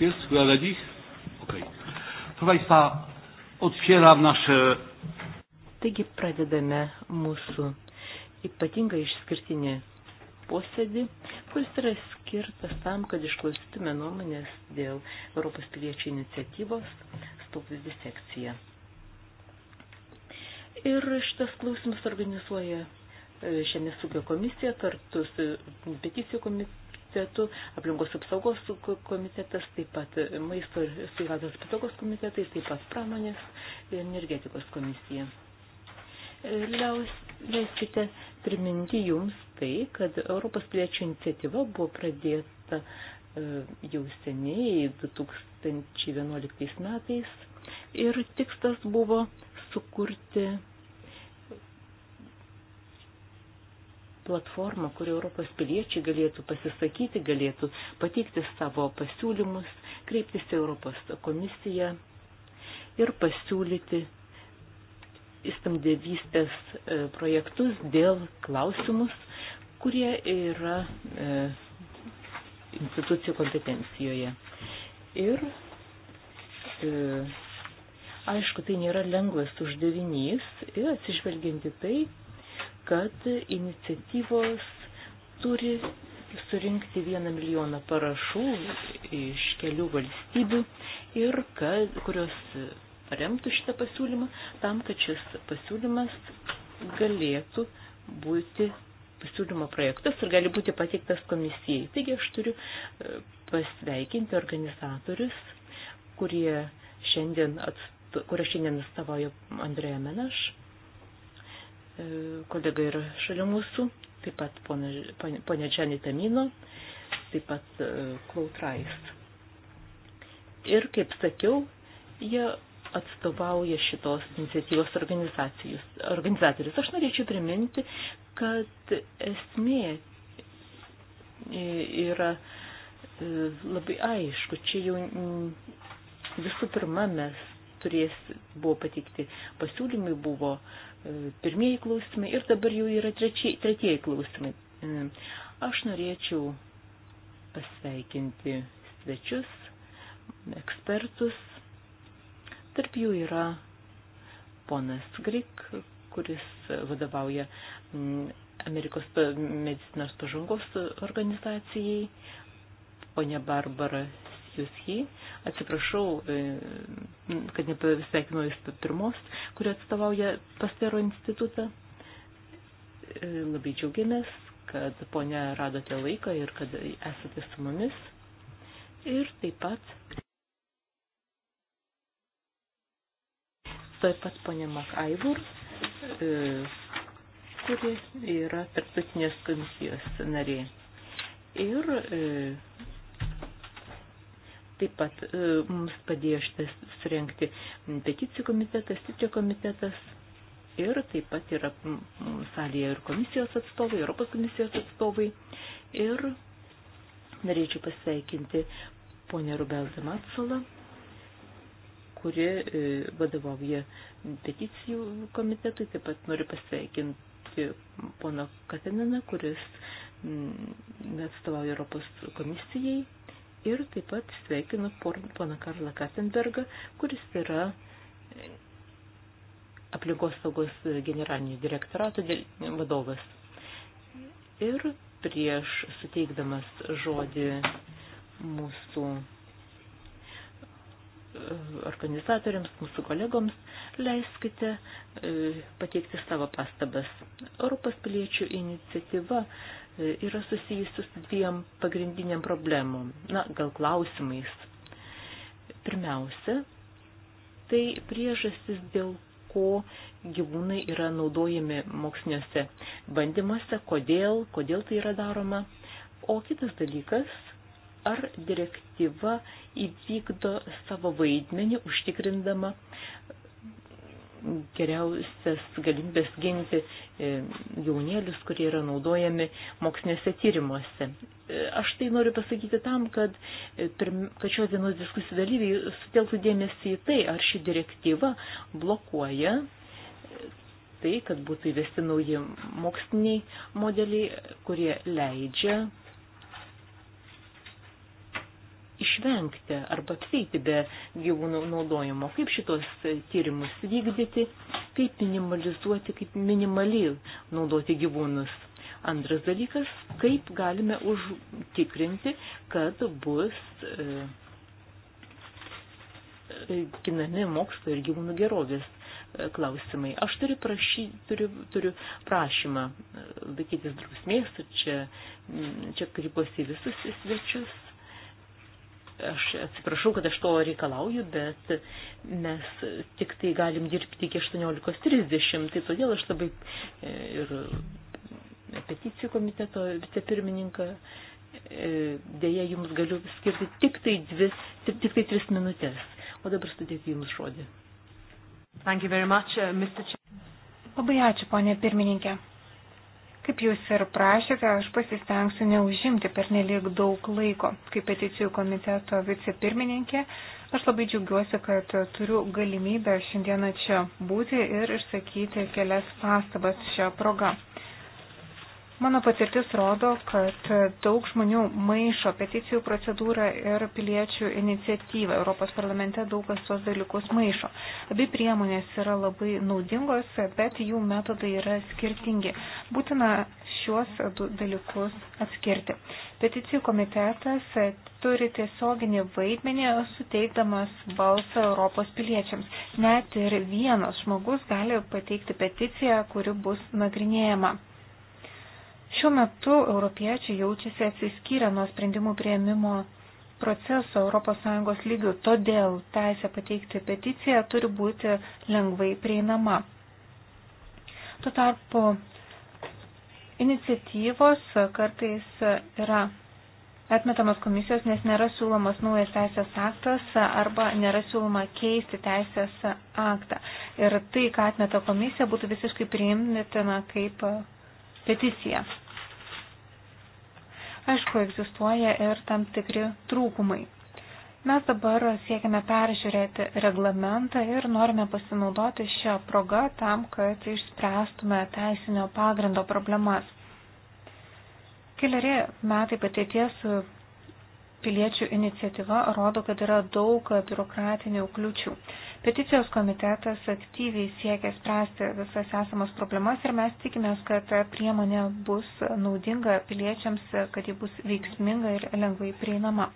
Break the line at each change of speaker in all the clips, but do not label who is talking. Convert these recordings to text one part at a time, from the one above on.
Jest chyba dla nich? Okej. Okay. Proszę Państwa, otwieram
nasze.
Taigi pradedame mūsų ypatingą išskirtinį posėdį, kuris yra skirtas tam, kad išklausytume nuomonės dėl Europos piliečių iniciatyvos stautis disekcija. Ir šitas klausimas organizuoja e, Žemės ūkio komisija kartu su peticijų komisija komitetu, aplinkos apsaugos komitetas, taip pat maisto ir sveikatos apsaugos komitetai, taip pat pramonės ir energetikos komisija. E, leiskite priminti jums tai, kad Europos piliečių iniciatyva buvo pradėta e, jau seniai, 2011 metais, ir tikslas buvo sukurti platformą, kur Europos piliečiai galėtų pasisakyti, galėtų pateikti savo pasiūlymus, kreiptis į Europos komisiją ir pasiūlyti įstamdėvystės e, projektus dėl klausimus, kurie yra e, institucijų kompetencijoje. Ir e, aišku, tai nėra lengvas uždavinys ir atsižvelginti tai, kad iniciatyvos turi surinkti vieną milijoną parašų iš kelių valstybių ir kad, kurios paremtų šitą pasiūlymą tam, kad šis pasiūlymas galėtų būti pasiūlymo projektas ir gali būti pateiktas komisijai. Taigi aš turiu e, pasveikinti organizatorius, kurie šiandien, atsto, kurie šiandien atstovauja Andrėja Menaš E, kolega yra šalia mūsų, taip pat ponė Džanė Tamino, taip pat Klautrais. E, Ir, kaip sakiau, jie atstovauja šitos iniciatyvos organizatorius. Aš norėčiau priminti, kad esmė yra e, labai aišku. Čia jau visų pirma mes turės, buvo patikti pasiūlymai, buvo uh, E, pirmieji klausimai ir dabar jau yra trečiai, tretieji klausimai. E, aš norėčiau pasveikinti svečius, ekspertus. Tarp jų yra ponas Grik, kuris vadovauja Amerikos medicinos pažangos organizacijai, ponia Barbara Jusjį. Atsiprašau, e, kad nepasveikinau jūs pirmos, kuri atstovauja Pastero institutą. E, labai džiaugiamės, kad ponia radote laiką ir kad esate su mumis. Ir taip pat. Taip pat ponia Makaivur, e, kuri yra tarptautinės komisijos narė. Ir Taip pat e, mums padėjo šitas surenkti peticijų komitetas, sitio komitetas ir taip pat yra salėje ir komisijos atstovai, Europos komisijos atstovai. Ir norėčiau pasveikinti ponę Rubeldą Matsalą, kuri e, vadovauja peticijų komitetui. Taip pat noriu pasveikinti pono Kateniną, kuris atstovauja Europos komisijai Ir taip pat sveikinu poną Karlą Kastenbergą, kuris yra e, aplinkos saugos generalinio direktorato vadovas. Ir prieš suteikdamas žodį mūsų e, organizatoriams, mūsų kolegoms, leiskite e, pateikti savo pastabas. Europos piliečių iniciatyva yra susijusi su dviem pagrindiniam problemom, na, gal klausimais. Pirmiausia, tai priežastis, dėl ko gyvūnai yra naudojami moksliniuose bandymuose, kodėl, kodėl tai yra daroma. O kitas dalykas, ar direktyva įvykdo savo vaidmenį užtikrindama geriausias galimybės ginti e, jaunėlius, kurie yra naudojami mokslinėse tyrimuose. E, aš tai noriu pasakyti tam, kad, e, kad šios dienos diskusijų dalyviai sutelktų dėmesį į tai, ar ši direktyva blokuoja tai, kad būtų įvesti nauji moksliniai modeliai, kurie leidžia išvengti arba apsėti be gyvūnų naudojimo, kaip šitos tyrimus vykdyti, kaip minimalizuoti, kaip minimaliai naudoti gyvūnus. Antras dalykas, kaip galime užtikrinti, kad bus e, e ginami mokslo ir gyvūnų gerovės e, klausimai. Aš turiu, prašy, turiu, turiu prašymą e, laikytis drausmės, čia, čia kreipiuosi visus svečius Aš atsiprašau, kad aš to reikalauju, bet mes tik tai galim dirbti iki 18.30, tai todėl aš labai e, ir peticijų komiteto vicepirmininką e, dėja jums galiu skirti tik tai, dvi, tik tai tris minutės. O dabar sudėti jums žodį. Thank you very much, uh, Mr. Ch Labai ačiū, ponė pirmininkė. Kaip jūs ir
prašėte, aš pasistengsiu neužimti per nelik daug laiko. Kaip peticijų komiteto vicepirmininkė, aš labai džiaugiuosi, kad turiu galimybę šiandieną čia būti ir išsakyti kelias pastabas šią progą. Mano patirtis rodo, kad daug žmonių maišo peticijų procedūrą ir piliečių iniciatyvą. Europos parlamente daug kas tuos dalykus maišo. Abi priemonės yra labai naudingos, bet jų metodai yra skirtingi. Būtina šiuos du dalykus atskirti. Peticijų komitetas turi tiesioginį vaidmenį, suteikdamas balsą Europos piliečiams. Net ir vienas žmogus gali pateikti peticiją, kuri bus nagrinėjama. Šiuo metu europiečiai jaučiasi atsiskyrę nuo sprendimų prieimimo proceso ES lygių, todėl teisė pateikti peticiją turi būti lengvai prieinama. Tuo tarpu iniciatyvos kartais yra atmetamas komisijos, nes nėra siūlomas naujas teisės aktas arba nėra siūloma keisti teisės aktą. Ir tai, ką atmeta komisija, būtų visiškai priimtina kaip peticija. Aišku, egzistuoja ir tam tikri trūkumai. Mes dabar siekiame peržiūrėti reglamentą ir norime pasinaudoti šią progą tam, kad išspręstume teisinio pagrindo problemas. Keliari metai patirties piliečių iniciatyva rodo, kad yra daug biurokratinių kliučių. Peticijos komitetas aktyviai siekia spręsti visas esamas problemas ir mes tikimės, kad priemonė bus naudinga piliečiams, kad ji bus veiksminga ir lengvai prieinama.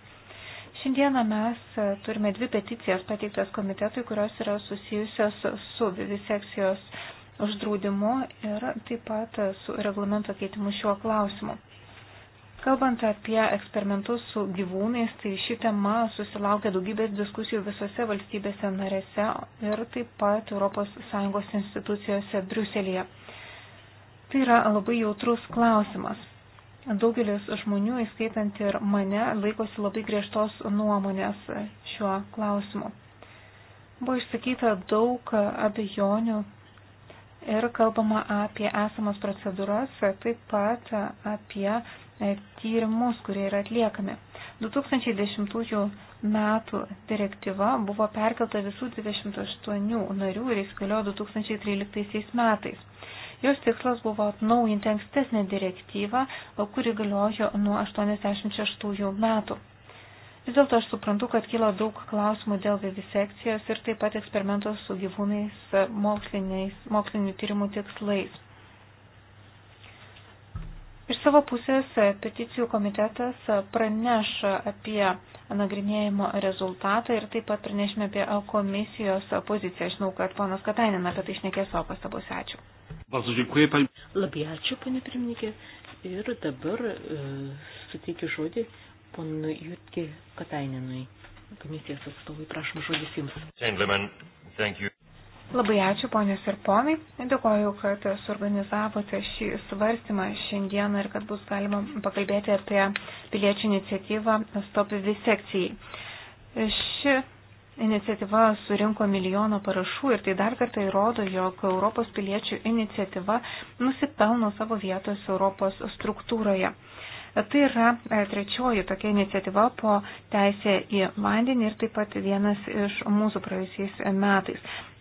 Šiandieną mes turime dvi peticijas pateiktas komitetui, kurios yra susijusios su vivisekcijos uždraudimu ir taip pat su reglamento keitimu šiuo klausimu. Kalbant apie eksperimentus su gyvūnais, tai ši tema susilaukia daugybės diskusijų visose valstybėse narėse ir taip pat ES institucijose Briuselėje. Tai yra labai jautrus klausimas. Daugelis žmonių, įskaitant ir mane, laikosi labai griežtos nuomonės šiuo klausimu. Buvo išsakyta daug abejonių ir kalbama apie esamas procedūras, taip pat apie E, tyrimus, kurie yra atliekami. 2010 metų direktyva buvo perkelta visų 28 narių ir įsigaliojo 2013 metais. Jos tikslas buvo atnaujinti ankstesnę direktyvą, kuri galiojo nuo 86 metų. Vis dėlto aš suprantu, kad kilo daug klausimų dėl vivisekcijos ir taip pat eksperimentos su gyvūnais mokslinių tyrimų tikslais. Iš savo pusės e, peticijų komitetas e, praneš apie nagrinėjimo rezultatą ir taip pat pranešime apie e, komisijos poziciją. Žinau, kad ponas Katainin
apie tai išnekės savo pastabose. Ačiū. Labai ačiū, panė pirmininkė. Ir dabar e, suteikiu žodį ponui Jutki Katainenui, komisijos atstovui. Prašom žodis jums. Gentlemen, thank you. Labai ačiū,
ponės ir ponai. Dėkoju, kad suorganizavote šį svarstymą šiandieną ir kad bus galima pakalbėti apie piliečių iniciatyvą Stop visekcijai. Ši iniciatyva surinko milijono parašų ir tai dar kartą įrodo, jog Europos piliečių iniciatyva nusipelno savo vietos Europos struktūroje. Tai yra e, trečioji tokia iniciatyva po teisė į vandenį ir taip pat vienas iš mūsų praėjusiais metais.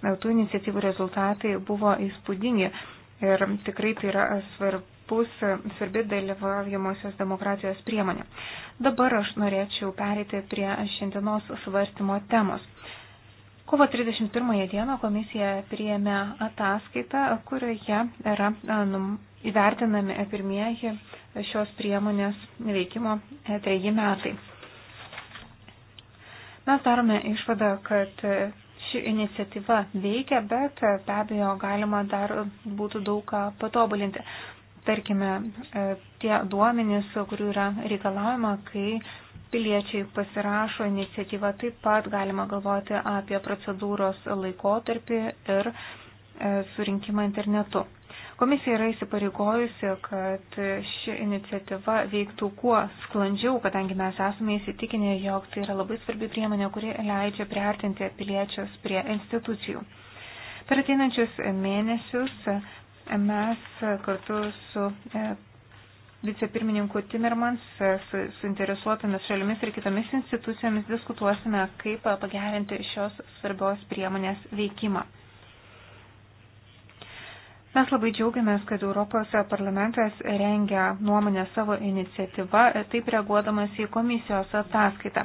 E, tų iniciatyvų rezultatai buvo įspūdingi ir tikrai tai yra svarbus, svarbi dalyvaujamosios demokratijos priemonė. Dabar aš norėčiau pereiti prie šiandienos svarstymo temos. Kovo 31 dieną komisija priėmė ataskaitą, kurioje yra e, įvertinami pirmieji šios priemonės veikimo e, treji metai. Mes darome išvadą, kad ši iniciatyva veikia, bet be abejo galima dar būtų daug ką patobulinti. Tarkime, e, tie duomenys, kurių yra reikalaujama, kai piliečiai pasirašo iniciatyvą, taip pat galima galvoti apie procedūros laikotarpį ir e, surinkimą internetu. Komisija yra įsipareigojusi, kad ši iniciatyva veiktų kuo sklandžiau, kadangi mes esame įsitikinę, jog tai yra labai svarbi priemonė, kuri leidžia priartinti piliečius prie institucijų. Per ateinančius mėnesius mes kartu su e, vicepirmininku Timmermans, e, su suinteresuotomis šalimis ir kitomis institucijomis diskutuosime, kaip e, pagerinti šios svarbios priemonės veikimą. Mes labai džiaugiamės, kad Europos parlamentas rengia nuomonę savo iniciatyvą, taip reaguodamas į komisijos ataskaitą.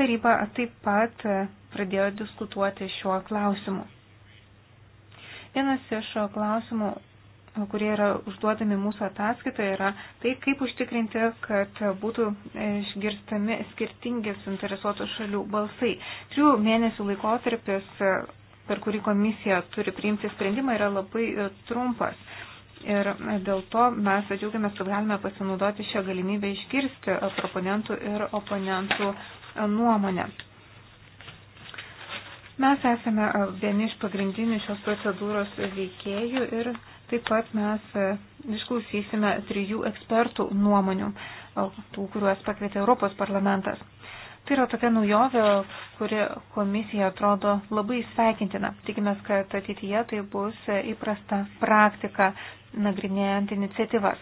Taryba taip pat pradėjo diskutuoti šiuo klausimu. Vienas iš klausimų, kurie yra užduodami mūsų ataskaitoje, yra tai, kaip užtikrinti, kad būtų išgirstami skirtingi suinteresuotų šalių balsai. Trijų mėnesių laikotarpis per kurį komisija turi priimti sprendimą, yra labai e, trumpas. Ir e, dėl to mes džiaugiamės, kad galime pasinaudoti šią galimybę išgirsti proponentų ir oponentų e, nuomonę. Mes esame vieni iš pagrindinių šios procedūros veikėjų ir taip pat mes išklausysime trijų ekspertų nuomonių, tų, kuriuos pakvietė Europos parlamentas. Tai yra tokia naujovė, kuri komisija atrodo labai sveikintina. Tikimės, kad ateityje tai bus įprasta praktika nagrinėjant iniciatyvas.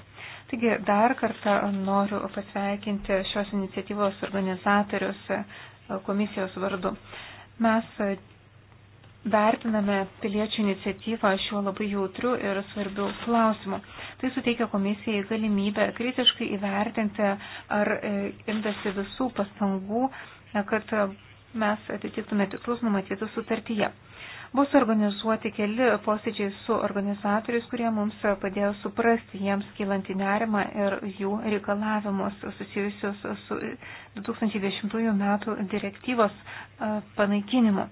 Taigi dar kartą noriu pasveikinti šios iniciatyvos organizatorius komisijos vardu. Mes vertiname piliečių iniciatyvą šiuo labai jautriu ir svarbiu klausimu. Tai suteikia komisijai galimybę kritiškai įvertinti, ar e, imtasi visų pastangų, e, kad mes atitiktume tikslus numatytus sutartyje. Bus organizuoti keli posėdžiai su organizatoriais, kurie mums padėjo suprasti jiems kylantį nerimą ir jų reikalavimus susijusius su 2010 m. direktyvos e, panaikinimu.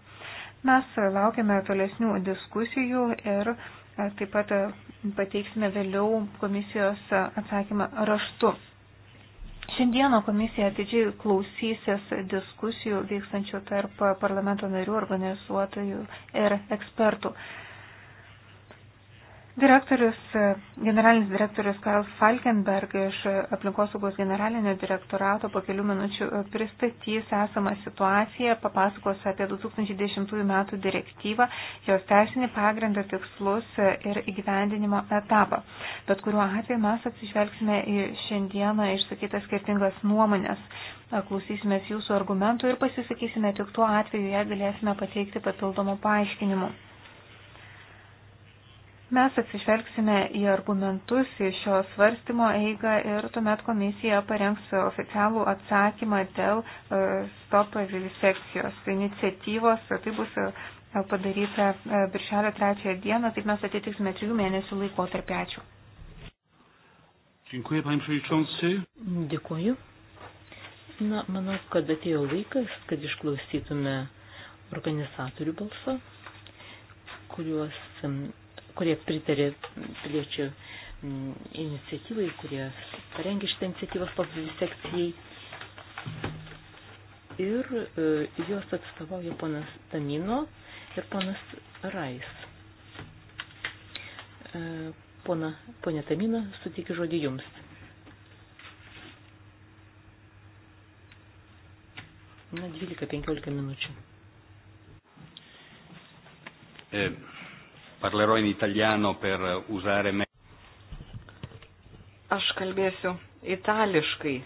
Mes laukiame tolesnių diskusijų ir e, taip pat e, pateiksime vėliau komisijos atsakymą raštu. Šiandieną komisija atidžiai klausysis diskusijų vykstančių tarp parlamento narių, organizuotojų ir ekspertų. Direktorius, generalinis direktorius Karls Falkenberg iš aplinkosaugos generalinio direktorato po kelių minučių pristatys esamą situaciją, papasakos apie 2010 metų direktyvą, jos teisinį pagrindą, tikslus ir įgyvendinimo etapą. Bet kuriuo atveju mes atsižvelgsime į šiandieną išsakytas skirtingas nuomonės, klausysimės jūsų argumentų ir pasisakysime tik tuo atveju, jei galėsime pateikti papildomų paaiškinimų. Mes atsižvelgsime į argumentus, į šio svarstymo eigą ir tuomet komisija parengs oficialų atsakymą dėl e, stop vivisekcijos iniciatyvos. Tai bus e, padaryta e, birželio trečiąją dieną, taip mes atitiksime trijų mėnesių laikotarpį. Ačiū.
Dziękuję, panie przewodniczący.
Dėkuoju. Na, manau, kad atėjo laikas, kad išklausytume organizatorių balsą, kuriuos kurie pritarė piliečių mm, iniciatyvai, kurie parengė šitą iniciatyvos pavyzdžių sekcijai. Ir e, juos atstovauja ponas Tamino ir ponas Rais. E, pona, ponė Tamina, sutikiu žodį jums. Na, 12-15 minučių.
E.
Parlerò in italiano per usare me.
Aš kalbėsiu
itališkai,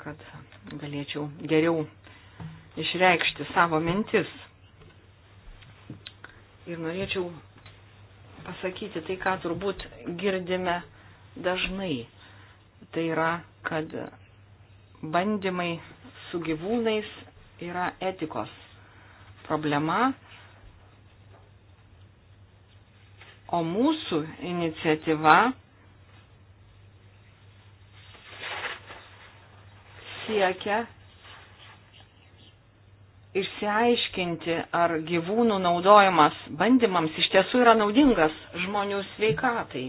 kad galėčiau geriau išreikšti savo mintis. Ir norėčiau pasakyti tai, ką turbūt girdime dažnai. Tai yra, kad bandymai su gyvūnais yra etikos problema O mūsų iniciatyva siekia išsiaiškinti, ar gyvūnų naudojimas bandymams iš tiesų yra naudingas žmonių sveikatai.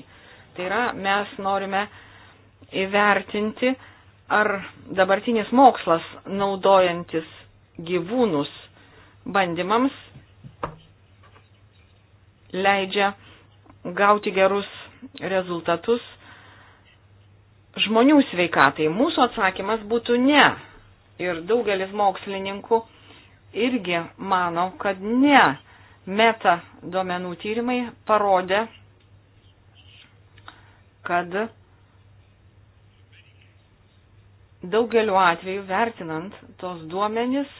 Tai yra, mes norime įvertinti, ar dabartinis mokslas naudojantis gyvūnus bandymams leidžia gauti gerus rezultatus žmonių sveikatai? Mūsų atsakymas būtų ne. Ir daugelis mokslininkų irgi mano, kad ne. Meta duomenų tyrimai parodė, kad daugeliu atveju vertinant tos duomenis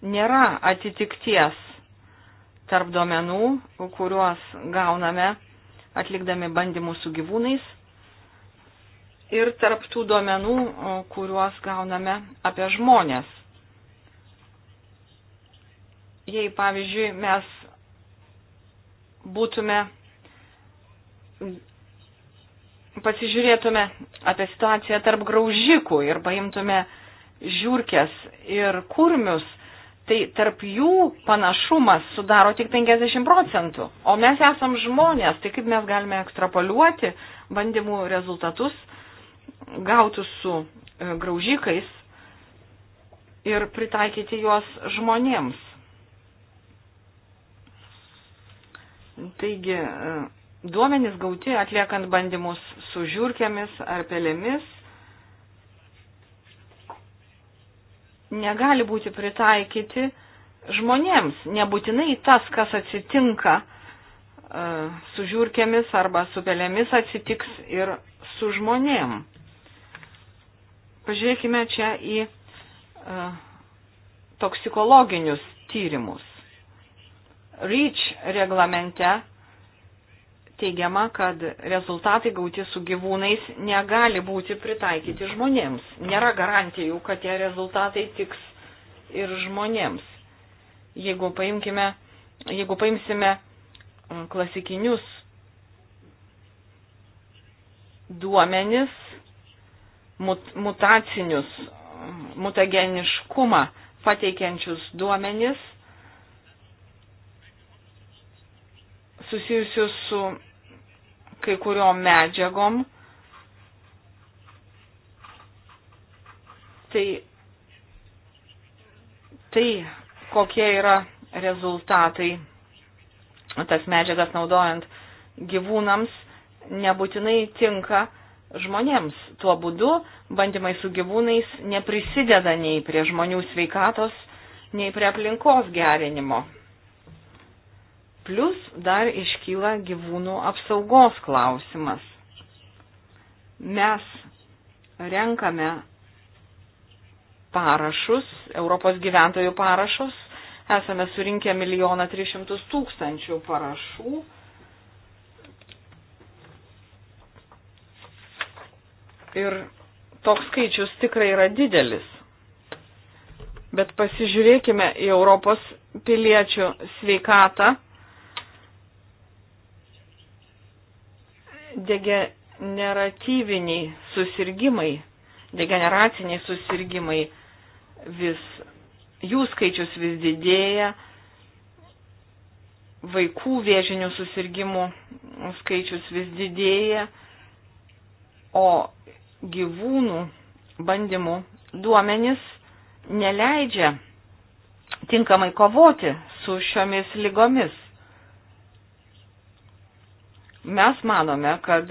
nėra atitikties tarp duomenų, kuriuos gauname atlikdami bandymus su gyvūnais ir tarp tų duomenų, kuriuos gauname apie žmonės. Jei, pavyzdžiui, mes būtume, pasižiūrėtume apie situaciją tarp graužikų ir paimtume žiūrkės ir kurmius, tai tarp jų panašumas sudaro tik 50 procentų. O mes esam žmonės, tai kaip mes galime ekstrapoliuoti bandymų rezultatus gautus su e, graužikais ir pritaikyti juos žmonėms. Taigi, e, duomenys gauti atliekant bandymus su žiūrkėmis ar pelėmis negali būti pritaikyti žmonėms, nebūtinai tas, kas atsitinka e, su žiūrkėmis arba su pelėmis atsitiks ir su žmonėm. Pažiūrėkime čia į e, toksikologinius tyrimus. REACH reglamente teigiama, kad rezultatai gauti su gyvūnais negali būti pritaikyti žmonėms. Nėra garantijų, kad tie rezultatai tiks ir žmonėms. Jeigu, paimkime, jeigu paimsime mm, klasikinius duomenis, mut, mutacinius, mm, mutageniškumą pateikiančius duomenis, susijusius su kai kuriom medžiagom. Tai, tai kokie yra rezultatai tas medžiagas naudojant gyvūnams nebūtinai tinka žmonėms. Tuo būdu bandymai su gyvūnais neprisideda nei prie žmonių sveikatos, nei prie aplinkos gerinimo. Plus dar iškyla gyvūnų apsaugos klausimas. Mes renkame parašus, Europos gyventojų parašus, esame surinkę 1 300 tūkstančių parašų. Ir toks skaičius tikrai yra didelis. Bet pasižiūrėkime į Europos piliečių sveikatą degeneratyviniai susirgymai, degeneraciniai susirgymai vis, jų skaičius vis didėja, vaikų vėžinių susirgymų skaičius vis didėja, o gyvūnų bandymų duomenys neleidžia tinkamai kovoti su šiomis lygomis. Mes manome, kad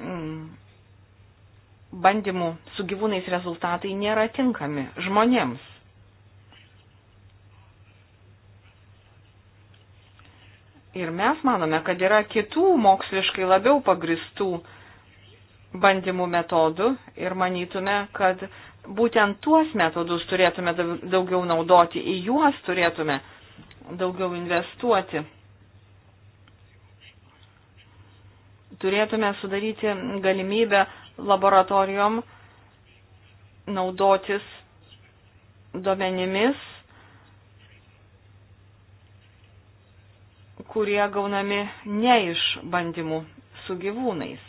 mm, bandymų su gyvūnais rezultatai nėra tinkami žmonėms. Ir mes manome, kad yra kitų moksliškai labiau pagristų bandymų metodų ir manytume, kad būtent tuos metodus turėtume daugiau naudoti, į juos turėtume daugiau investuoti. turėtume sudaryti galimybę laboratorijom naudotis duomenimis, kurie gaunami ne iš bandymų su gyvūnais.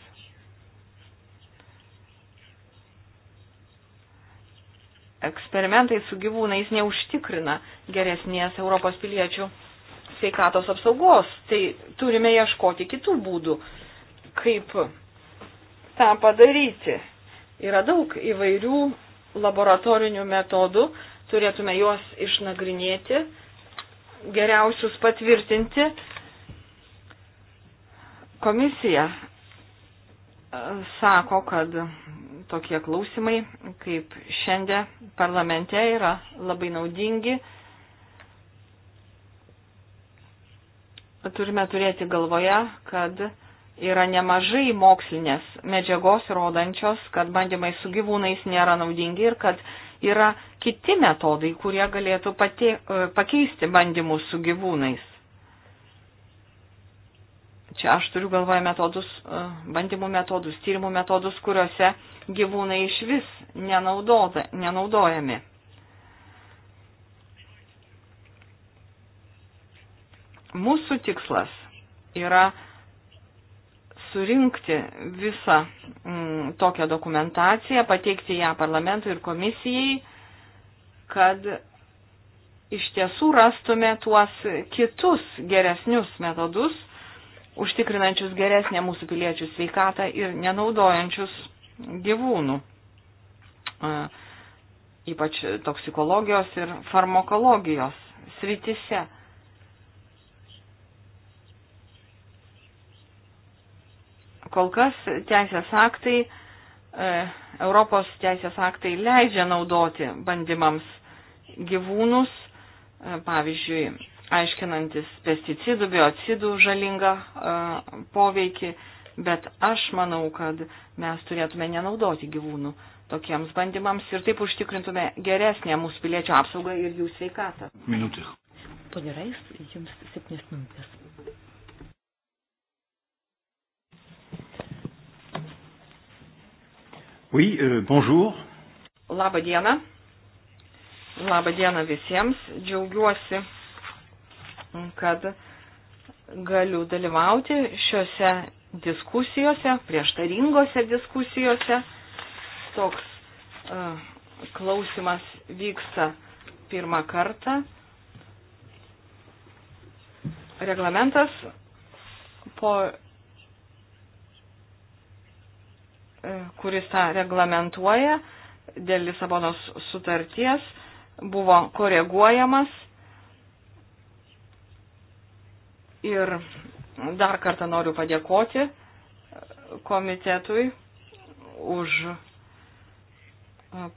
Eksperimentai su gyvūnais neužtikrina geresnės Europos piliečių sveikatos apsaugos, tai turime ieškoti kitų būdų kaip tą padaryti. Yra daug įvairių laboratorinių metodų, turėtume juos išnagrinėti, geriausius patvirtinti. Komisija e, sako, kad tokie klausimai, kaip šiandien parlamente, yra labai naudingi. Turime turėti galvoje, kad yra nemažai mokslinės medžiagos rodančios, kad bandymai su gyvūnais nėra naudingi ir kad yra kiti metodai, kurie galėtų pati, e, pakeisti bandymus su gyvūnais. Čia aš turiu galvoje metodus, e, bandymų metodus, tyrimų metodus, kuriuose gyvūnai iš vis nenaudoda, nenaudojami. Mūsų tikslas yra surinkti visą m, mm, tokią dokumentaciją, pateikti ją parlamentui ir komisijai, kad iš tiesų rastume tuos kitus geresnius metodus, užtikrinančius geresnę mūsų piliečių sveikatą ir nenaudojančius gyvūnų, ypač toksikologijos ir farmakologijos sritise. Kol kas teisės aktai, e, Europos teisės aktai leidžia naudoti bandymams gyvūnus, e, pavyzdžiui, aiškinantis pesticidų, biocidų žalingą e, poveikį, bet aš manau, kad mes turėtume nenaudoti gyvūnų tokiems bandymams ir taip užtikrintume geresnę mūsų piliečių apsaugą ir jų sveikatą.
Minutė.
Ponia Rais, jums septynės minutės.
Oui, euh, bonjour.
Labą dieną. Labą dieną visiems. Džiaugiuosi, kad galiu dalyvauti šiuose diskusijose, prieštaringose diskusijose. Toks uh, klausimas vyksta pirmą kartą. Reglamentas po E, kuris tą reglamentuoja dėl Lisabonos sutarties, buvo koreguojamas. Ir dar kartą noriu padėkoti komitetui už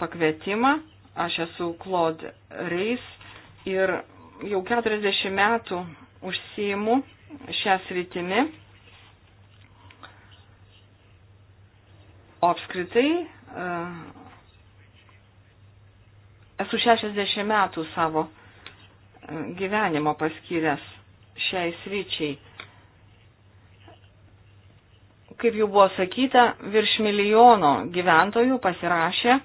pakvietimą. Aš esu Claude Reis ir jau 40 metų užsijimu šią sritimi O apskritai e, esu 60 metų savo e, gyvenimo paskyręs šiai sryčiai. Kaip jau buvo sakyta, virš milijono gyventojų pasirašė e,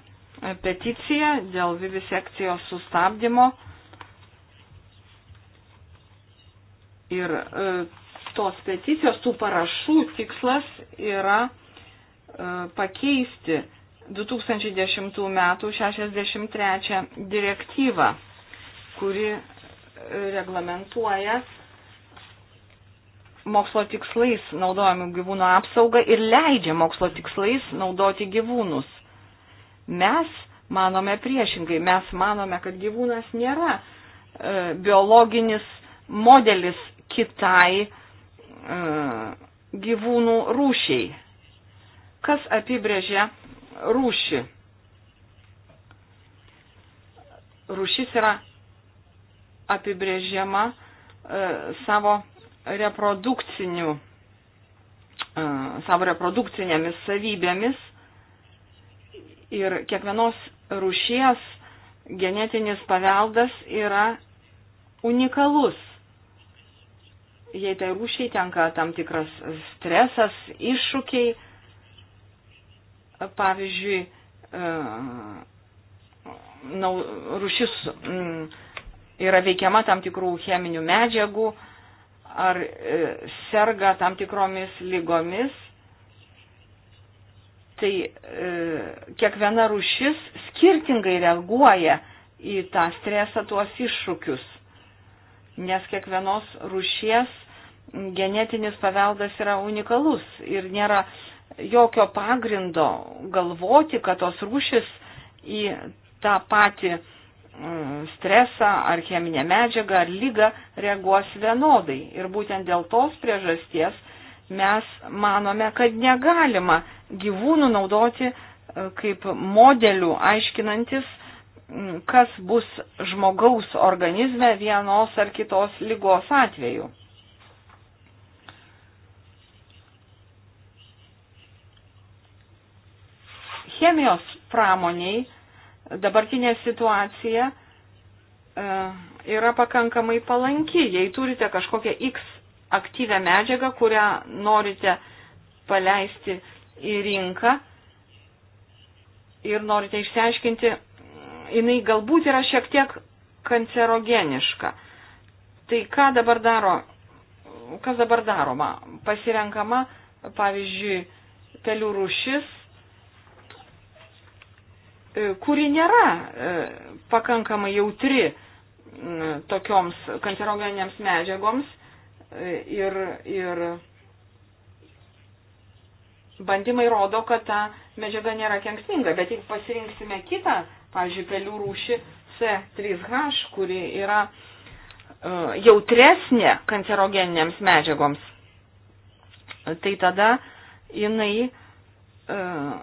peticiją dėl vivisekcijos sustabdymo ir tos peticijos, tų parašų tikslas yra E, pakeisti 2010 m. 63 direktyvą, kuri e, reglamentuoja mokslo tikslais naudojamų gyvūnų apsaugą ir leidžia mokslo tikslais naudoti gyvūnus. Mes manome priešingai, mes manome, kad gyvūnas nėra e, biologinis modelis kitai e, gyvūnų rūšiai. Kas apibrėžia rūšį? Rūšis yra apibrėžiama e, savo reprodukcinių, e, savo reprodukcinėmis savybėmis ir kiekvienos rūšies genetinis paveldas yra unikalus. Jei tai rūšiai tenka tam tikras stresas, iššūkiai, pavyzdžiui, e, rušis mm, yra veikiama tam tikrų cheminių medžiagų ar e, serga tam tikromis lygomis, tai e, kiekviena rušis skirtingai reaguoja į tą stresą, tuos iššūkius, nes kiekvienos rušies genetinis paveldas yra unikalus ir nėra uh, jokio pagrindo galvoti, kad tos rūšis į tą patį mm, stresą ar cheminę medžiagą ar lygą reaguos vienodai. Ir būtent dėl tos priežasties mes manome, kad negalima gyvūnų naudoti e, kaip modelių aiškinantis, mm, kas bus žmogaus organizme vienos ar kitos lygos atveju. chemijos pramoniai dabartinė situacija e, yra pakankamai palanki. Jei turite kažkokią X aktyvę medžiagą, kurią norite paleisti į rinką ir norite išsiaiškinti, jinai galbūt yra šiek tiek kancerogeniška. Tai ką dabar daro, kas dabar daroma? Pasirenkama, pavyzdžiui, pelių rušis, E, kuri nėra e, pakankamai jautri e, tokioms kancerogeninėms medžiagoms ir, ir bandymai rodo, kad ta medžiaga nėra kenksminga, bet jeigu pasirinksime kitą, pavyzdžiui, pelių rūšį C3H, kuri yra jautresnė kancerogeninėms medžiagoms, tai tada jinai uh,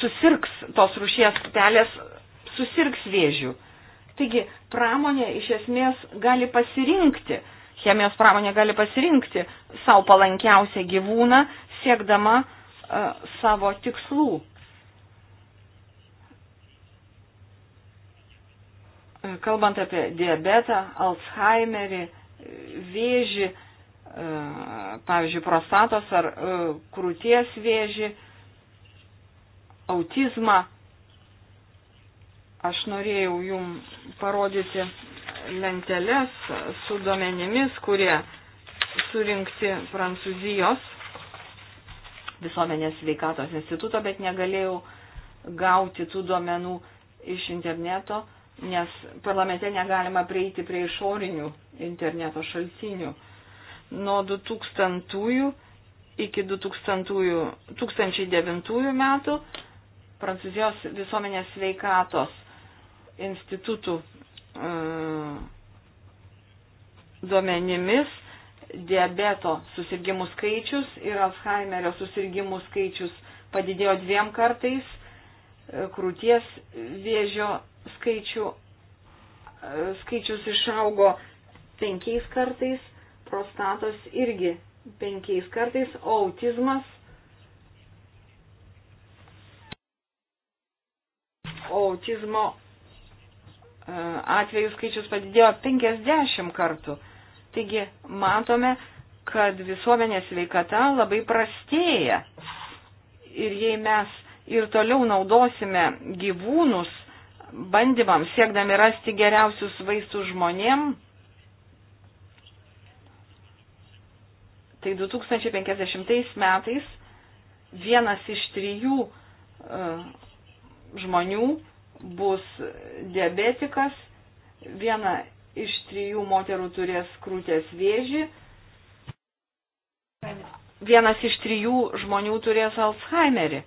susirgs tos rušies patelės, susirgs vėžių. Taigi pramonė iš esmės gali pasirinkti, chemijos pramonė gali pasirinkti savo palankiausią gyvūną, siekdama uh, savo tikslų. E, kalbant apie diabetą, Alzheimerį, vėžį, uh, pavyzdžiui, prostatos ar uh, krūties vėžį, uh, autizmą. Aš norėjau jum parodyti lenteles su duomenimis, kurie surinkti Prancūzijos visuomenės sveikatos instituto, bet negalėjau gauti tų duomenų iš interneto, nes parlamente negalima prieiti prie išorinių interneto šaltinių. Nuo 2000 iki 2000, 2009 metų Prancūzijos visuomenės sveikatos institutų e, duomenimis diabeto susirgymų skaičius ir Alzheimerio susirgymų skaičius padidėjo dviem kartais, e, krūties vėžio skaičių, e, skaičius išaugo penkiais kartais, prostatos irgi penkiais kartais, o autizmas autizmo e, atvejų skaičius padidėjo 50 kartų. Taigi matome, kad visuomenės veikata labai prastėja. Ir jei mes ir toliau naudosime gyvūnus bandymams, siekdami rasti geriausius vaistus žmonėm, tai 2050 metais vienas iš trijų uh, žmonių bus diabetikas, viena iš trijų moterų turės krūtės vėžį, vienas iš trijų žmonių turės Alzheimerį.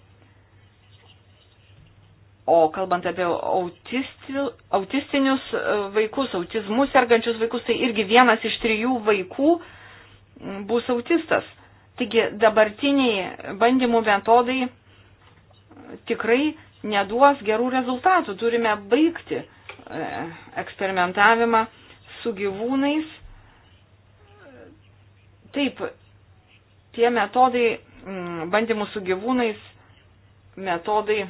O kalbant apie autisti, autistinius e, vaikus, autizmus sergančius vaikus, tai irgi vienas iš trijų vaikų bus autistas. Taigi dabartiniai bandymų metodai tikrai neduos gerų rezultatų. Turime baigti e, eksperimentavimą su gyvūnais. Taip, tie metodai, mm, bandymų su gyvūnais, metodai e,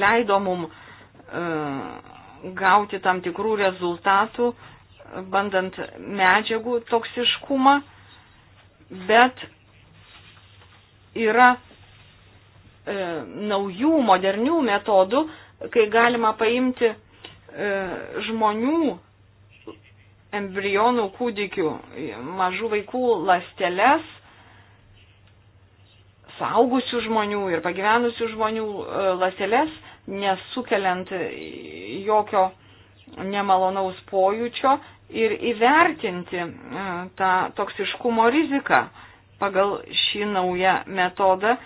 leido mum e, gauti tam tikrų rezultatų, bandant medžiagų toksiškumą, bet yra E, naujų, modernių metodų, kai galima paimti e, žmonių embrionų kūdikių, e, mažų vaikų lasteles, saugusių žmonių ir pagyvenusių žmonių lasteles, nesukeliant jokio nemalonaus pojūčio ir įvertinti tą toksiškumo riziką pagal šį naują metodą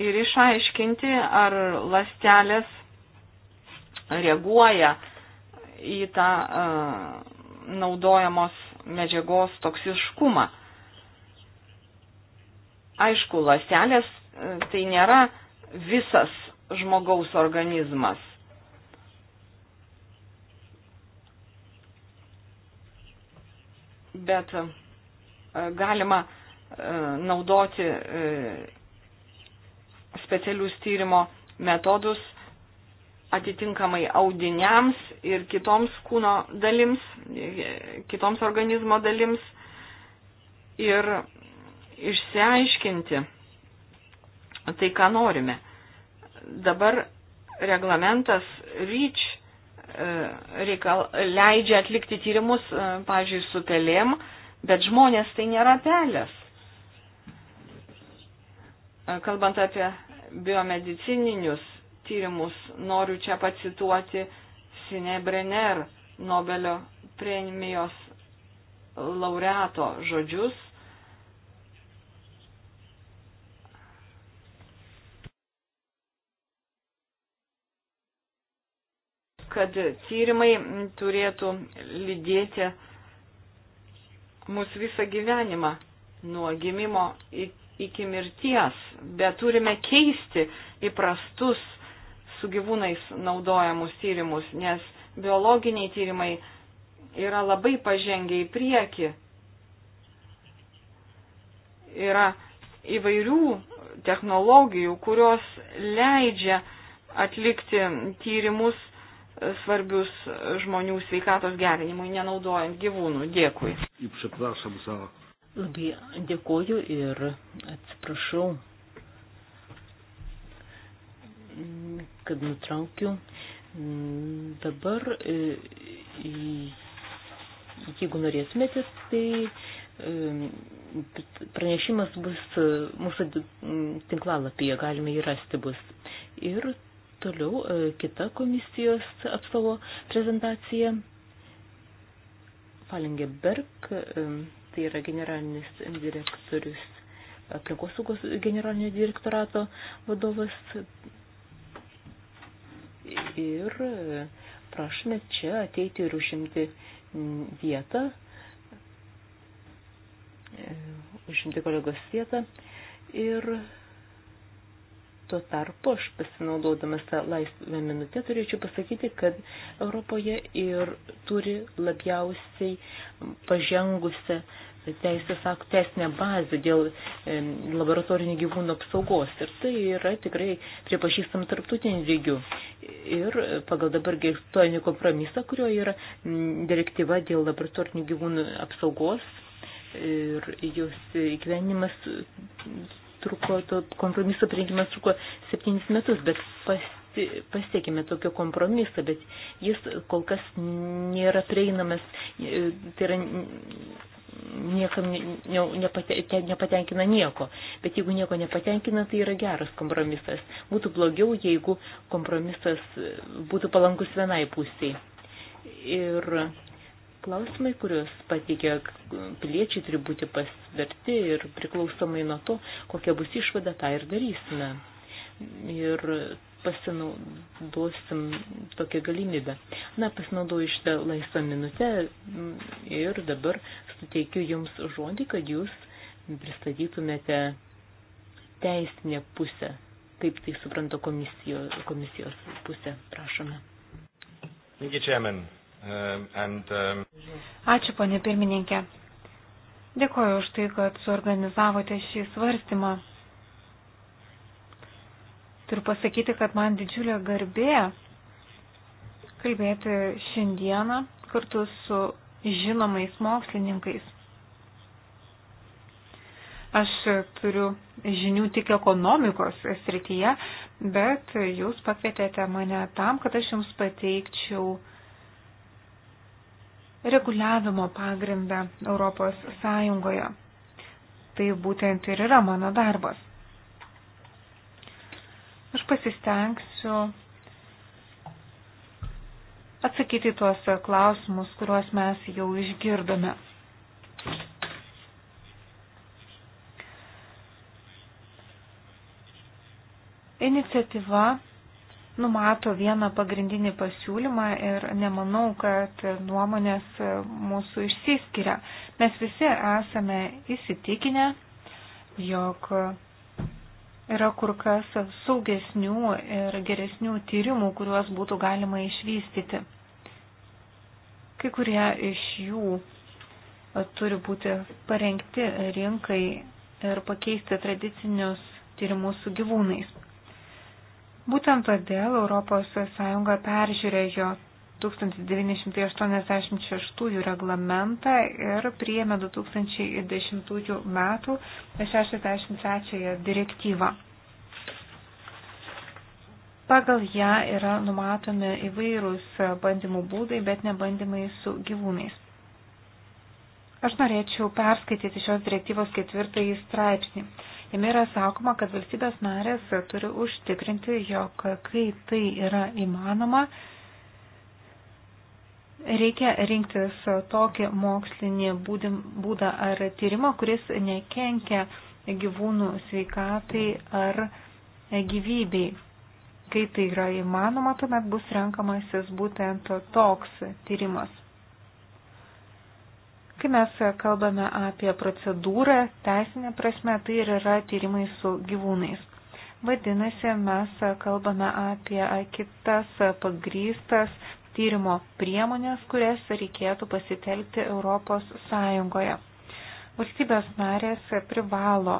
ir išaiškinti, ar lastelės reaguoja į tą e, naudojamos medžiagos toksiškumą. Aišku, lastelės e, tai nėra visas žmogaus organizmas. Bet e, galima naudoti specialius tyrimo metodus atitinkamai audiniams ir kitoms kūno dalims, kitoms organizmo dalims ir išsiaiškinti tai, ką norime. Dabar reglamentas REACH e, reikal, leidžia atlikti tyrimus, e, pavyzdžiui, su pelėm, bet žmonės tai nėra pelės. E, kalbant apie biomedicininius tyrimus, noriu čia pacituoti Sine Brenner Nobelio premijos laureato žodžius. kad tyrimai turėtų lydėti mus visą gyvenimą nuo gimimo iki iki mirties, bet turime keisti įprastus su gyvūnais naudojamus tyrimus, nes biologiniai tyrimai yra labai pažengę į priekį. Yra įvairių technologijų, kurios leidžia atlikti tyrimus svarbius žmonių sveikatos gerinimui, nenaudojant gyvūnų. Dėkui.
Įprašom savo
Labai dėkoju ir atsiprašau, kad nutraukiu. Dabar, jeigu norėtumėte, tai pranešimas bus mūsų tinklalapyje, galime jį rasti bus. Ir toliau kita komisijos atstovo prezentacija. Falingeberg. Berg tai yra generalinis direktorius aplinkosaugos generalinio direktorato vadovas. Ir prašome čia ateiti ir užimti vietą, užimti kolegos vietą. Ir Tuo tarpu aš pasinaudodamas tą laisvę minutę turėčiau pasakyti, kad Europoje ir turi labiausiai pažengusią teisės aktų teisinę bazę dėl e, laboratorinių gyvūnų apsaugos. Ir tai yra tikrai pripažįstam tarptautinį lygių. Ir pagal dabar gestojinį kompromisą, kurio yra direktyva dėl laboratorinių gyvūnų apsaugos ir jos įgyvenimas truko, to kompromiso prieigimas truko septynis metus, bet pasti, pasiekime tokio kompromiso, bet jis kol kas nėra prieinamas, tai yra niekam ne, nepate, nepatenkina nieko. Bet jeigu nieko nepatenkina, tai yra geras kompromisas. Būtų blogiau, jeigu kompromisas būtų palankus vienai pusiai. Ir klausimai, kuriuos patikė piliečiai, turi būti pasverti ir priklausomai nuo to, kokia bus išvada, tą ir darysime. Ir pasinaudosim tokią galimybę. Na, pasinaudoju šitą laisvą minutę ir dabar suteikiu Jums žodį, kad Jūs pristatytumėte teisinę pusę, kaip tai suprantu komisijos, komisijos pusę. Prašome.
Thank you, Chairman. Um, um,
Ačiū, ponė pirmininkė.
Dėkoju už tai, kad suorganizavote šį svarstymą. Turiu pasakyti, kad man didžiulė garbė kalbėti šiandieną kartu su žinomais mokslininkais. Aš turiu žinių tik ekonomikos srityje, bet jūs pakvietėte mane tam, kad aš jums pateikčiau reguliavimo pagrindą Europos Sąjungoje. Tai būtent ir yra mano darbas. Aš pasistengsiu atsakyti tuos klausimus, kuriuos mes jau išgirdome. Iniciatyva numato vieną pagrindinį pasiūlymą ir nemanau, kad nuomonės mūsų išsiskiria. Mes visi esame įsitikinę, jog yra kur kas saugesnių ir geresnių tyrimų, kuriuos būtų galima išvystyti. Kai kurie iš jų turi būti parengti rinkai ir pakeisti tradicinius tyrimus su gyvūnais. Būtent todėl ES peržiūrėjo 1986 reglamentą ir priėmė 2010 metų 63 direktyvą. Pagal ją yra numatomi įvairūs bandymų būdai, bet ne bandymai su gyvūnais. Aš norėčiau perskaityti šios direktyvos ketvirtąjį straipsnį. Jame yra sakoma, kad valstybės narės turi užtikrinti, jog kai tai yra įmanoma, reikia rinktis tokį mokslinį būdą ar tyrimą, kuris nekenkia gyvūnų sveikatai ar gyvybei. Kai tai yra įmanoma, tuomet bus renkamasis būtent toks tyrimas. Kai mes kalbame apie procedūrą, teisinę prasme, tai ir yra tyrimai su gyvūnais. Vadinasi, mes kalbame apie kitas pagrystas tyrimo priemonės, kurias reikėtų pasitelkti Europos Sąjungoje. Valstybės narės privalo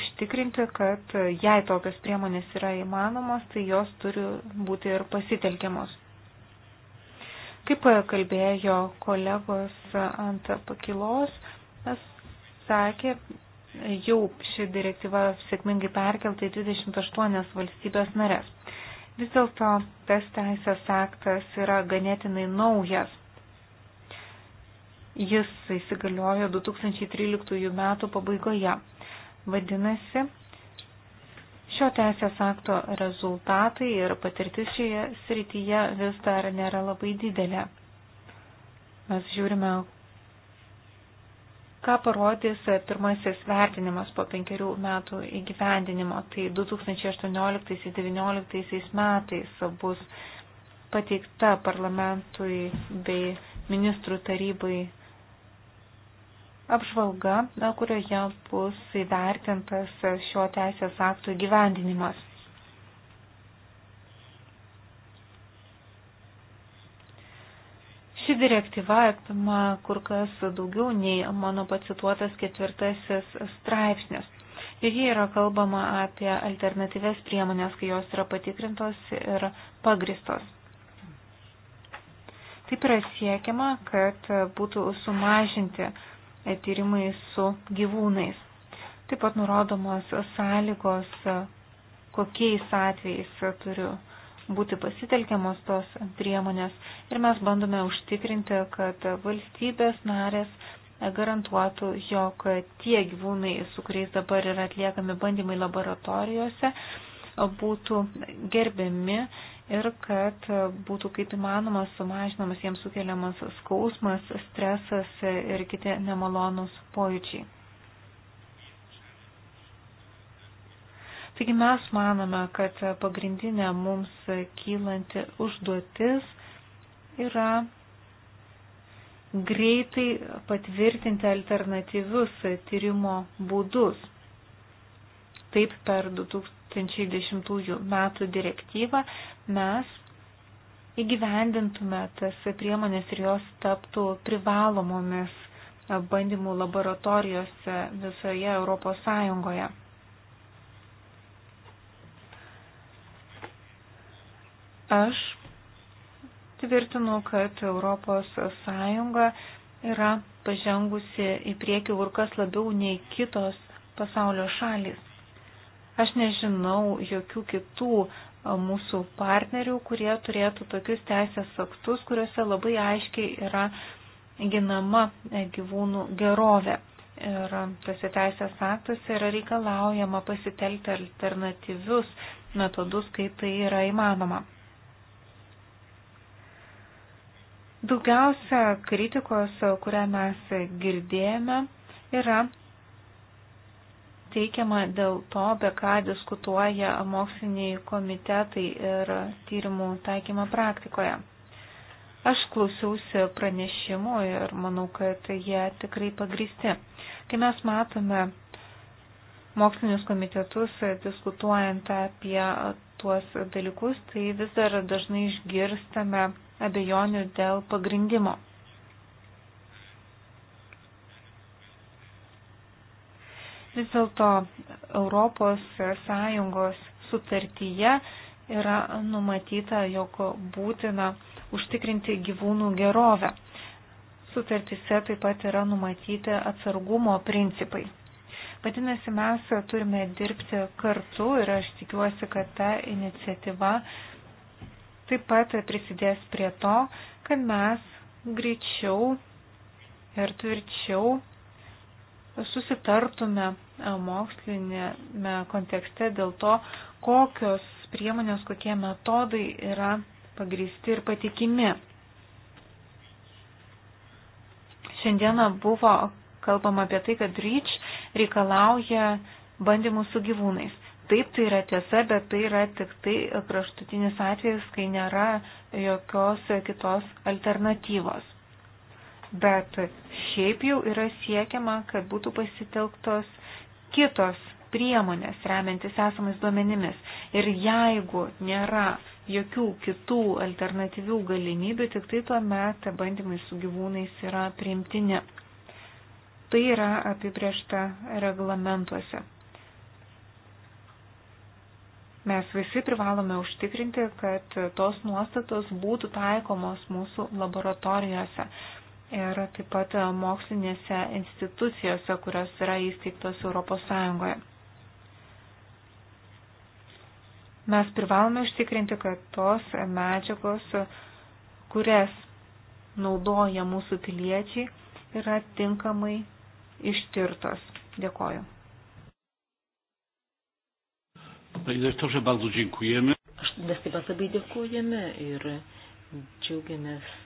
užtikrinti, kad jei tokios priemonės yra įmanomos, tai jos turi būti ir pasitelkiamos. Kaip kalbėjo kolegos ant pakilos, mes sakė, jau ši direktyva sėkmingai perkelta į 28 valstybės narės. Vis dėlto tas teisės aktas yra ganėtinai naujas. Jis įsigaliojo 2013 m. pabaigoje. Vadinasi, Šio teisės akto rezultatai ir patirtis šioje srityje vis dar nėra labai didelė. Mes žiūrime, ką parodys pirmasis vertinimas po penkerių metų įgyvendinimo. Tai 2018-2019 metais bus pateikta parlamentui bei ministrų tarybai apžvalga, kurioje bus įvertintas šio teisės aktų gyvendinimas. Ši direktyva apima kur kas daugiau nei mano pacituotas ketvirtasis straipsnis. Ir jie yra kalbama apie alternatyves priemonės, kai jos yra patikrintos ir pagristos. Taip yra siekiama, kad būtų sumažinti E, tyrimais su gyvūnais. Taip pat nurodomos sąlygos, kokiais atvejais turiu būti pasitelkiamos tos priemonės ir mes bandome užtikrinti, kad valstybės narės garantuotų, jog tie gyvūnai, su kuriais dabar yra atliekami bandymai laboratorijose, būtų gerbiami ir kad būtų kaip įmanoma sumažinamas jiems sukeliamas skausmas, stresas ir kiti nemalonūs pojūčiai. Taigi mes manome, kad pagrindinė mums kylanti užduotis yra greitai patvirtinti alternatyvius tyrimo būdus. Taip per 2000 2010 metų direktyvą, mes įgyvendintume tas priemonės ir jos taptų privalomomis bandymų laboratorijose visoje Europos Sąjungoje. Aš tvirtinu, kad Europos Sąjunga yra pažengusi į priekį kur kas labiau nei kitos pasaulio šalis. Aš nežinau jokių kitų mūsų partnerių, kurie turėtų tokius teisės aktus, kuriuose labai aiškiai yra ginama e, gyvūnų gerovė. Ir tose teisės aktuose yra reikalaujama pasitelkti alternatyvius metodus, kaip tai yra įmanoma. Daugiausia kritikos, kurią mes girdėjome, yra teikiama dėl to, be ką diskutuoja moksliniai komitetai ir tyrimų taikymą praktikoje. Aš klausiausi pranešimų ir manau, kad jie tikrai pagristi. Kai mes matome mokslinius komitetus diskutuojant apie tuos dalykus, tai vis dar dažnai išgirstame abejonių dėl pagrindimo. Vis dėlto Europos Sąjungos sutartyje yra numatyta, jog būtina užtikrinti gyvūnų gerovę. Sutartyse taip pat yra numatyti atsargumo principai. Vadinasi, mes turime dirbti kartu ir aš tikiuosi, kad ta iniciatyva taip pat prisidės prie to, kad mes greičiau ir tvirčiau susitartume e, mokslinėme kontekste dėl to, kokios priemonės, kokie metodai yra pagrįsti ir patikimi. Šiandieną buvo kalbama apie tai, kad REACH reikalauja bandymų su gyvūnais. Taip, tai yra tiesa, bet tai yra tik tai kraštutinis atvejis, kai nėra jokios kitos alternatyvos bet šiaip jau yra siekiama, kad būtų pasitelktos kitos priemonės remiantis esamais duomenimis. Ir jeigu nėra jokių kitų alternatyvių galimybių, tik tai tuo metu bandymai su gyvūnais yra priimtini. Tai yra apibriešta reglamentuose. Mes visi privalome užtikrinti, kad tos nuostatos būtų taikomos mūsų laboratorijose ir taip pat mokslinėse institucijose, kurios yra įsteigtos ES. Mes privalome užtikrinti, kad tos medžiagos, kurias naudoja mūsų piliečiai, yra tinkamai ištirtos.
Dėkoju.
Aš
taip pat labai dėkojame ir džiaugiamės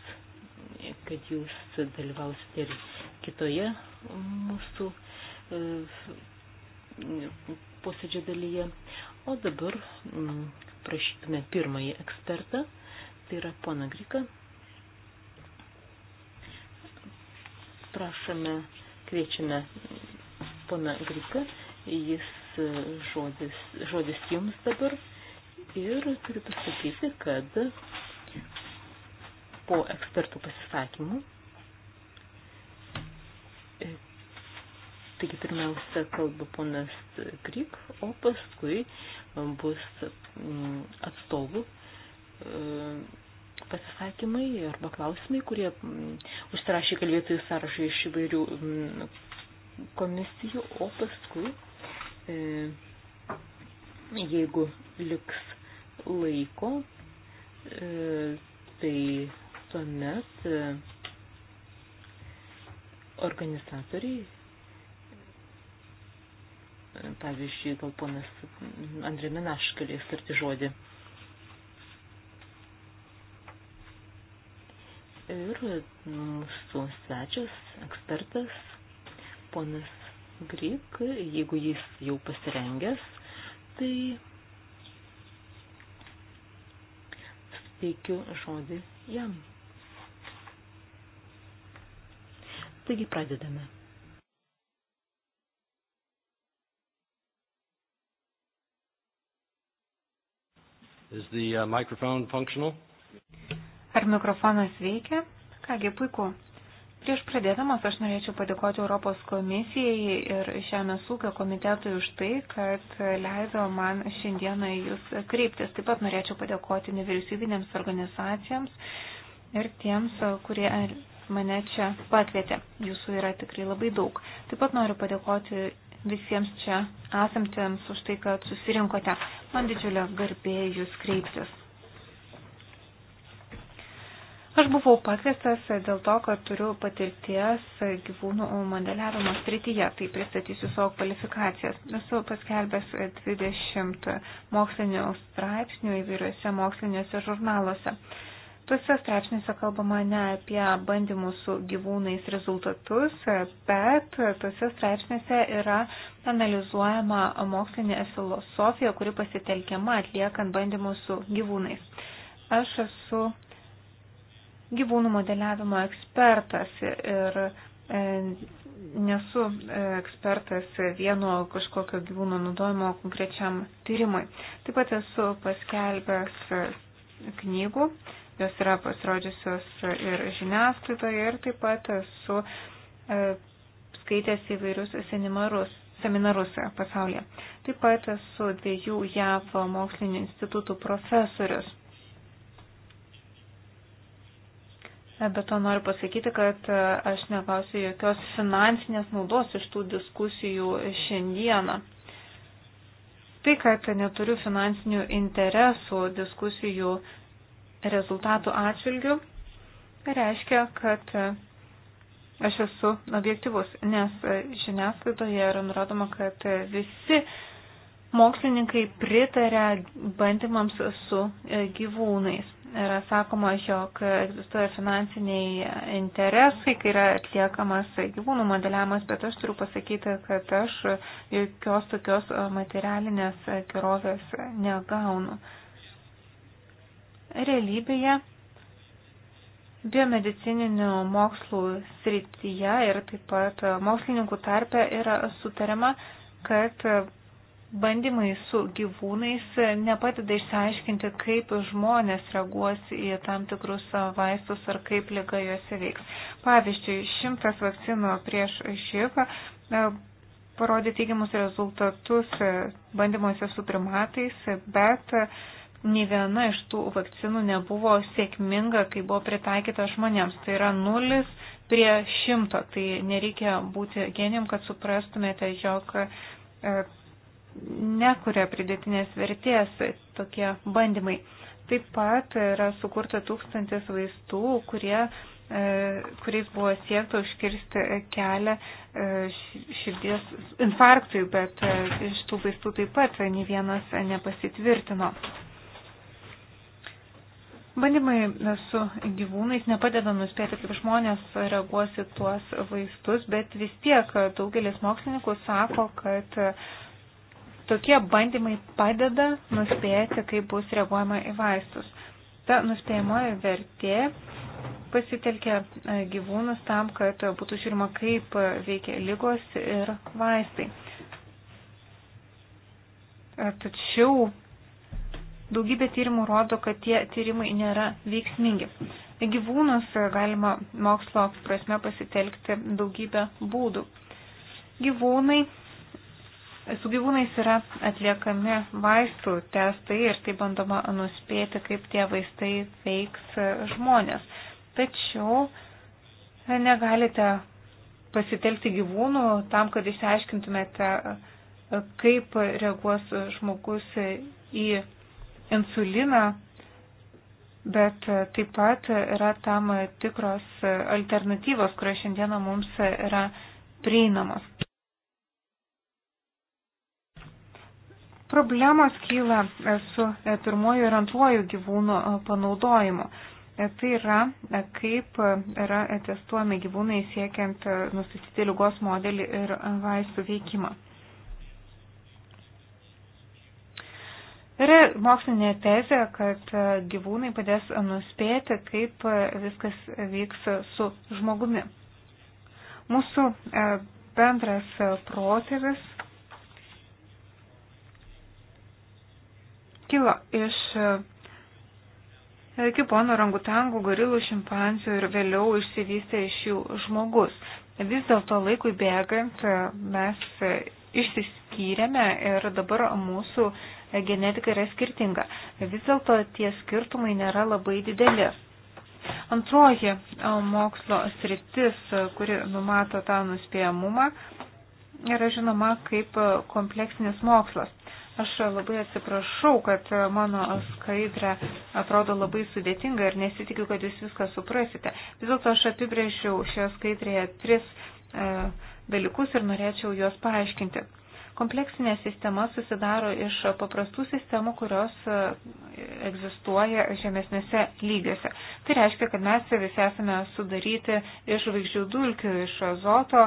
kad jūs dalyvausite ir kitoje mūsų e, posėdžio dalyje. O dabar mm, prašytume pirmąjį ekspertą, tai yra pona Grika. Prašome, kviečiame pona Grika, jis e, žodis, žodis jums dabar ir turiu pasakyti, kad po ekspertų pasisakymų. E, taigi pirmiausia kalba ponas Krik, o paskui bus mm, atstovų e, pasisakymai arba klausimai, kurie mm, užsirašė kalbėtojų sąrašą iš įvairių mm, komisijų, o paskui, e, jeigu liks laiko, tai tuomet e, organizatoriai, e, pavyzdžiui, gal ponas Andrė Minaš galės tarti žodį. Ir mūsų svečias, ekspertas, ponas Grik, jeigu jis jau pasirengęs, tai suteikiu žodį jam. Taigi pradedame.
Is the uh, microphone functional?
Ar mikrofonas veikia? Kągi puiku. Prieš pradėdamas aš norėčiau padėkoti Europos komisijai ir Žemės ūkio komitetui už tai, kad leido man šiandieną jūs kreiptis. Taip pat norėčiau padėkoti nevyriausybinėms organizacijams ir tiems, kurie mane čia pakvietė. Jūsų yra tikrai labai daug. Taip pat noriu padėkoti visiems čia esantiems už tai, kad susirinkote. Man didžiulė garbė jūs kreiptis. Aš buvau pakviestas dėl to, kad turiu patirties gyvūnų modeliavimo srityje, tai pristatysiu savo kvalifikacijas. Esu paskelbęs 20 mokslinių straipsnių įvairiuose moksliniuose žurnaluose. Tuose straipsniuose kalbama ne apie bandymus su gyvūnais rezultatus, bet tuose straipsniuose yra analizuojama mokslinė filosofija, kuri pasitelkiama atliekant bandymus su gyvūnais. Aš esu gyvūnų modeliavimo ekspertas ir e, nesu e, ekspertas vieno kažkokio gyvūno naudojimo konkrečiam tyrimui. Taip pat esu paskelbęs knygų jos yra pasirodžiusios ir žiniasklaidoje, ir taip pat esu e, skaitęs įvairius seminarus seminarus pasaulyje. Taip pat esu dviejų JAV mokslinio institutų profesorius. E, Bet to noriu pasakyti, kad e, aš negausiu jokios finansinės naudos iš tų diskusijų šiandieną. Tai, kad neturiu finansinių interesų diskusijų rezultatų atžvilgių reiškia, kad aš esu objektivus, nes žiniasklaidoje yra nurodoma, kad visi mokslininkai pritarė bandymams su gyvūnais. Yra sakoma, jog egzistuoja finansiniai interesai, kai yra atliekamas gyvūnų modeliavimas, bet aš turiu pasakyti, kad aš jokios tokios materialinės gerovės negaunu realybėje biomedicininių mokslų srityje ir taip pat mokslininkų tarpe yra sutariama, kad bandymai su gyvūnais nepadeda išsiaiškinti, kaip žmonės reaguos į tam tikrus vaistus ar kaip lyga juose veiks. Pavyzdžiui, šimtas vakcinų prieš šifą e, parodė teigiamus rezultatus bandymuose su primatais, bet nei viena iš tų vakcinų nebuvo sėkminga, kai buvo pritaikyta žmonėms. Tai yra nulis prie šimto. Tai nereikia būti genijum, kad suprastumėte, jog e, nekuria pridėtinės vertės tokie bandymai. Taip pat yra sukurta tūkstantis vaistų, kurie e, kuriais buvo siekta užkirsti kelią e, širdies infarktui, bet iš tų vaistų taip pat nei vienas nepasitvirtino. Bandymai su gyvūnais nepadeda nuspėti, kaip žmonės reaguos į tuos vaistus, bet vis tiek daugelis mokslininkų sako, kad tokie bandymai padeda nuspėti, kaip bus reaguojama į vaistus. Ta nuspėjamoji vertė pasitelkia e, gyvūnus tam, kad būtų žiūrima, kaip veikia lygos ir vaistai. E, tačiau Daugybė tyrimų rodo, kad tie tyrimai nėra veiksmingi. Gyvūnus galima mokslo prasme pasitelkti daugybę būdų. Gyvūnai, su gyvūnais yra atliekami vaistų testai ir tai bandoma nuspėti, kaip tie vaistai veiks žmonės. Tačiau negalite pasitelkti gyvūnų tam, kad išsiaiškintumėte, kaip reaguos žmogus į insuliną, bet taip pat yra tam tikros alternatyvos, kurios šiandieną mums yra prieinamos. Problemos kyla su pirmoju ir antruoju gyvūnų panaudojimu. Tai yra, kaip yra testuojami gyvūnai siekiant nustatyti lygos modelį ir vaistų veikimą. Yra mokslinė tezė, kad e, gyvūnai padės nuspėti, kaip e, viskas vyks su žmogumi. Mūsų e, bendras protėvis kilo iš kiponų rangutangų, gorilų, šimpanzių ir vėliau išsivystė iš jų žmogus. Vis dėlto laikui bėgant mes išsiskyrėme ir dabar mūsų genetika yra skirtinga. Vis dėlto tie skirtumai nėra labai dideli. Antroji mokslo sritis, kuri numato tą nuspėjamumą, yra žinoma kaip kompleksinis mokslas. Aš labai atsiprašau, kad mano skaidrė atrodo labai sudėtinga ir nesitikiu, kad jūs viską suprasite. Vis dėlto aš apibrėžiau šioje skaidrėje tris e, dalykus ir norėčiau juos paaiškinti. Kompleksinė sistema susidaro iš paprastų sistemų, kurios e, egzistuoja žemesnėse lygiuose. Tai reiškia, kad mes visi esame sudaryti iš žvaigždžių dulkių, iš azoto,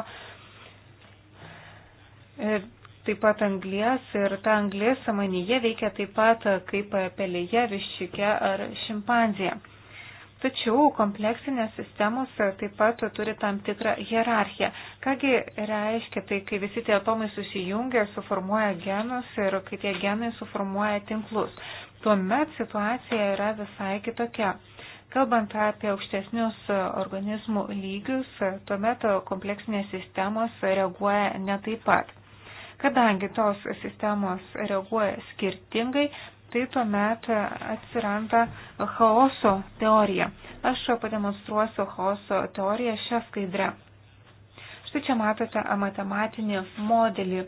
ir taip pat anglies ir ta anglies samanyje veikia taip pat kaip pelėje, viščike ar šimpanzėje. Tačiau kompleksinės sistemos e, taip pat turi tam tikrą hierarchiją. Kągi reiškia tai, kai visi tie atomai susijungia, suformuoja genus ir kai tie genai suformuoja tinklus. Tuomet situacija yra visai kitokia. Kalbant apie aukštesnius e, organizmų lygius, e, tuomet kompleksinės sistemos reaguoja ne taip pat. Kadangi tos sistemos reaguoja skirtingai, tai tuomet atsiranda chaoso teorija. Aš pademonstruosiu chaoso teoriją šią skaidrę. Štai čia matote matematinį modelį,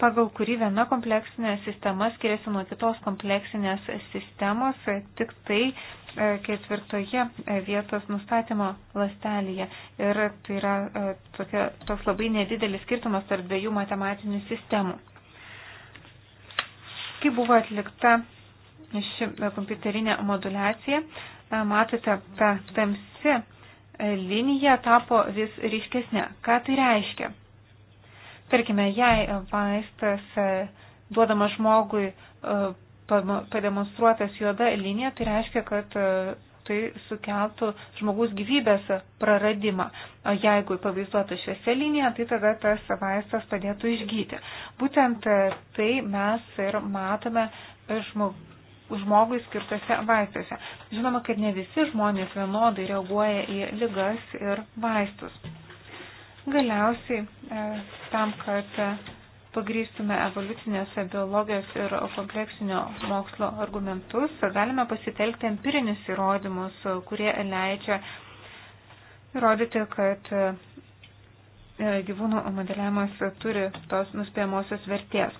pagal kurį viena kompleksinė sistema skiriasi nuo kitos kompleksinės sistemos tik tai e, ketvirtoje e, vietos nustatymo lastelėje. Ir tai yra e, tokia, toks labai nedidelis skirtumas tarp dviejų matematinių sistemų. Kai buvo atlikta ši kompiuterinė modulacija, matote, ta tamsi linija tapo vis ryškesnė. Ką tai reiškia? Tarkime, jei vaistas e, duodamas žmogui e, pademonstruotas juoda linija, tai reiškia, kad e, tai sukeltų žmogus gyvybės praradimą. O jeigu pavaizduota šviesia linija, tai tada tas vaistas padėtų išgyti. Būtent e, tai mes ir matome žmogus žmogui skirtose vaistuose. Žinoma, kad ne visi žmonės vienodai reaguoja į lygas ir vaistus. Galiausiai e, tam, kad pagrįstume evoliucinės biologijos ir kompleksinio mokslo argumentus, galime pasitelkti empirinius įrodymus, kurie leidžia įrodyti, kad e, gyvūnų modeliavimas turi tos nuspėjamosios vertės.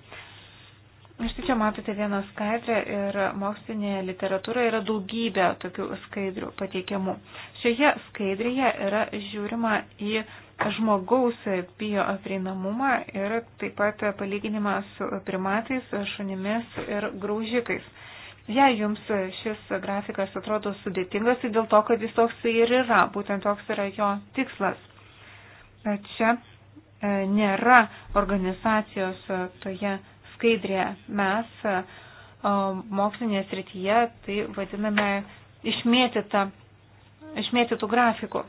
Štai čia matote vieną skaidrę ir mokslinėje literatūroje yra daugybė tokių skaidrių pateikiamų. Šioje skaidrėje yra žiūrima į žmogaus bio prieinamumą ir taip pat palyginimą su primatais, šunimis ir graužikais. Jei jums šis grafikas atrodo sudėtingas, tai dėl to, kad jis toks ir yra, būtent toks yra jo tikslas. Čia e, nėra organizacijos toje skaidrėje. Mes e, mokslinėje srityje tai vadiname išmėtytą, išmėtytų grafikų.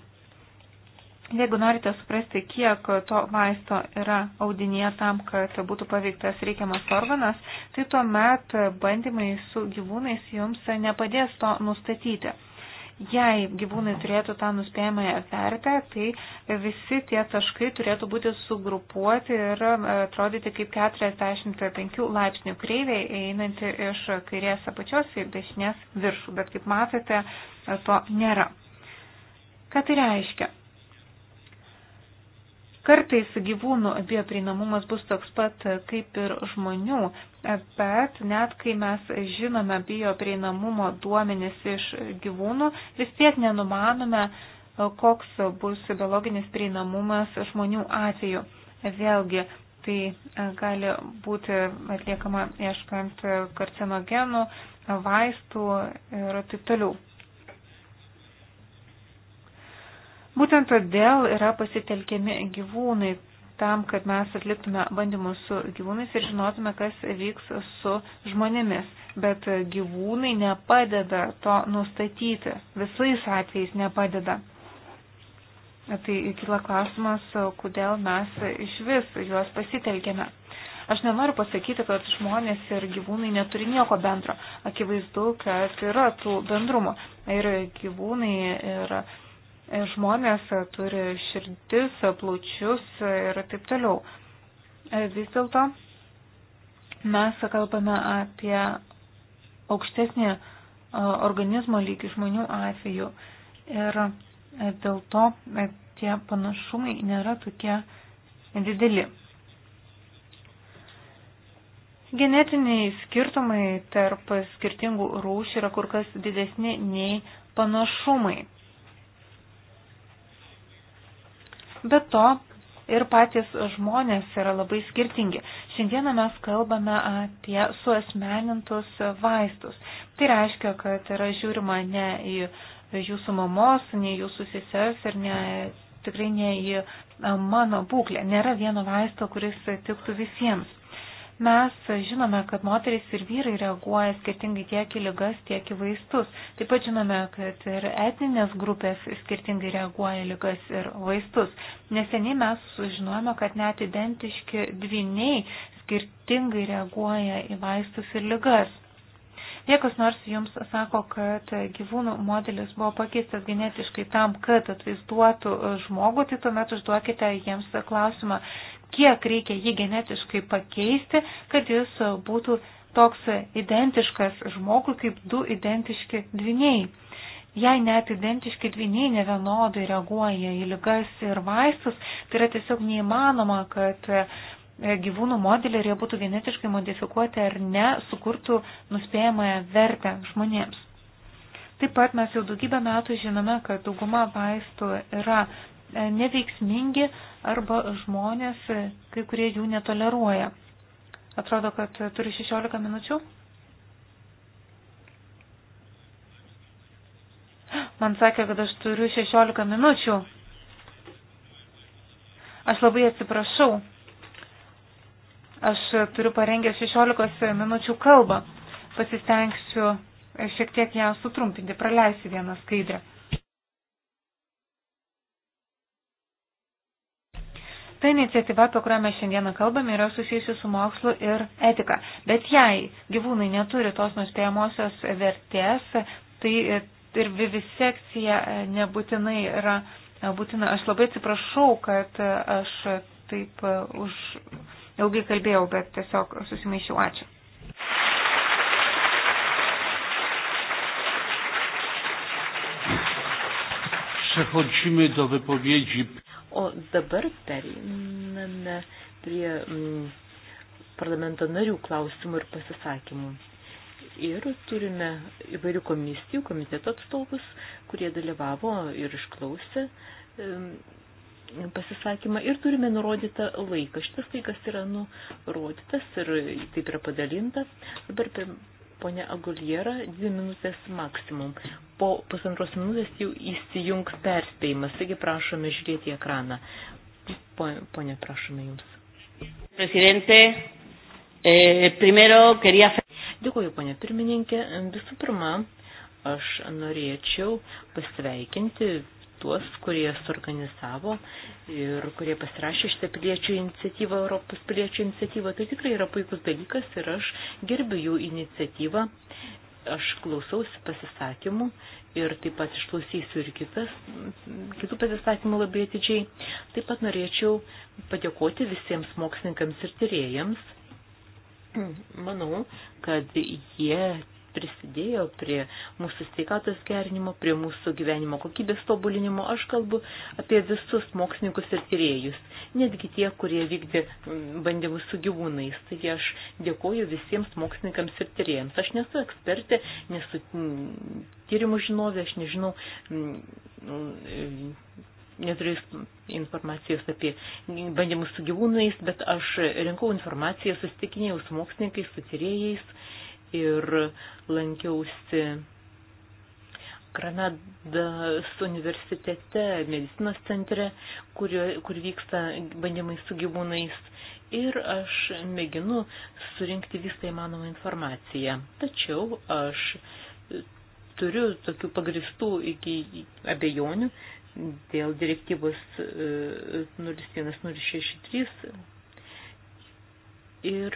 Jeigu norite suprasti, kiek to vaisto yra audinėje tam, kad būtų paveiktas reikiamas organas, tai tuomet bandymai su gyvūnais jums nepadės to nustatyti. Jei gyvūnai turėtų tą nuspėjamąją vertę, tai visi tie taškai turėtų būti sugrupuoti ir e, atrodyti kaip 45 laipsnių kreiviai, einanti iš kairės apačios ir dešinės viršų, bet kaip matote, to nėra. Ką tai reiškia? Kartais gyvūnų bioprieinamumas bus toks pat kaip ir žmonių, bet net kai mes žinome bioprieinamumo duomenis iš gyvūnų, vis tiek nenumanome, koks bus biologinis prieinamumas žmonių atveju. Vėlgi, tai gali būti atliekama ieškant karcinogenų, vaistų ir taip toliau. Būtent todėl yra pasitelkiami gyvūnai tam, kad mes atliktume bandymus su gyvūnais ir žinotume, kas vyks su žmonėmis. Bet gyvūnai nepadeda to nustatyti, visais atvejais nepadeda. Tai kyla klausimas, kodėl mes iš vis juos pasitelkėme. Aš nenoriu pasakyti, kad žmonės ir gyvūnai neturi nieko bendro. Akivaizdu, kad yra tų bendrumo. Ir gyvūnai ir. Yra žmonės e, turi širdis, e, plaučius e, ir taip toliau. Vis dėlto mes kalbame apie aukštesnį organizmo lygį žmonių atveju ir dėl to tie panašumai nėra tokie dideli. Genetiniai skirtumai tarp skirtingų rūšių yra kur kas didesni nei panašumai Be to, ir patys žmonės yra labai skirtingi. Šiandieną mes kalbame apie suasmenintus vaistus. Tai reiškia, kad yra žiūrima ne į jūsų mamos, ne į jūsų sesers ir ne, tikrai ne į mano būklę. Nėra vieno vaisto, kuris tiktų visiems. Mes žinome, kad moteris ir vyrai reaguoja skirtingai tiek į ligas, tiek į vaistus. Taip pat žinome, kad ir etinės grupės skirtingai reaguoja į ligas ir vaistus. Neseniai mes sužinojome, kad net identiški dviniai skirtingai reaguoja į vaistus ir ligas. Jei kas nors jums sako, kad gyvūnų modelis buvo pakeistas genetiškai tam, kad atvaizduotų žmogų, tai tuomet užduokite jiems klausimą, kiek reikia jį genetiškai pakeisti, kad jis būtų toks identiškas žmogui kaip du identiški dviniai. Jei net identiški dviniai nevienodai reaguoja į ligas ir vaistus, tai yra tiesiog neįmanoma, kad e, gyvūnų modelį, ar jie būtų genetiškai modifikuoti ar ne, sukurtų nuspėjamąją vertę žmonėms. Taip pat mes jau daugybę metų žinome, kad dauguma vaistų yra e, neveiksmingi arba žmonės, kai kurie jų netoleruoja. Atrodo, kad turi 16 minučių. Man sakė, kad aš turiu 16 minučių. Aš labai atsiprašau. Aš turiu parengę 16 minučių kalbą. Pasistengsiu šiek tiek ją sutrumpinti, praleisiu vieną skaidrę. Ta iniciatyva, apie kurią mes šiandieną kalbame, yra susijusi su mokslu ir etika. Bet jei gyvūnai neturi tos nuspėjamosios vertės, tai e, ir vivisekcija e, nebūtinai yra e, būtina. Aš labai atsiprašau, kad aš taip už ilgai kalbėjau, bet tiesiog susimaišiau. Ačiū.
Przechodzimy do wypowiedzi
O dabar periname prie m, mm, parlamento narių klausimų ir pasisakymų. Ir turime įvairių komisijų, komiteto atstovus, kurie dalyvavo ir išklausė m, mm, pasisakymą ir turime nurodytą laiką. Šitas laikas yra nurodytas ir taip yra padalinta. Dabar ponia Aguliera, dvi minutės maksimum. Po pusantros minutės jau įsijungs perspėjimas, taigi prašome žiūrėti į ekraną. Ponia, prašome jums. Presidente, eh, primero quería... Dėkuoju, ponia pirmininkė. Visų pirma, aš norėčiau pasveikinti tuos, kurie suorganizavo ir kurie pasirašė šitą piliečių iniciatyvą, Europos piliečių iniciatyvą. Tai tikrai yra puikus dalykas ir aš gerbiu jų iniciatyvą. Aš klausausi pasisakymų ir taip pat išklausysiu ir kitas, kitų pasisakymų labai atidžiai. Taip pat norėčiau padėkoti visiems mokslininkams ir tyrėjams. Manau, kad jie prisidėjo prie mūsų sveikatos gerinimo, prie mūsų gyvenimo kokybės tobulinimo. Aš kalbu apie visus mokslininkus ir tyrėjus, netgi tie, kurie vykdė mm, bandymus su gyvūnais. Taigi aš dėkoju visiems mokslininkams ir tyrėjams. Aš nesu ekspertė, nesu mm, tyrimų žinovė, aš nežinau mm, neturiu informacijos apie bandymus su gyvūnais, bet aš rinkau informaciją, susitikinėjau su mokslininkais, su tyrėjais ir lankiausi Granados universitete, medicinos centre, kur, kur vyksta bandymai su gyvūnais ir aš mėginu surinkti visą įmanomą informaciją. Tačiau aš turiu tokių pagristų iki abejonių dėl direktyvos 01063 e, e, ir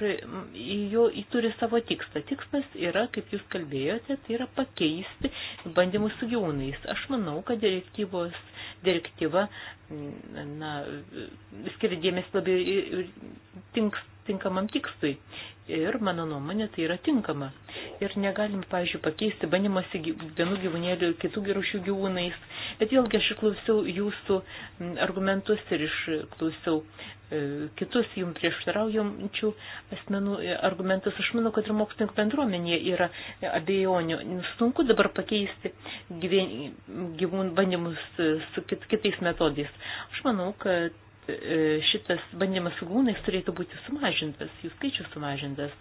jo turi savo tikslą. Tikslas yra, kaip jūs kalbėjote, tai yra pakeisti bandymus su gyvūnais. Aš manau, kad direktyvos, direktyva na, skiria dėmesį labai tinks, tinkamam tikslui. Ir mano nuomonė tai yra tinkama. Ir negalim, pavyzdžiui, pakeisti bandymasi vienų gyvūnėlių kitų gerušių gyvūnais. Bet vėlgi aš išklausiau jūsų argumentus ir išklausiau e, kitus jums prieštaraujančių asmenų e, argumentus. Aš manau, kad ir mokslininkų bendruomenėje yra abejonių. Sunku dabar pakeisti gyvūnų bandymus e, su kit, kitais metodais. Aš manau, kad E, šitas bandymas su gyvūnais turėtų būti sumažintas, jų skaičius sumažintas.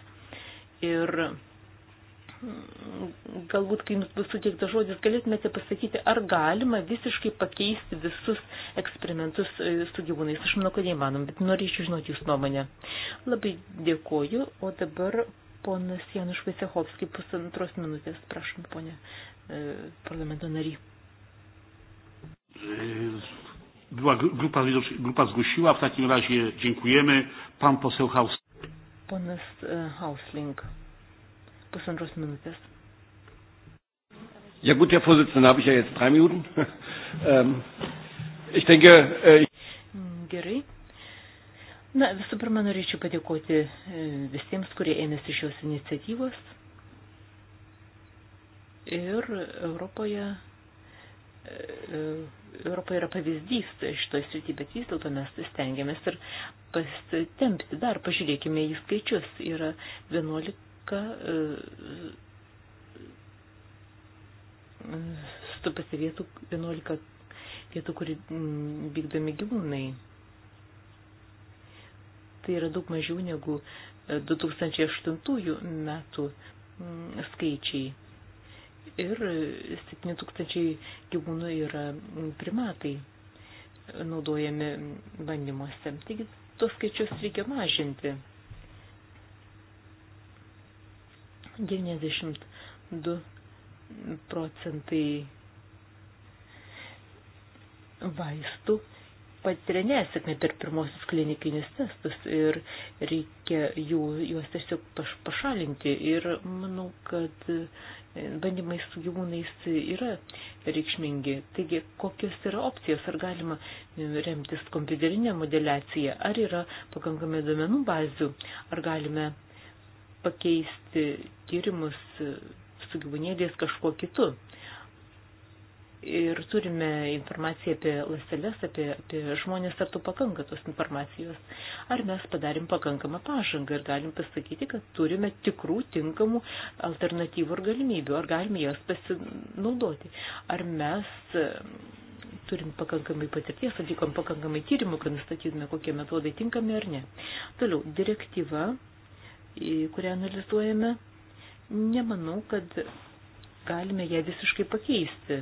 Ir
mm,
galbūt, kai jums bus suteiktas žodis, galėtumėte pasakyti, ar galima visiškai pakeisti visus eksperimentus e, su gyvūnais. Aš manau, kad neįmanom, bet norėčiau žinoti jūsų nuomonę. Labai dėkoju, o dabar ponas Janus Vaisehovskis, pusantros minutės, prašom, ponė e, parlamento nary
była grupa, grupa zgłosiła, w takim razie dziękujemy. Pan poseł Haus.
Ponas e, Hausling. Pusantros minutės.
Ja gut, Herr Vorsitzender, habe ich ja jetzt drei Minuten. ähm, ich denke... Äh,
Gerai. Na, visų pirma, norėčiau padėkoti e, visiems, kurie ėmėsi šios iniciatyvos. Ir Europoje e, e, Europa yra pavyzdys šitoje srityje, bet vis dėlto mes stengiamės ir pastempti dar, pažiūrėkime į skaičius, yra 11 e, stupasi vietų, 11 vietų, kur vykdomi gyvūnai. Tai yra daug mažiau negu 2008 e, metų skaičiai ir 7000 gyvūnų yra primatai naudojami bandymuose. Taigi, tos skaičius reikia mažinti. 92 procentai vaistų patiria nesėkmę per pirmosius klinikinius testus ir reikia jų, juos tiesiog paš, pašalinti. Ir manau, kad bandymai su gyvūnais yra reikšmingi. Taigi, kokios yra opcijos, ar galima remtis kompiuterinė modeliacija, ar yra pakankamai duomenų bazių, ar galime pakeisti tyrimus su gyvūnėliais kažkuo kitu ir turime informaciją apie lasteles, apie, apie žmonės, ar to pakanka tos informacijos. Ar mes padarim pakankamą pažangą ir galim pasakyti, kad turime tikrų tinkamų alternatyvų ir galimybių, ar galime jas pasinaudoti. Ar mes e, turim pakankamai patirties, atlikom pakankamai tyrimų, kad nustatytume, kokie metodai tinkami ar ne. Toliau, direktyva, kurią analizuojame, nemanau, kad galime ją visiškai pakeisti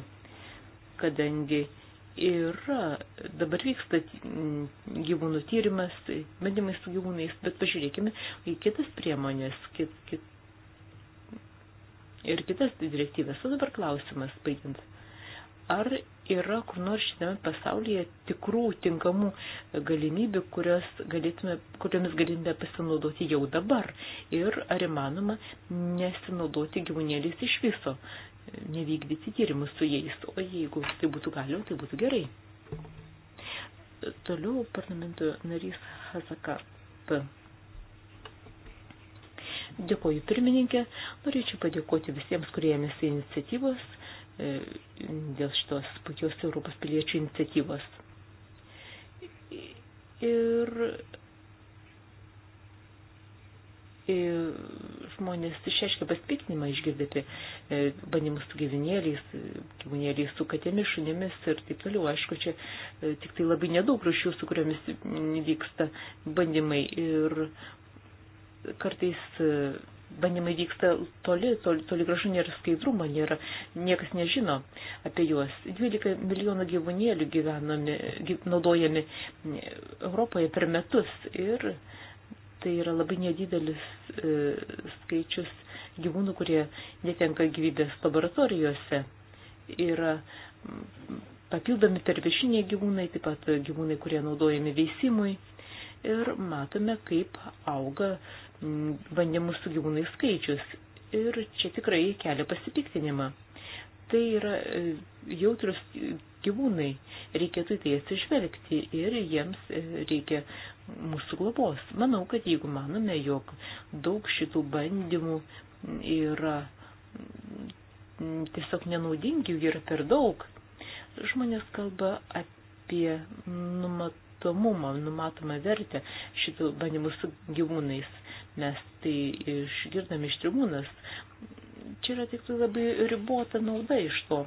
kadangi yra, dabar vyksta gyvūnų tyrimas, tai bandymai su gyvūnais, bet pažiūrėkime į kitas priemonės kit, kit, ir kitas direktyvas. O dabar klausimas, baigiant, ar yra kur nors šitame pasaulyje tikrų tinkamų galimybių, kurios galėtume, kuriomis galime pasinaudoti jau dabar ir ar įmanoma nesinaudoti gyvūnėliais iš viso nevykdyti tyrimus su jais, o jeigu tai būtų galima, tai būtų gerai. Toliau parlamento narys Hazakarp. Dėkoju pirmininkė, norėčiau padėkoti visiems, kurie ėmėsi iniciatyvos e, dėl šitos puikios Europos piliečių iniciatyvos. Ir žmonės išreiškia pasipiktinimą išgirdami e, bandymus su gyvūnėliais, gyvūnėliais su katėmis, šunimis ir taip toliau. Aišku, čia e, tik tai labai nedaug rūšių, su kuriomis vyksta bandymai ir kartais e, bandymai vyksta toli, toli, toli gražu nėra skaidrumo, nėra, niekas nežino apie juos. 12 milijonų gyvūnėlių gyvenami, naudojami Europoje per metus ir tai yra labai nedidelis e, skaičius gyvūnų, kurie netenka gyvybės laboratorijose. Yra papildomi pervešiniai gyvūnai, taip pat gyvūnai, kurie naudojami veisimui. Ir matome, kaip auga bandymų su gyvūnais skaičius. Ir čia tikrai kelia pasipiktinimą. Tai yra e, jautrus gyvūnai, reikėtų į tai atsižvelgti ir jiems e, reikia mūsų globos. Manau, kad jeigu manome, jog daug šitų bandymų yra tiesiog nenaudingi, jų yra per daug, žmonės kalba apie numatomumą, numatomą vertę šitų bandymų su gyvūnais. Mes tai išgirdame iš tribūnas. Čia yra tik labai ribota nauda iš to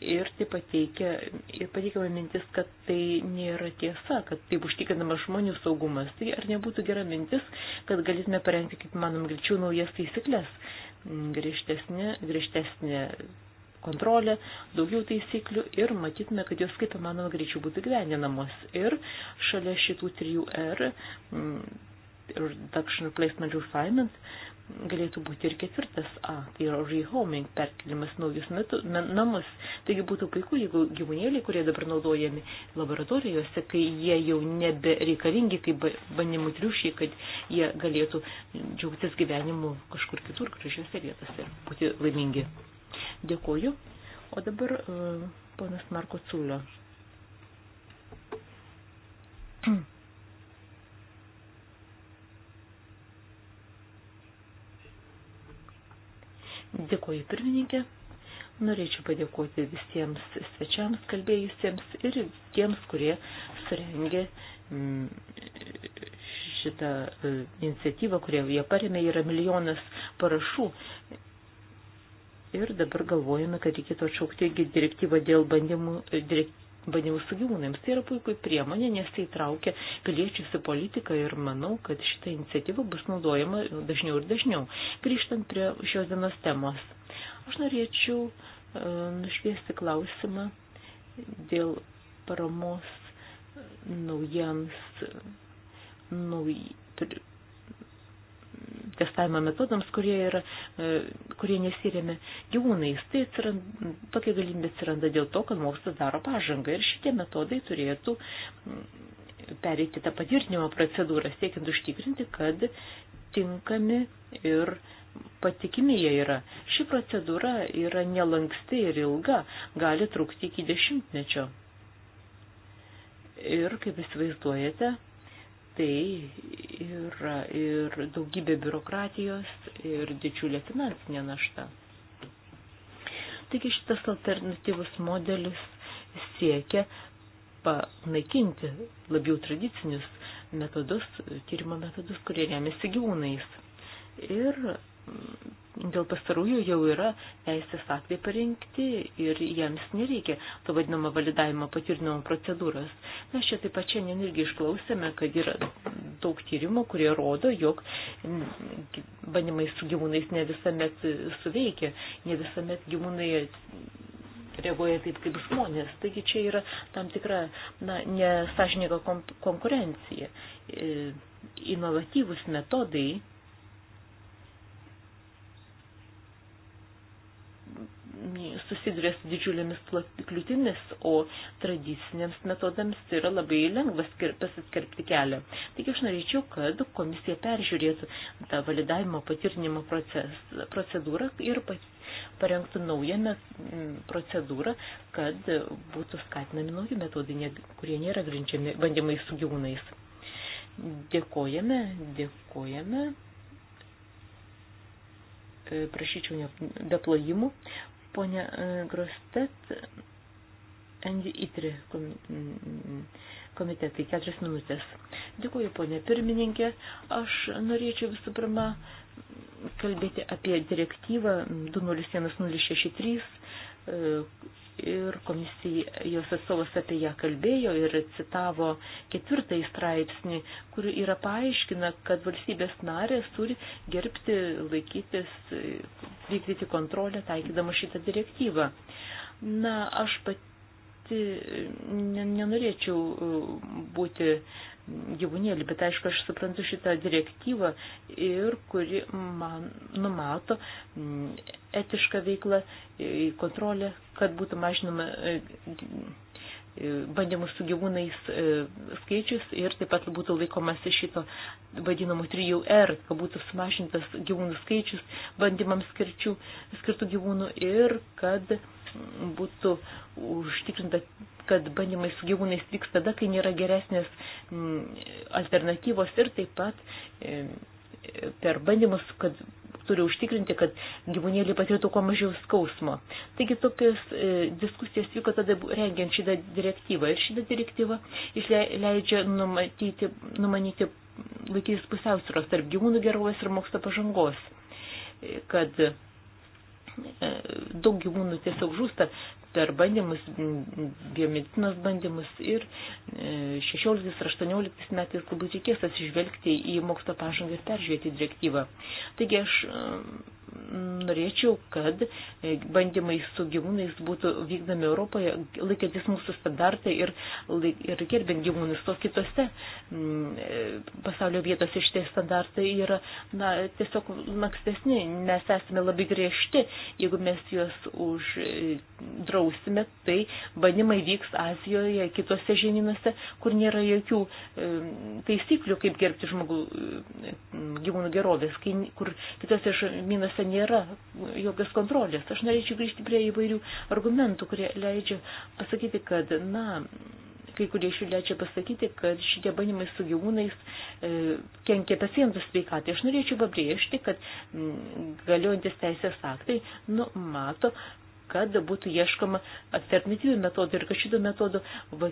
ir tai pateikia, ir pateikiama mintis, kad tai nėra tiesa, kad taip užtikrinamas žmonių saugumas. Tai ar nebūtų gera mintis, kad galėtume parengti, kaip manom, greičiau naujas taisyklės, griežtesnė, griežtesnė kontrolę, daugiau taisyklių ir matytume, kad jos kaip įmanoma greičiau būtų gyveninamos. Ir šalia šitų trijų R, mm, Reduction Replacement Refinement, galėtų būti ir ketvirtas A, tai yra rehoming, perkelimas naujus metu, namus. Taigi būtų puiku, jeigu gyvūnėliai, kurie dabar naudojami laboratorijose, kai jie jau nebereikalingi, kaip bandymų triušiai, kad jie galėtų džiaugtis gyvenimu kažkur kitur, gražiuose vietose, būti laimingi. Dėkuoju. O dabar uh, ponas Marko Culio. Dėkoju pirmininkė. Norėčiau padėkoti visiems svečiams kalbėjusiems ir tiems, kurie surengė mm, šitą e, iniciatyvą, kurią jie paremė, yra milijonas parašų. Ir dabar galvojame, kad reikėtų atšaukti direktyvą dėl bandymų, direkt, bandymų su gyvūnams. Tai yra puikiai priemonė, nes tai traukia piliečius į politiką ir manau, kad šita iniciatyva bus naudojama dažniau ir dažniau. Grįžtant prie šios dienos temos, aš norėčiau e, nušviesti klausimą dėl paramos naujiems, e, nauj, testavimo metodams, kurie, yra, e, kurie nesirėmė gyvūnais. Tai atsiranda, tokia galimybė atsiranda dėl to, kad mokslas daro pažangą ir šitie metodai turėtų mm, pereiti tą patvirtinimo procedūrą, siekiant užtikrinti, kad tinkami ir patikimi jie yra. Ši procedūra yra nelanksti ir ilga, gali trukti iki dešimtmečio. Ir, kaip įsivaizduojate, tai yra ir daugybė biurokratijos, ir didžiulė finansinė našta. Taigi šitas alternatyvus modelis siekia panaikinti labiau tradicinius metodus, tyrimo metodus, kurie remiasi gyvūnais. Ir dėl pastarųjų jau yra teisės aktai parengti ir jiems nereikia to vadinamo validavimo patvirtinimo procedūros. Mes čia taip pat šiandien irgi išklausėme, kad yra daug tyrimų, kurie rodo, jog bandymai su gyvūnais ne visuomet suveikia, ne visuomet gyvūnai reaguoja taip kaip žmonės. Taigi čia yra tam tikra na, nesažininga konkurencija. E, Inovatyvus metodai susiduria su didžiulėmis kliūtimis, o tradiciniams metodams tai yra labai lengva pasiskirpti kelią. Taigi aš norėčiau, kad komisija peržiūrėtų tą validavimo patirinimo proces, procedūrą ir parengtų naują procedūrą, kad būtų skatinami nauji metodai, kurie nėra grindžiami bandymai su gyvūnais. Dėkojame, dėkojame e, prašyčiau be plojimų, Pone e, Grostet, Andy Itri komitetai, keturias minutės. Dėkuoju, ponė pirmininkė. Aš norėčiau visų pirma kalbėti apie direktyvą 201063 ir komisija, jos atstovas apie ją kalbėjo ir citavo ketvirtąjį straipsnį, kur yra paaiškina, kad valstybės narės turi gerbti, laikytis, vykdyti kontrolę taikydama šitą direktyvą. Na, aš pati nenorėčiau uh, būti gyvūnėlį, bet aišku, aš suprantu šitą direktyvą ir kuri man numato mm, etišką veiklą, e, kontrolę, kad būtų mažinama e, e, bandymų su gyvūnais skaičius ir taip pat būtų laikomas iš šito vadinamų 3R, kad būtų sumažintas gyvūnų skaičius bandymams skirčių, skirtų gyvūnų ir kad būtų užtikrinta, kad bandymai su gyvūnais vyks tada, kai nėra geresnės alternatyvos ir taip pat e, per bandymus, kad turi užtikrinti, kad gyvūnėliai patirtų kuo mažiau skausmo. Taigi tokios e, diskusijos vyko tada rengiant šitą direktyvą ir šitą direktyvą leidžia numatyti, numanyti laikytis pusiausvėros tarp gyvūnų gerovės ir mokslo pažangos, kad e, daug gyvūnų tiesiog žūsta per bandymus, biomedicinos bandymus ir 16-18 e, metais galbūt reikės atsižvelgti į mokslo pažangą ir peržiūrėti direktyvą. Taigi aš norėčiau, kad bandymai su gyvūnais būtų vykdami Europoje, laikantis mūsų standartai ir, ir gerbint gyvūnus, o kitose mm, pasaulio vietose šitie standartai yra na, tiesiog lankstesni. Mes esame labai griežti, jeigu mes juos uždrausime, tai bandymai vyks Azijoje, kitose žemynuose, kur nėra jokių mm, taisyklių, kaip gerbti žmogų mm, gyvūnų gerovės, kai, kur kitose žemynuose vyksta, nėra jokios kontrolės. Aš norėčiau grįžti prie įvairių argumentų, kurie leidžia pasakyti, kad, na, kai kurie iš jų leidžia pasakyti, kad šitie bandymai su gyvūnais e, kenkia pacientų sveikatai. Aš norėčiau pabrėžti, kad galiojantis teisės aktai numato kad būtų ieškoma alternatyvių metodų ir kad šitų metodų va,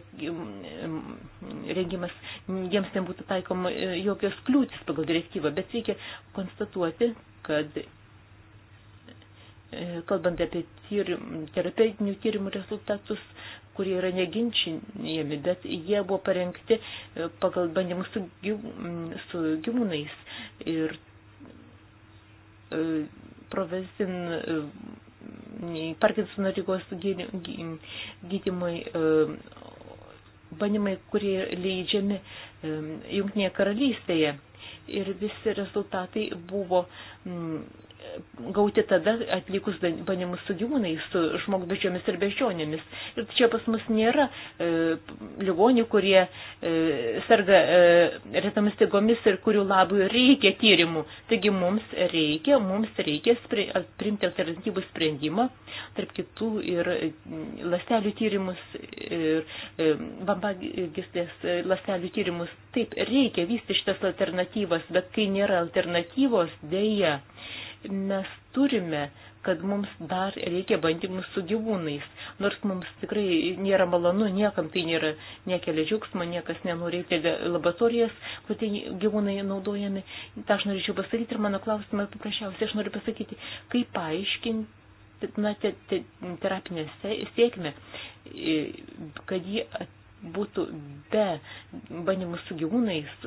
rengimas jiems nebūtų taikoma e, jokios kliūtis pagal direktyvą, bet reikia konstatuoti, kad E, kalbant apie tyrim, terapeutinių tyrimų rezultatus, kurie yra neginčinėjami, bet jie buvo parengti e, pagal bandymus su, su gyvūnais. Ir e, provezin e, Parkinsono lygos gydymai, e, bandymai, kurie leidžiami e, Junktinėje karalystėje. Ir visi rezultatai buvo m, gauti tada atlikus bandymus su gyvūnais, su žmogbežiomis ir bežionėmis. Ir čia pas mus nėra e, ligonių, kurie e, serga e, retomis lygomis ir kurių labai reikia tyrimų. Taigi mums reikia, mums reikia spri, priimti alternatyvų sprendimą, tarp kitų ir mm, lastelių tyrimus, ir e, vambagistės e, lastelių tyrimus. Taip, reikia vysti šitas alternatyvas, bet kai nėra alternatyvos, dėja mes turime, kad mums dar reikia bandymų su gyvūnais. Nors mums tikrai nėra malonu, niekam tai nėra, nekelia džiugsmo, niekas nenorėti laboratorijas, kur tai gyvūnai naudojami. Ta aš norėčiau pasakyti ir mano klausimas paprasčiausiai, aš noriu pasakyti, kaip paaiškinti na, te, te, terapinė sėkmė, kad ji būtų be bandymų su gyvūnais,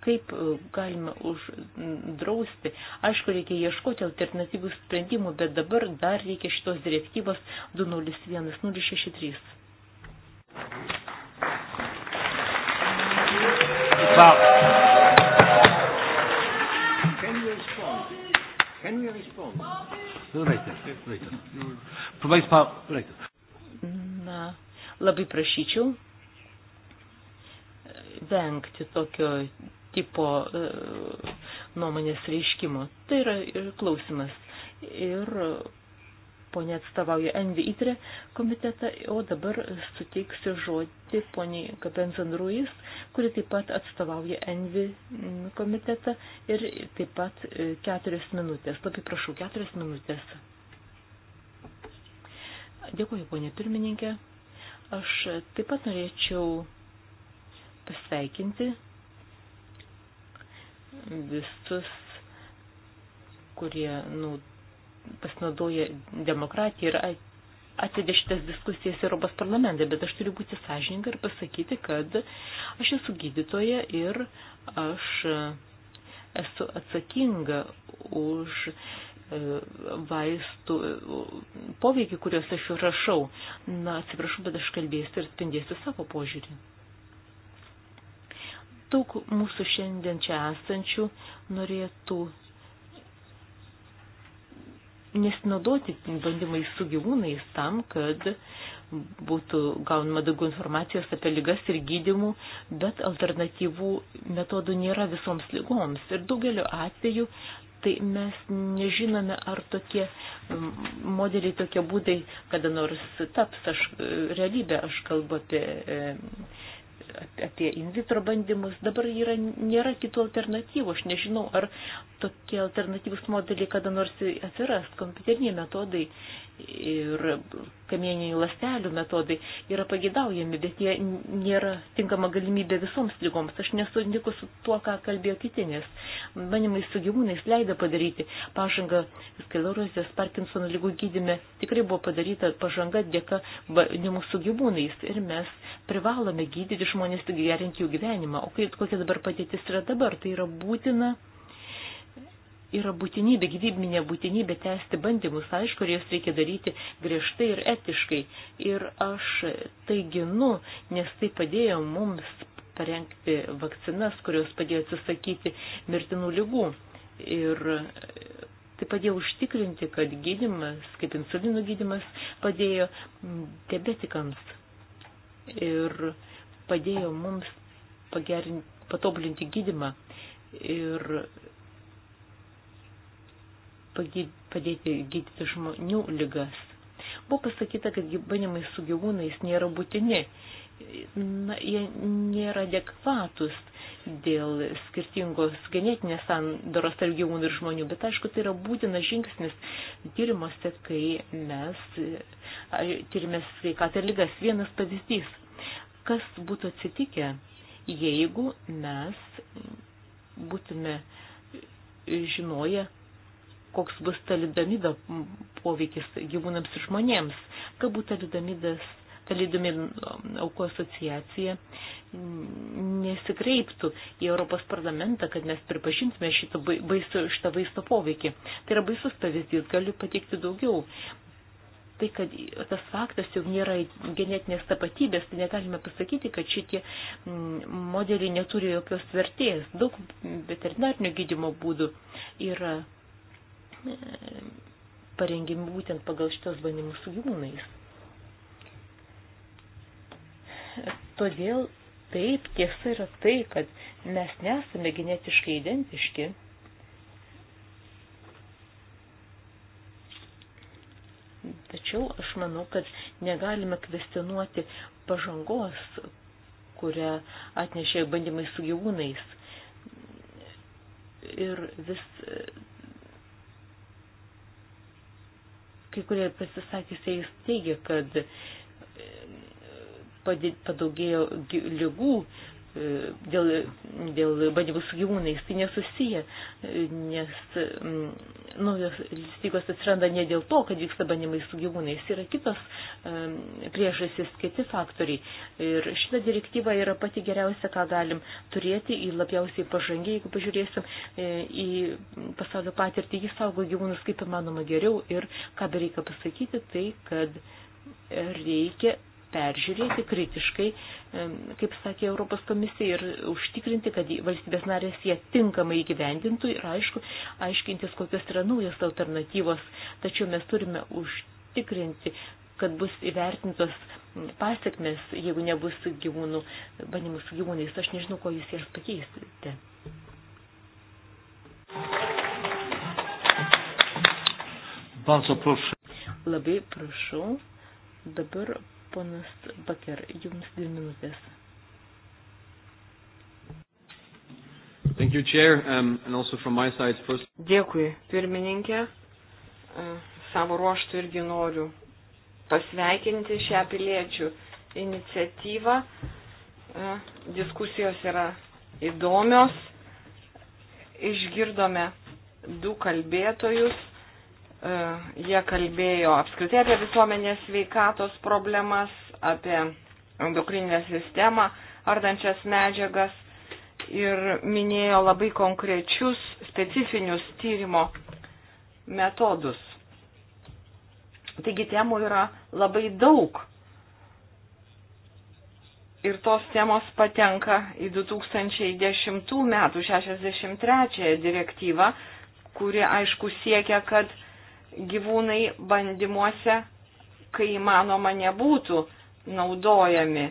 kaip e, galima uždrausti. Aišku, reikia ieškoti alternatyvių sprendimų, bet dabar dar reikia šitos direktyvos 201063. Wow. Can you respond? Can you respond?
Later, later.
Proszę Państwa, later. Na, labai prašyčiau vengti tokio tipo e, nuomonės reiškimo. Tai yra klausimas. Ir ponė atstovauja NVITRE komitetą, o dabar suteiksiu žodį poniai Kapenzan Ruiz, kuri taip pat atstovauja NVI komitetą ir taip pat e, keturias minutės. Labai prašau, keturias minutės. Dėkuoju, ponė pirmininkė. Aš taip pat norėčiau pasveikinti visus, kurie nu, pasinaudoja demokratiją ir atvedė šitas diskusijas Europos parlamente, bet aš turiu būti sąžininga ir pasakyti, kad aš esu gydytoja ir aš esu atsakinga už e, vaistų poveikį, kuriuos aš rašau. Na, atsiprašau, bet aš kalbėsiu ir spindėsiu savo požiūrį. Daug mūsų šiandien čia esančių norėtų nesinaudoti bandymai su gyvūnais tam, kad būtų gaunama daugiau informacijos apie lygas ir gydimų, bet alternatyvų metodų nėra visoms lygoms. Ir daugeliu atveju tai mes nežinome, ar tokie modeliai, tokie būdai kada nors taps aš, realybė. Aš kalbu apie apie in vitro bandymus. Dabar yra, nėra kitų alternatyvų. Aš nežinau, ar tokie alternatyvus modeliai kada nors atsiras. Kompiuteriniai metodai ir kamieninių lastelių metodai yra pagidaujami, bet jie nėra tinkama galimybė visoms lygoms. Aš nesutinku su tuo, ką kalbėjo kiti, nes manimai su gyvūnais leido padaryti pažangą sklerozės Parkinsono lygų gydime. Tikrai buvo padaryta pažanga dėka banimų su gyvūnais ir mes privalome gydyti žmonės, gerinti jų gyvenimą. O kokia dabar patėtis yra dabar, tai yra būtina yra būtinybė, gyvybinė būtinybė tęsti bandymus, aišku, ir jas reikia daryti griežtai ir etiškai. Ir aš tai ginu, nes tai padėjo mums parengti vakcinas, kurios padėjo atsisakyti mirtinų lygų. Ir tai padėjo užtikrinti, kad gydimas, kaip insulinų gydimas, padėjo diabetikams ir padėjo mums pagerinti, patobulinti gydimą. Ir padėti gydyti žmonių lygas. Buvo pasakyta, kad bandymai su gyvūnais nėra būtini, na, jie nėra adekvatus dėl skirtingos genetinės sandaros tarp gyvūnų ir žmonių, bet aišku, tai yra būtinas žingsnis tyrimuose, kai mes tyrimės sveikatą ir lygas. Vienas pavyzdys, kas būtų atsitikę, jeigu mes būtume žinoję, koks bus talidomido poveikis gyvūnams ir žmonėms. Galbūt talidomidas, talidomido um, auko asociacija nesikreiptų į Europos parlamentą, kad mes pripažintume šitą, baisu, šitą vaisto poveikį. Tai yra baisus pavyzdys, galiu pateikti daugiau tai, kad tas faktas jau nėra genetinės tapatybės, tai negalime pasakyti, kad šitie mm, modeliai neturi jokios vertės. Daug veterinarnio gydimo būdų yra parengiami būtent pagal šitos bandymus su gyvūnais. Todėl taip tiesa yra tai, kad mes nesame genetiškai identiški. Tačiau aš manau, kad negalime kvestionuoti pažangos, kurią atnešė bandymai su gyvūnais. Ir vis kai kurie pasisakysiai teigia, kad padaugėjo lygų dėl, dėl bandymų su gyvūnais, tai nesusiję, nes mm, naujos lygos atsiranda ne dėl to, kad vyksta bandymai su gyvūnais, yra kitos mm, priežastys, kiti faktoriai. Ir šita direktyva yra pati geriausia, ką galim turėti, į labiausiai pažangį, jeigu pažiūrėsim e, į pasaulio patirtį, jis saugo gyvūnus kaip įmanoma geriau ir ką bereikia pasakyti, tai kad reikia peržiūrėti kritiškai, kaip sakė Europos komisija, ir užtikrinti, kad valstybės narės jie tinkamai įgyvendintų ir aišku, aiškintis, kokios yra naujos alternatyvos. Tačiau mes turime užtikrinti, kad bus įvertintos pasiekmes, jeigu nebus gyvūnų, bandymų su gyvūnais. Aš nežinau, ko jūs jas pakeisite.
Bardzo proszę.
Labai prašau. Dabar Ponas Baker, jums dvi minutės.
Thank you, Chair, um, and also from my
side first. Dėkui, pirmininkė. E, savo ruoštų irgi noriu pasveikinti šią piliečių iniciatyvą. E, diskusijos yra įdomios. Išgirdome du kalbėtojus E, jie kalbėjo apskritai apie visuomenės sveikatos problemas, apie endokrininę sistemą, ardančias medžiagas ir minėjo labai konkrečius specifinius tyrimo metodus. Taigi temų yra labai daug. Ir tos temos patenka į 2010 metų 63 direktyvą, kuri aišku siekia, kad gyvūnai bandymuose, kai įmanoma, nebūtų naudojami.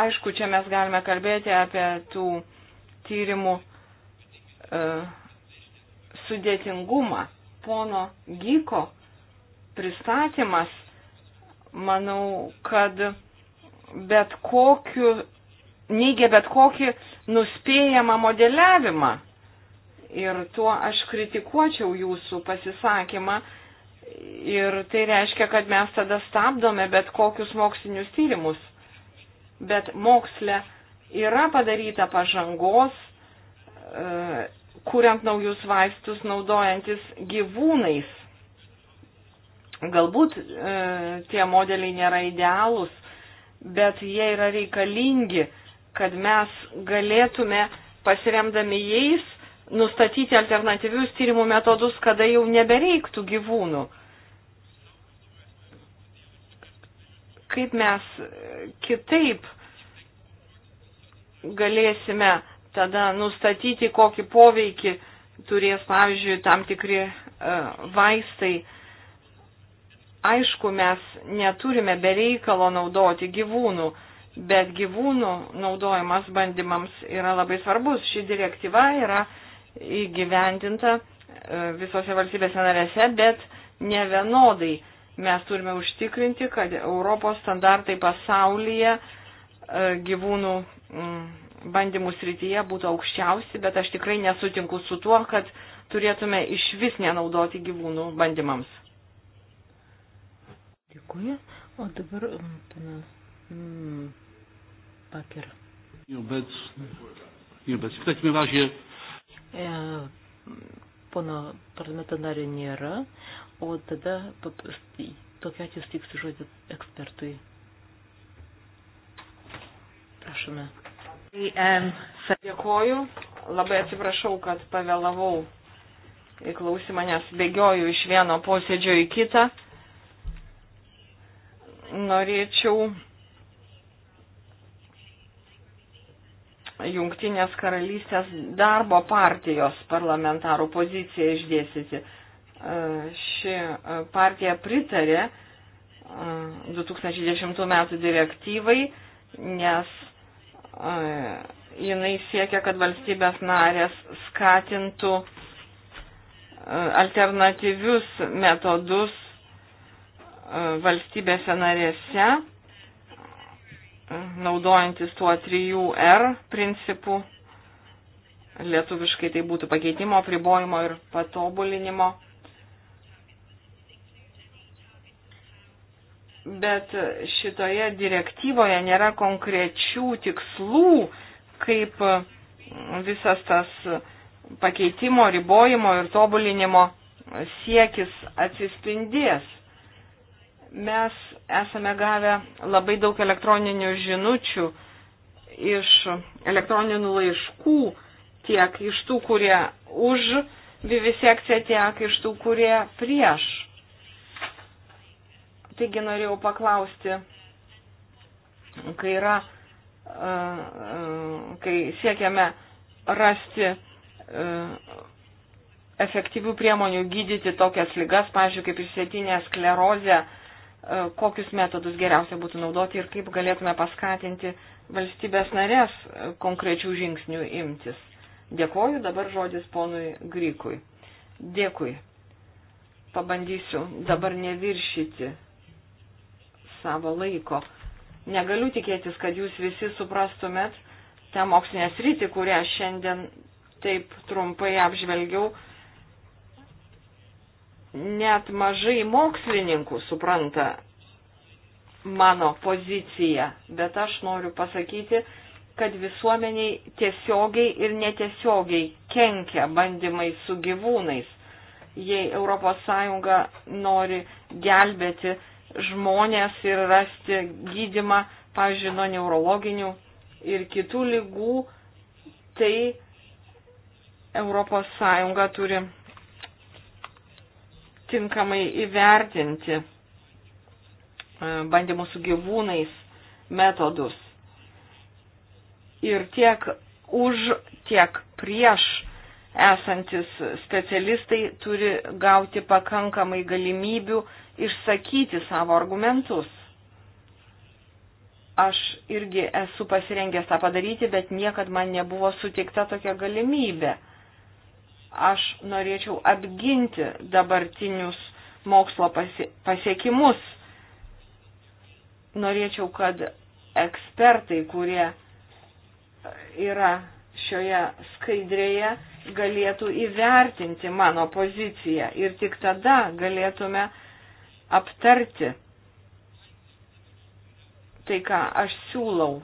Aišku, čia mes galime kalbėti apie tų tyrimų e, sudėtingumą. Pono Gyko pristatymas, manau, kad bet kokiu, neigia bet kokį nuspėjamą modeliavimą Ir tuo aš kritikuočiau jūsų pasisakymą. Ir tai reiškia, kad mes tada stabdome bet kokius mokslinius tyrimus. Bet moksle yra padaryta pažangos, e, kuriant naujus vaistus, naudojantis gyvūnais. Galbūt e, tie modeliai nėra idealūs, bet jie yra reikalingi, kad mes galėtume pasiremdami jais nustatyti alternatyvius tyrimų metodus, kada jau nebereiktų gyvūnų. Kaip mes kitaip galėsime tada nustatyti, kokį poveikį turės, pavyzdžiui, tam tikri e, vaistai. Aišku, mes neturime bereikalo naudoti gyvūnų, bet gyvūnų naudojimas bandymams yra labai svarbus. Ši direktyva yra uh, įgyvendinta e, visose valstybėse narėse, bet ne vienodai. Mes turime užtikrinti, kad Europos standartai pasaulyje e, gyvūnų mm, bandymų srityje būtų aukščiausi, bet aš tikrai nesutinku su tuo, kad turėtume iš vis nenaudoti gyvūnų bandymams.
Dėkuoju. O dabar mm, panas mm, Paker.
Nieobecny.
Nieobecny. W takim razie
e, pono parlamento nario nėra, o tada paprastai tokia atveju steiksiu žodį ekspertui. Prašome. Um, Dėkoju,
labai atsiprašau, kad pavėlavau į klausimą, nes bėgioju iš vieno posėdžio į kitą. Norėčiau Jungtinės karalystės darbo partijos parlamentarų poziciją išdėsyti. E, ši e, partija pritarė 2010 e, metų direktyvai, nes jinai siekia, kad valstybės narės skatintų alternatyvius metodus valstybėse narėse naudojantis tuo 3R principu, lietuviškai tai būtų pakeitimo, pribojimo ir patobulinimo. Bet šitoje direktyvoje nėra konkrečių tikslų, kaip visas tas pakeitimo, ribojimo ir tobulinimo siekis atsispindės. Mes esame gavę labai daug elektroninių žinučių iš elektroninių laiškų, tiek iš tų, kurie už vivisekciją, tiek iš tų, kurie prieš. Taigi norėjau paklausti, kai yra, kai siekiame rasti efektyvių priemonių gydyti tokias lygas, pavyzdžiui, kaip išsėtinė sklerozė, E, kokius metodus geriausia būtų naudoti ir kaip galėtume paskatinti valstybės narės e, konkrečių žingsnių imtis. Dėkoju, dabar žodis ponui Grykui. Dėkui. Pabandysiu dabar neviršyti savo laiko. Negaliu tikėtis, kad jūs visi suprastumėt tą mokslinę sritį, kurią šiandien taip trumpai apžvelgiau net mažai mokslininkų supranta mano poziciją, bet aš noriu pasakyti, kad visuomeniai tiesiogiai ir netiesiogiai kenkia bandymai su gyvūnais. Jei ES nori gelbėti žmonės ir rasti gydimą, pavyzdžiui, nuo neurologinių ir kitų lygų, tai ES turi tinkamai įvertinti e, bandymų su gyvūnais metodus. Ir tiek už, tiek prieš esantis specialistai turi gauti pakankamai galimybių išsakyti savo argumentus. Aš irgi esu pasirengęs tą padaryti, bet niekad man nebuvo suteikta tokia galimybė. Aš norėčiau apginti dabartinius mokslo pasiekimus. Norėčiau, kad ekspertai, kurie yra šioje skaidrėje, galėtų įvertinti mano poziciją ir tik tada galėtume aptarti tai, ką aš siūlau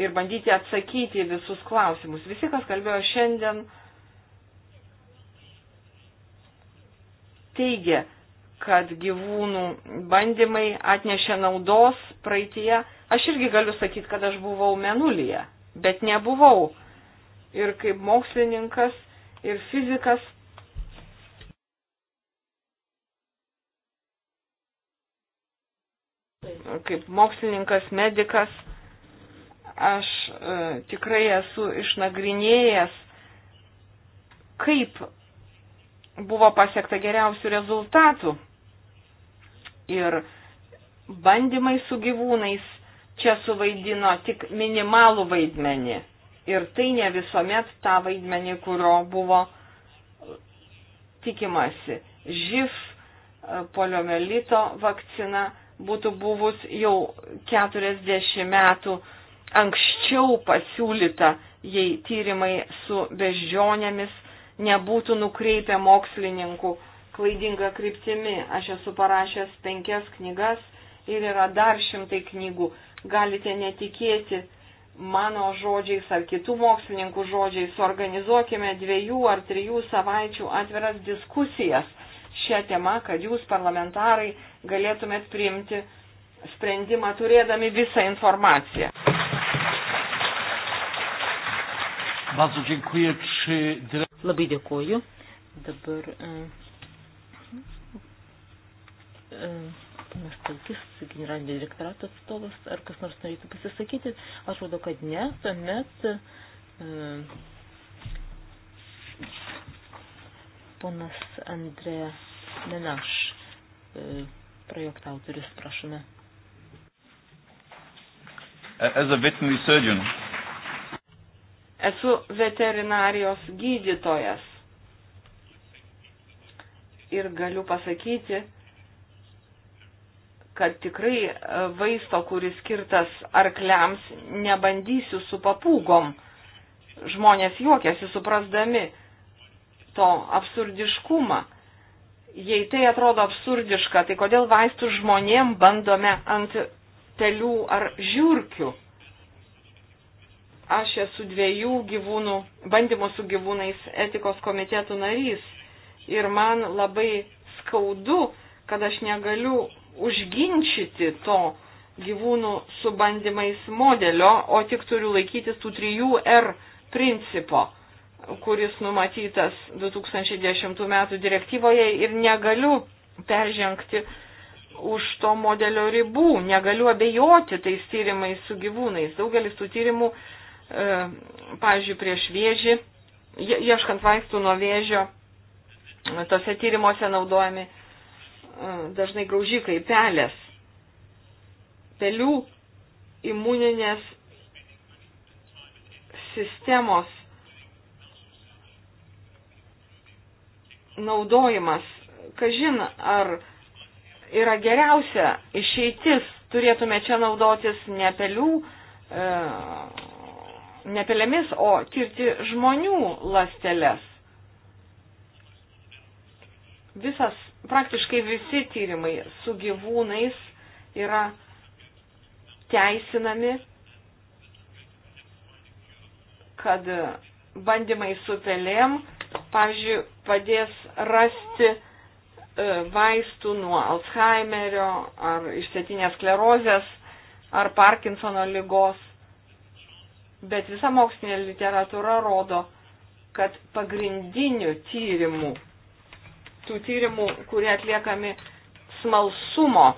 ir bandyti atsakyti visus klausimus. Visi, kas kalbėjo šiandien, teigia, kad gyvūnų bandymai atnešė naudos praeitie. Aš irgi galiu sakyti, kad aš buvau menulyje, bet nebuvau. Ir kaip mokslininkas, ir fizikas. Kaip mokslininkas, medikas, aš e, tikrai esu išnagrinėjęs, kaip buvo pasiekta geriausių rezultatų. Ir bandymai su gyvūnais čia suvaidino tik minimalų vaidmenį. Ir tai ne visuomet tą vaidmenį, kurio buvo tikimasi. Živ e, poliomelito vakcina būtų buvus jau 40 metų anksčiau pasiūlyta, jei tyrimai su beždžionėmis nebūtų nukreipę mokslininkų klaidinga kryptimi. Aš esu parašęs penkias knygas ir yra dar šimtai knygų. Galite netikėti mano žodžiais ar kitų mokslininkų žodžiais. Organizuokime dviejų ar trijų savaičių atviras diskusijas šią temą, kad jūs parlamentarai galėtumėt priimti sprendimą turėdami visą informaciją.
Bardzo dziękuję. Czy Labai dėkoju. Dabar e, e, panas Talkis, generalinio direktorato atstovas, ar kas nors norėtų pasisakyti. Atrodo, kad ne, tuomet e, ponas Andrė Menaš, projekto autorius, prašome.
As a veterinary surgeon,
Esu
veterinarijos gydytojas. Ir galiu pasakyti, kad tikrai e, vaisto, kuris skirtas arkliams, nebandysiu su papūgom. Žmonės juokiasi suprasdami to absurdiškumą. Jei tai atrodo absurdiška, tai kodėl vaistus žmonėm bandome ant pelių ar žiūrkių? Aš esu dviejų gyvūnų, bandymų su gyvūnais etikos komitetų narys ir man labai skaudu, kad aš negaliu užginčyti to gyvūnų su bandymais modelio, o tik turiu laikytis tų trijų R principo kuris numatytas 2010 metų direktyvoje ir negaliu peržengti už to modelio ribų, negaliu abejoti tais tyrimais su gyvūnais. Daugelis tų tyrimų E, pavyzdžiui, prieš vėžį, ieškant vaistų nuo vėžio, tose tyrimuose naudojami e, dažnai graužikai, pelės, pelių imuninės sistemos naudojimas, kažin ar yra geriausia išeitis, turėtume čia naudotis ne pelių e, ne pelėmis, o tirti žmonių lasteles. Visas, praktiškai visi tyrimai su gyvūnais yra teisinami, kad bandymai su pelėm, pavyzdžiui, padės rasti e, vaistų nuo Alzheimerio ar išsėtinės sklerozės ar Parkinsono lygos bet visa mokslinė literatūra rodo, kad pagrindinių tyrimų, tų tyrimų, kurie atliekami smalsumo,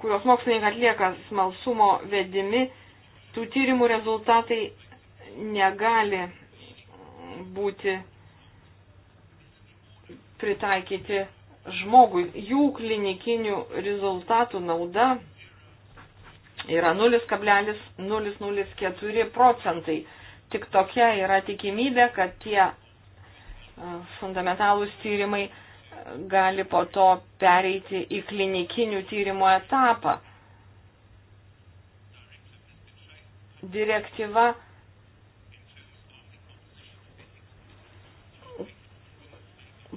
kurios mokslininkai atlieka smalsumo vedimi, tų tyrimų rezultatai negali būti pritaikyti žmogui. Jų klinikinių rezultatų nauda yra 0,004 procentai. Tik tokia yra tikimybė, kad tie e, fundamentalūs tyrimai e, gali po to pereiti į klinikinių tyrimo etapą. Direktyva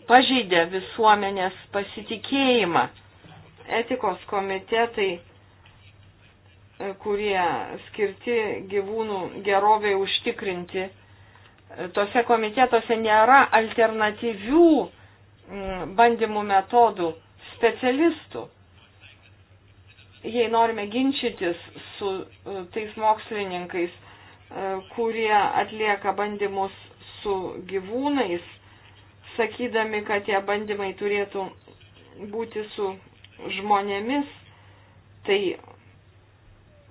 pažeidė visuomenės pasitikėjimą. Etikos komitetai kurie skirti gyvūnų geroviai užtikrinti. Tose komitetuose nėra alternatyvių mm, bandymų metodų specialistų. Jei norime ginčytis su e, tais mokslininkais, e, kurie atlieka bandymus su gyvūnais, sakydami, kad tie bandymai turėtų būti su žmonėmis, tai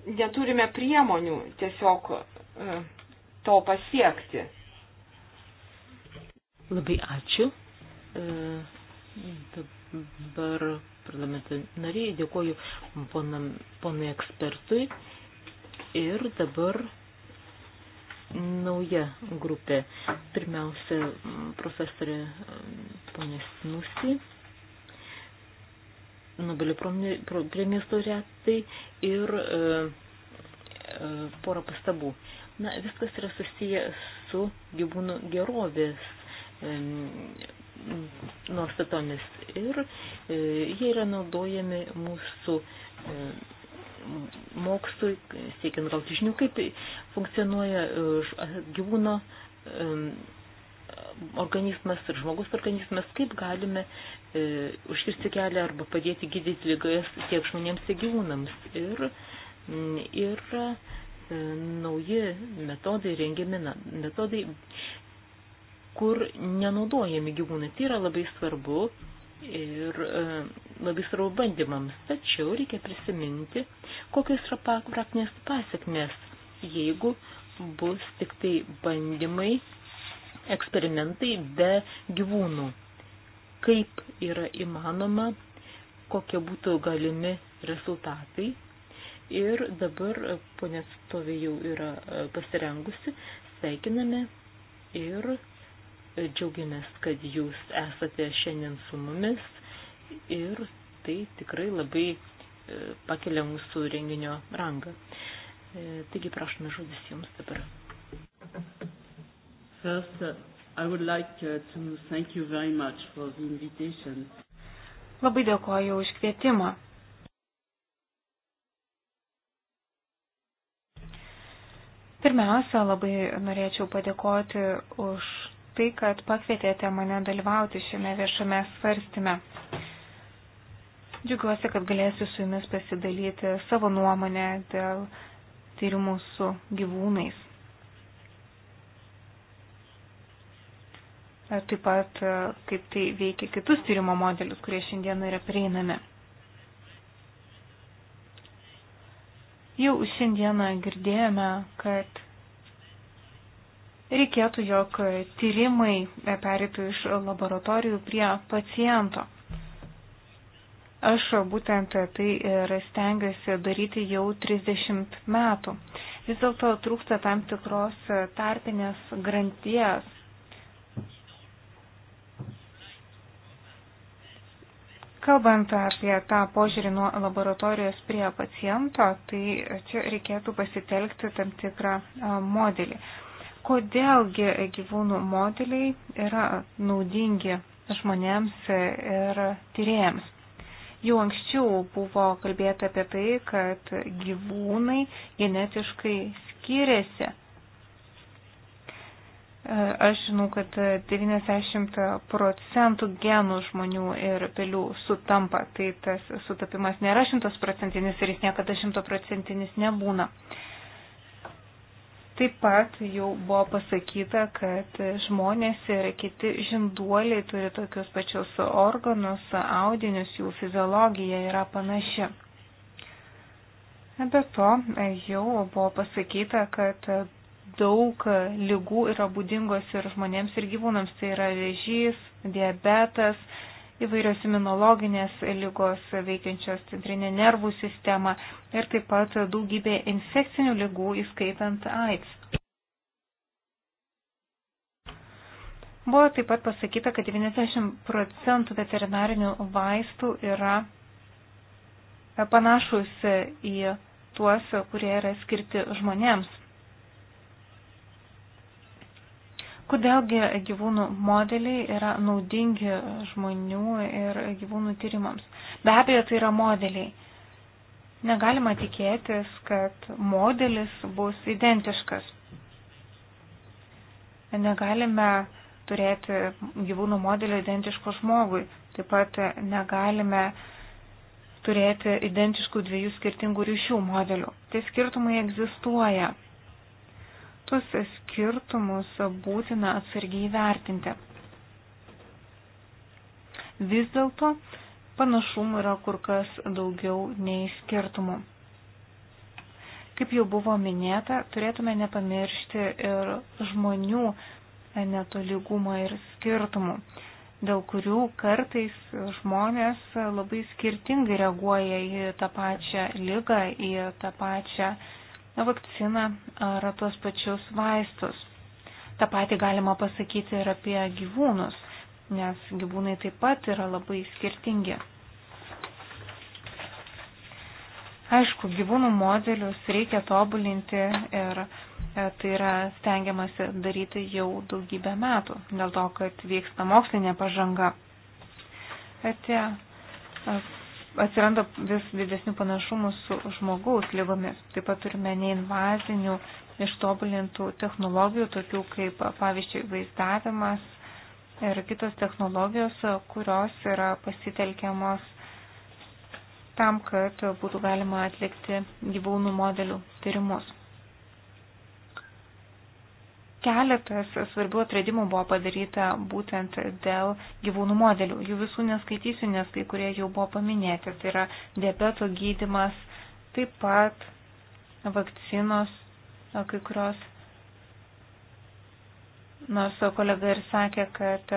neturime priemonių tiesiog e, to pasiekti.
Labai ačiū. E, dabar parlamento nariai dėkoju ponui ekspertui. Ir dabar nauja grupė. Pirmiausia, profesorė ponė Snusi. Nobelio premijos laureatai ir e, e, porą pastabų. Na, viskas yra susiję su gyvūnų gerovės e, nuostatomis ir e, jie yra naudojami mūsų e, mokslui, siekiant gauti žinių, kaip funkcionuoja e, gyvūno e, organizmas ir žmogus organizmas, kaip galime e, užkirsti kelią arba padėti gydyti lygas tiek žmonėms, tiek gyvūnams. Ir yra e, nauji metodai, rengiami metodai, kur nenaudojami gyvūnai. Tai yra labai svarbu ir e, labai svarbu bandymams. Tačiau reikia prisiminti, kokios yra praktinės pasiekmes, jeigu bus tik tai bandymai, eksperimentai be gyvūnų kaip yra įmanoma, kokie būtų galimi rezultatai. Ir dabar ponė atstovė jau yra e, pasirengusi, sveikiname ir džiaugiamės, kad jūs esate šiandien su mumis ir tai tikrai labai e, pakelia mūsų renginio rangą. E, taigi prašome žodis jums dabar. First, uh... I would like uh, to thank you very much for the invitation.
Labai dėkoju už kvietimą. Pirmiausia, labai norėčiau padėkoti už tai, kad pakvietėte mane dalyvauti šiame viešame svarstyme. Džiugiuosi, kad galėsiu su jumis pasidalyti savo nuomonę dėl tyrimų su gyvūnais. taip pat e, kaip tai veikia kitus tyrimo modelius, kurie šiandien yra prieinami. Jau šiandieną girdėjome, kad reikėtų, jog tyrimai perėtų iš laboratorijų prie paciento. Aš būtent tai ir stengiuosi daryti jau 30 metų. Vis dėlto trūksta tam tikros tarpinės granties Kalbant apie tą požiūrį nuo laboratorijos prie paciento, tai čia reikėtų pasitelkti tam tikrą modelį. Kodėlgi gyvūnų modeliai yra naudingi žmonėms ir tyrėjams? Jau anksčiau buvo kalbėta apie tai, kad gyvūnai genetiškai skiriasi Aš žinau, kad 90 procentų genų žmonių ir pelių sutampa, tai tas sutapimas nėra šimtasprocentinis ir jis niekada šimtaprocentinis nebūna. Taip pat jau buvo pasakyta, kad žmonės ir kiti žinduoliai turi tokius pačius organus, audinius, jų fiziologija yra panaši. Be to, jau buvo pasakyta, kad daug lygų yra būdingos ir žmonėms, ir gyvūnams. Tai yra vėžys, diabetas, įvairios imunologinės lygos veikiančios centrinę nervų sistemą ir taip pat daugybė infekcinių lygų, įskaitant AIDS. Buvo taip pat pasakyta, kad 90 procentų veterinarinių vaistų yra panašus į tuos, kurie yra skirti žmonėms. Kodėlgi gyvūnų modeliai yra naudingi žmonių ir gyvūnų tyrimams? Be abejo, tai yra modeliai. Negalima tikėtis, kad modelis bus identiškas. Negalime turėti gyvūnų modelio identiško žmogui. Taip pat negalime turėti identiškų dviejų skirtingų ryšių modelių. Tai skirtumai egzistuoja tuos skirtumus būtina atsargiai vertinti. Vis dėlto panašumų yra kur kas daugiau nei skirtumų. Kaip jau buvo minėta, turėtume nepamiršti ir žmonių netolygumą ir skirtumų, dėl kurių kartais žmonės labai skirtingai reaguoja į tą pačią lygą, į tą pačią vakciną ar tuos pačius vaistus. Ta pati galima pasakyti ir apie gyvūnus, nes gyvūnai taip pat yra labai skirtingi. Aišku, gyvūnų modelius reikia tobulinti ir e, tai yra stengiamasi daryti jau daugybę metų, dėl to, kad vyksta mokslinė pažanga. Tie e, atsiranda vis didesnių panašumų su žmogaus lygomis. Taip pat turime neinvazinių ištobulintų technologijų, tokių kaip pavyzdžiui vaizdavimas ir kitos technologijos, kurios yra pasitelkiamos tam, kad būtų galima atlikti gyvūnų modelių tyrimus. Keletas svarbių atradimų buvo padaryta būtent dėl gyvūnų modelių. Jų visų neskaitysiu, nes kai kurie jau buvo paminėti. Tai yra diabeto gydimas, taip pat vakcinos, kai kurios. Nors kolega ir sakė, kad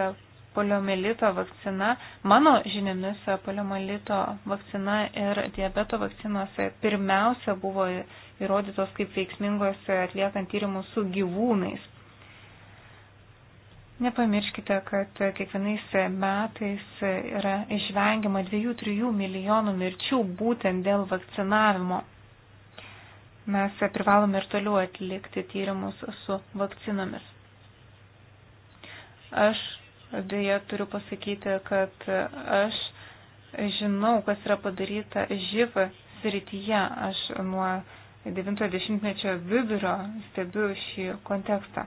poliomielito vakcina, mano žiniomis poliomielito vakcina ir diabeto vakcinos pirmiausia buvo įrodytos kaip veiksmingos atliekant tyrimus su gyvūnais. Nepamirškite, kad kiekvienais metais yra išvengiama 2-3 milijonų mirčių būtent dėl vakcinavimo. Mes privalome ir toliau atlikti tyrimus su vakcinomis. Aš dėja turiu pasakyti, kad aš žinau, kas yra padaryta živ srityje. Aš nuo 90-mečio vidurio stebiu šį kontekstą.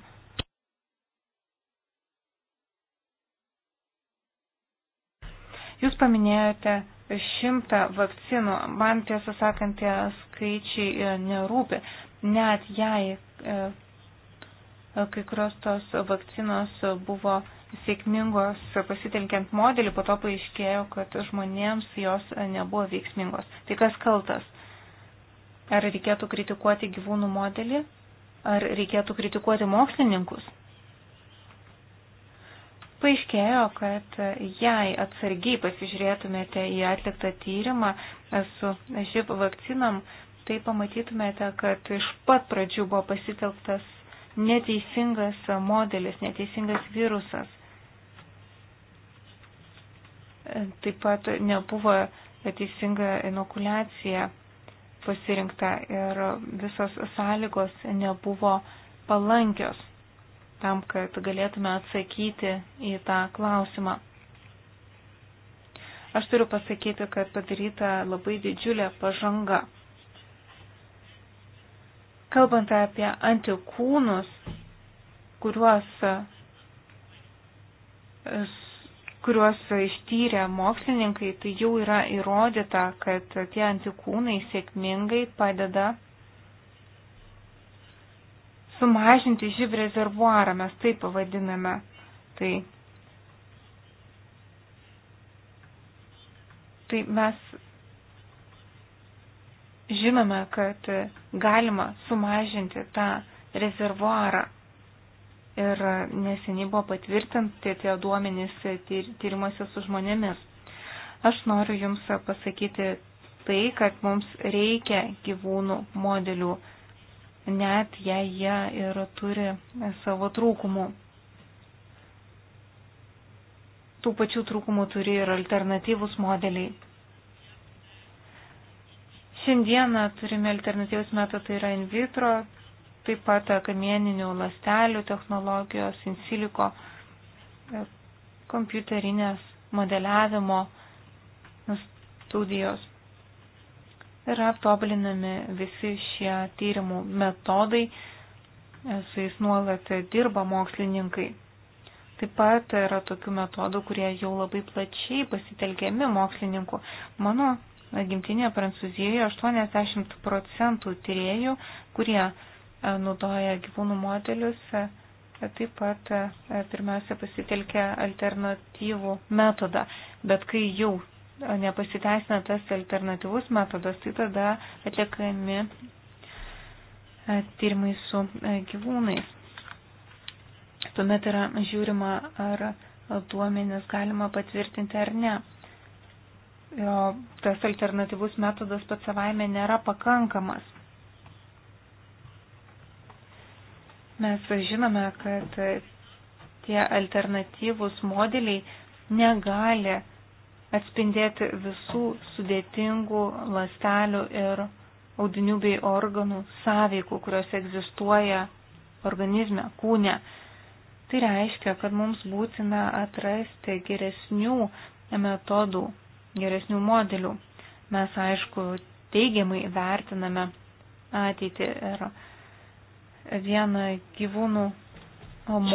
Jūs paminėjote šimtą vakcinų. Man tiesą sakant, tie skaičiai e, nerūpi. Net jei e, kai kurios tos vakcinos buvo sėkmingos pasitelkiant modelį, po to paaiškėjo, kad žmonėms jos nebuvo veiksmingos. Tai kas kaltas? Ar reikėtų kritikuoti gyvūnų modelį? Ar reikėtų kritikuoti mokslininkus? paaiškėjo, kad jei atsargiai pasižiūrėtumėte į atliktą tyrimą su živ vakcinam, tai pamatytumėte, kad iš pat pradžių buvo pasitelktas neteisingas modelis, neteisingas virusas. Taip pat nebuvo teisinga inokulacija pasirinkta ir visos sąlygos nebuvo palankios tam, kad galėtume atsakyti į tą klausimą. Aš turiu pasakyti, kad padaryta labai didžiulė pažanga. Kalbant apie antikūnus, kuriuos, kuriuos ištyrė mokslininkai, tai jau yra įrodyta, kad tie antikūnai sėkmingai padeda sumažinti živ rezervuarą, mes taip pavadiname tai. Tai mes žinome, kad galima sumažinti tą rezervuarą. Ir neseniai buvo patvirtinti tie duomenys tyrimuose su žmonėmis. Aš noriu Jums pasakyti tai, kad mums reikia gyvūnų modelių net jei jie ir turi savo trūkumų. Tų pačių trūkumų turi ir alternatyvus modeliai. Šiandieną turime alternatyvus metodus, tai yra in vitro, taip pat kamieninių lastelių technologijos, in siliko, kompiuterinės modeliavimo studijos yra tobulinami visi šie tyrimų metodai, su jais nuolat dirba mokslininkai. Taip pat yra tokių metodų, kurie jau labai plačiai pasitelkiami mokslininkų. Mano gimtinėje Prancūzijoje 80 procentų tyriejų, kurie e, naudoja gyvūnų modelius, e, taip pat e, pirmiausia pasitelkia alternatyvų metodą. Bet kai jau nepasiteisina tas alternatyvus metodas, tai tada atliekami e, tyrimai su e, gyvūnais. Tuomet yra žiūrima, ar duomenis galima patvirtinti ar ne. Jo, tas alternatyvus metodas pats savaime nėra pakankamas. Mes žinome, kad tie alternatyvūs modeliai negali atspindėti visų sudėtingų lastelių ir audinių bei organų sąveikų, kurios egzistuoja organizme, kūne. Tai reiškia, kad mums būtina atrasti geresnių metodų, geresnių modelių. Mes, aišku, teigiamai vertiname ateitį ir vieną gyvūnų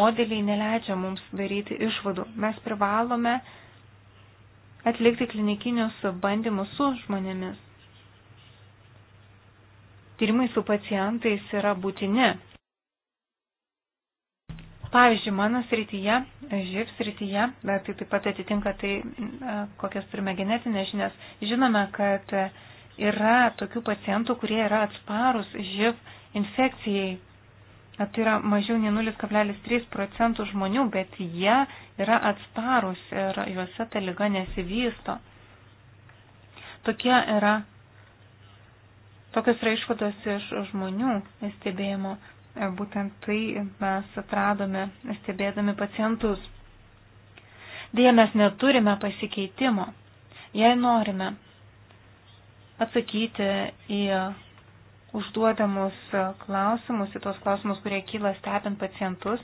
modelį neleidžia mums daryti išvadų. Mes privalome atlikti klinikinius bandymus su žmonėmis. Tyrimai su pacientais yra būtini. Pavyzdžiui, mano srityje, živ srityje, bet tai taip pat atitinka tai, kokias turime genetinės žinias, žinome, kad yra tokių pacientų, kurie yra atsparus živ infekcijai tai yra mažiau nei 0,3 procentų žmonių, bet jie yra atsparus ir juose ta lyga nesivysto. Tokie yra, tokios yra išvados iš žmonių stebėjimo. Būtent tai mes atradome stebėdami pacientus. Dėja, mes neturime pasikeitimo. Jei norime atsakyti į užduodamus klausimus, į tos klausimus, kurie kyla stebint pacientus,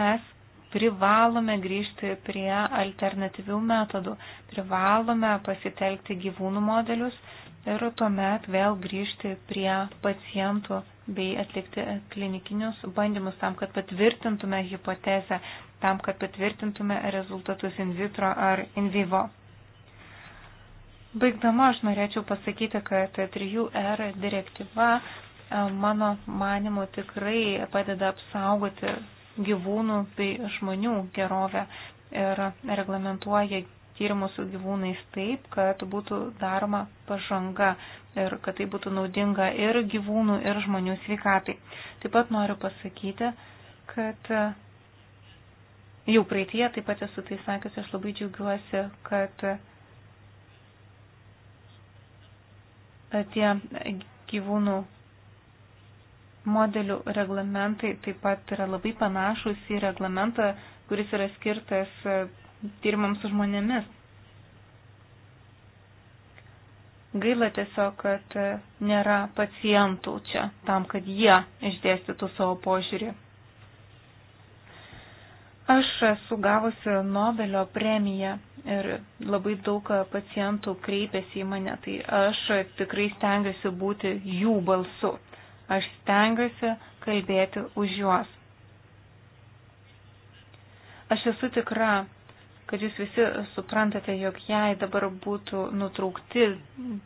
mes privalome grįžti prie alternatyvių metodų, privalome pasitelkti gyvūnų modelius ir tuomet vėl grįžti prie pacientų bei atlikti klinikinius bandymus tam, kad patvirtintume hipotezę, tam, kad patvirtintume rezultatus in vitro ar in vivo. Baigdama aš norėčiau pasakyti, kad 3R direktyva e, mano manimu tikrai padeda apsaugoti gyvūnų bei žmonių gerovę ir reglamentuoja tyrimus su gyvūnais taip, kad būtų daroma pažanga ir kad tai būtų naudinga ir gyvūnų, ir žmonių sveikatai. Taip pat noriu pasakyti, kad e, jau praeitie, taip pat esu tai sakęs, aš labai džiaugiuosi, kad e, tie gyvūnų modelių reglamentai taip pat yra labai panašus į reglamentą, kuris yra skirtas e, tyrimams su žmonėmis. Gaila tiesiog, kad e, nėra pacientų čia tam, kad jie išdėstytų savo požiūrį. Aš esu gavusi Nobelio premiją ir labai daug e, pacientų kreipiasi į mane, tai aš e, tikrai stengiuosi būti jų balsu. Aš stengiuosi kalbėti už juos. Aš esu tikra, kad jūs visi suprantate, jog jei dabar būtų nutraukti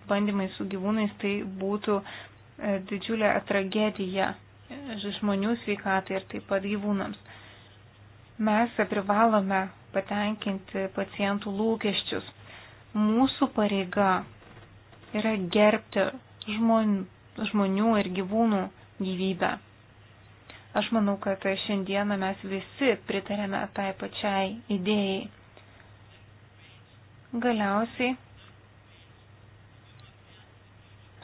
bandymai su gyvūnais, tai būtų e, didžiulė tragedija žmonių sveikatai ir taip pat gyvūnams. Mes privalome patenkinti pacientų lūkesčius. Mūsų pareiga yra gerbti žmonių, žmonių ir gyvūnų gyvybę. Aš manau, kad šiandieną mes visi pritarėme tai pačiai idėjai. Galiausiai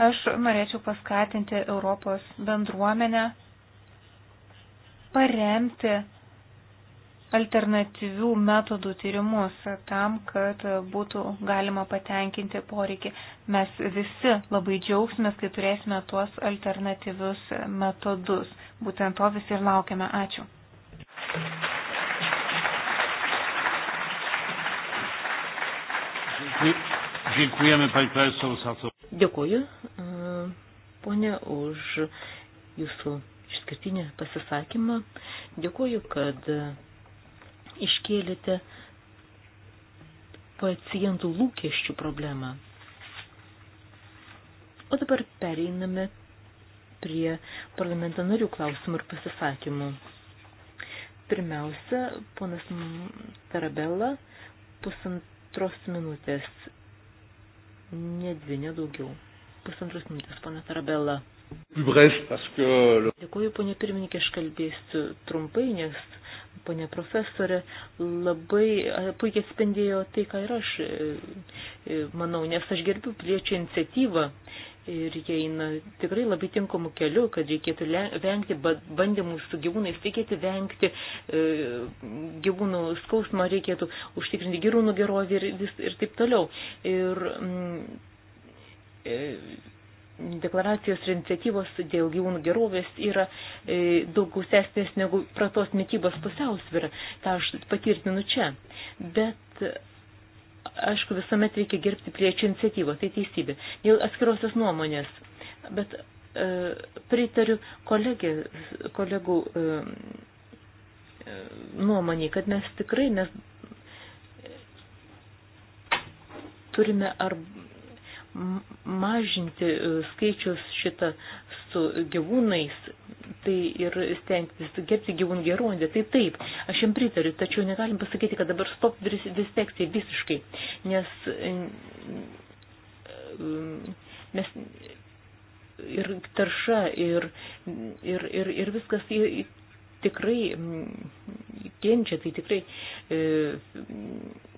aš norėčiau paskatinti Europos bendruomenę paremti alternatyvių metodų tyrimus tam, kad būtų galima patenkinti poreikį. Mes visi labai džiaugsimės, kai turėsime tuos alternatyvius metodus. Būtent to visi ir laukiame. Ačiū.
Dėkujame, pani profesor, za to.
Dėkuoju, e, ponė, už jūsų išskirtinį pasisakymą. Dėkuoju, kad iškėlėte pacientų lūkesčių problemą. O dabar pereiname prie parlamento narių klausimų ir pasisakymų. Pirmiausia, ponas Tarabella, pusantros minutės, ne dvi, ne daugiau. Pusantros minutės, ponas Tarabella.
Dėkuoju,
ponė pirmininkė, aš kalbėsiu trumpai, nes ponė profesorė labai e, puikiai spendėjo tai, ką ir aš e, e, manau, nes aš gerbiu priečio iniciatyvą ir jie eina tikrai labai tinkamu keliu, kad reikėtų vengti bandymų su gyvūnais, reikėtų vengti e, gyvūnų skausmą, reikėtų užtikrinti gyvūnų gerovę ir, vis, ir taip toliau. Ir, mm, e, deklaracijos ir iniciatyvos dėl gyvūnų gerovės yra e, daug gausesnės negu pratos mytybos pusiausvyrą. Ta aš patvirtinu čia. Bet, aišku, visuomet reikia gerbti priečių iniciatyvą, tai teisybė. Dėl atskirosios nuomonės. Bet e, pritariu kolegė, kolegų e, e nuomonį, kad mes tikrai mes turime ar mažinti e, skaičius šitą su gyvūnais, tai ir stengtis gerbti gyvūnų gerovę, tai taip, aš jam pritariu, tačiau negalim pasakyti, kad dabar stop dispekcija visiškai, nes mm, e, mes ir tarša, ir, ir, ir, ir viskas tikrai mm, kenčia, tai tikrai e,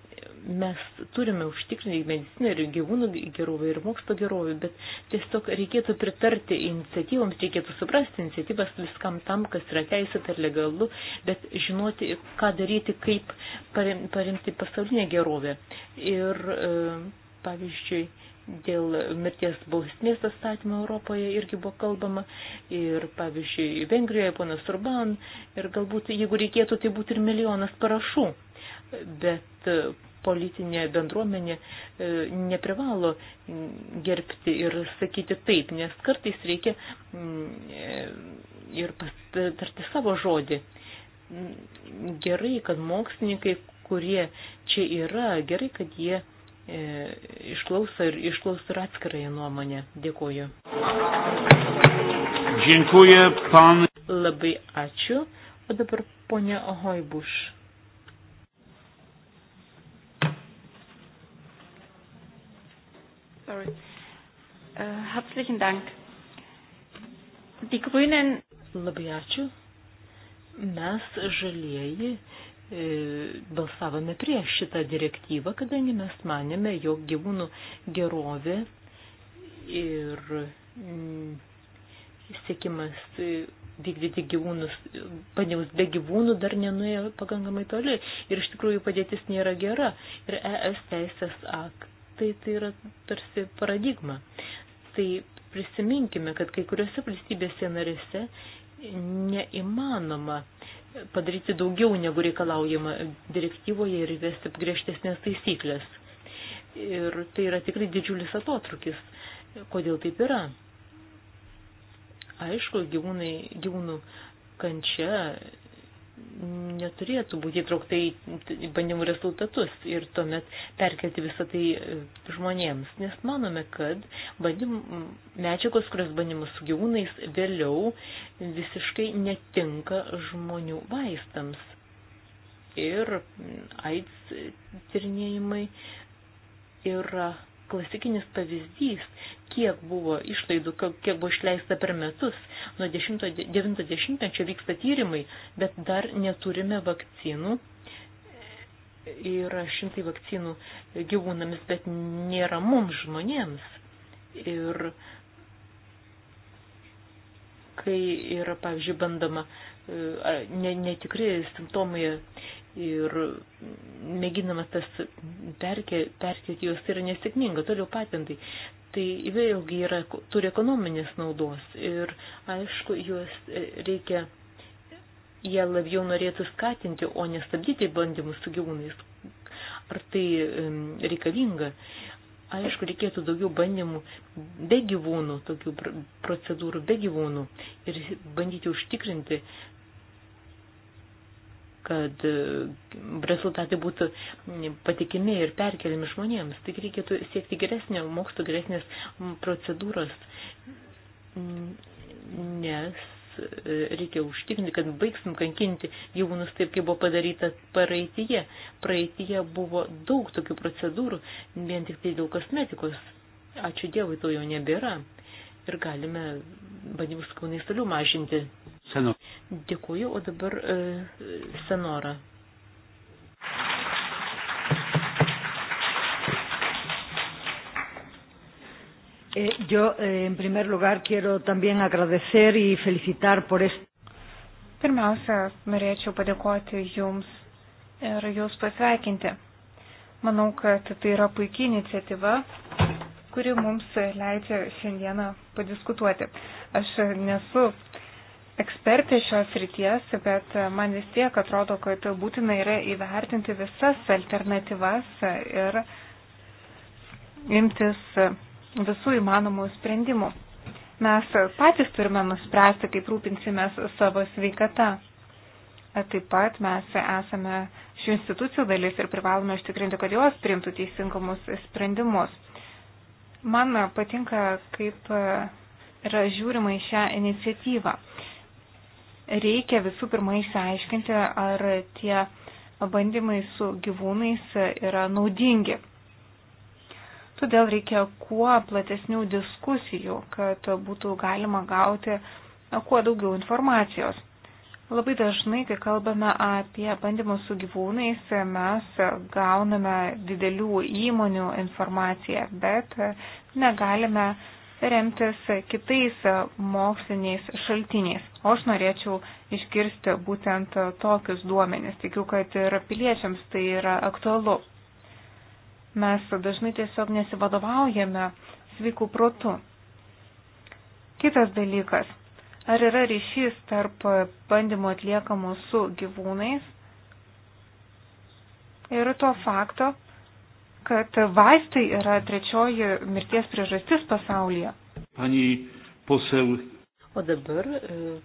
mes turime užtikrinti mediciną ir gyvūnų gerovę ir mokslo gerovę, bet tiesiog reikėtų pritarti iniciatyvams, reikėtų suprasti iniciatyvas viskam tam, kas yra teisėta ir legalu, bet žinoti, ką daryti, kaip paremti pasaulinę gerovę. Ir, e, pavyzdžiui, dėl mirties bausmės atstatymo Europoje irgi buvo kalbama ir, pavyzdžiui, Vengrijoje ponas Urban ir galbūt, jeigu reikėtų, tai būtų ir milijonas parašų. Bet politinė bendruomenė e, neprivalo gerbti ir sakyti taip, nes kartais reikia mm, e, ir pastarti savo žodį. Gerai, kad mokslininkai, kurie čia yra, gerai, kad jie e, išklauso ir išklauso ir atskirąją nuomonę. Dėkuoju. Dziękuję pan. Labai ačiū. O dabar ponia Hojbuš. Sorry. Uh, herzlichen Dank. Die Grünen. Labai ačiū. Mes žalieji e, balsavome prieš šitą direktyvą, kadangi mes manėme, jog gyvūnų gerovė ir mm, siekimas e, vykdyti gyvūnus, padėjus be gyvūnų dar nenuėjo pakankamai toli ir iš tikrųjų padėtis nėra gera. Ir ES teisės aktai tai tai yra tarsi paradigma. Tai prisiminkime, kad kai kuriuose valstybėse narėse neįmanoma padaryti daugiau negu reikalaujama direktyvoje ir įvesti griežtesnės taisyklės. Ir tai yra tikrai didžiulis atotrukis. Kodėl taip yra? Aišku, gyvūnai, gyvūnų kančia neturėtų būti įtraukta į bandymų rezultatus ir tuomet perkelti visą tai e, žmonėms. Nes manome, kad bandym, medžiagos, kurios bandymus su gyvūnais vėliau visiškai netinka žmonių vaistams. Ir AIDS tyrinėjimai yra klasikinis pavyzdys, kiek buvo išlaidų, kiek buvo išleista per metus. Nuo 90-mečio vyksta tyrimai, bet dar neturime vakcinų. Yra šimtai vakcinų gyvūnams, bet nėra mums žmonėms. Ir kai yra, pavyzdžiui, bandoma e, netikri ne simptomai ir mėginamas tas perkelti perke, juos tai yra nesėkminga, toliau patentai. Tai vėlgi yra, turi ekonominės naudos ir aišku, juos reikia, jie labiau norėtų skatinti, o nestabdyti bandymus su gyvūnais. Ar tai reikalinga? aišku, reikėtų daugiau bandymų be gyvūnų, tokių procedūrų be gyvūnų ir bandyti užtikrinti, kad e, rezultatai būtų patikimi ir perkeliami žmonėms. Tik reikėtų siekti geresnio mokslo, geresnės procedūros, nes e, reikia užtikrinti, kad baigsim kankinti gyvūnus taip, kaip buvo padaryta praeitie. Praeitie buvo daug tokių procedūrų, vien tik tai dėl kosmetikos. Ačiū Dievui, to jau nebėra. Ir galime bandymus kaunais toliau mažinti. Senora. Dėkuoju, o dabar e, Senora. Eh, yo, eh, en primer lugar, quiero también agradecer y felicitar por esto.
Pirmiausia, norėčiau padėkoti Jums ir Jūs pasveikinti. Manau, kad tai yra puikia iniciatyva, kuri mums leidžia šiandieną padiskutuoti. Aš nesu ekspertė šios ryties, bet man vis tiek atrodo, kad būtina yra įvertinti visas alternatyvas ir imtis visų įmanomų sprendimų. Mes patys turime nuspręsti, kaip rūpinsimės savo sveikata. Taip pat mes esame šių institucijų dalis ir privalome ištikrinti, kad jos priimtų teisingumus sprendimus. Man patinka, kaip yra žiūrima į šią iniciatyvą reikia visų pirma išsiaiškinti, ar tie bandymai su gyvūnais yra naudingi. Todėl reikia kuo platesnių diskusijų, kad būtų galima gauti kuo daugiau informacijos. Labai dažnai, kai kalbame apie bandymus su gyvūnais, mes gauname didelių įmonių informaciją, bet negalime remtis kitais moksliniais šaltiniais. O aš norėčiau išgirsti būtent tokius duomenis. Tikiu, kad ir piliečiams tai yra aktualu. Mes dažnai tiesiog nesivadovaujame sveikų protų. Kitas dalykas. Ar yra ryšys tarp bandymų atliekamų su gyvūnais ir to fakto, kad vaistai yra trečioji mirties priežastis pasaulyje.
Pani posel.
O dabar e,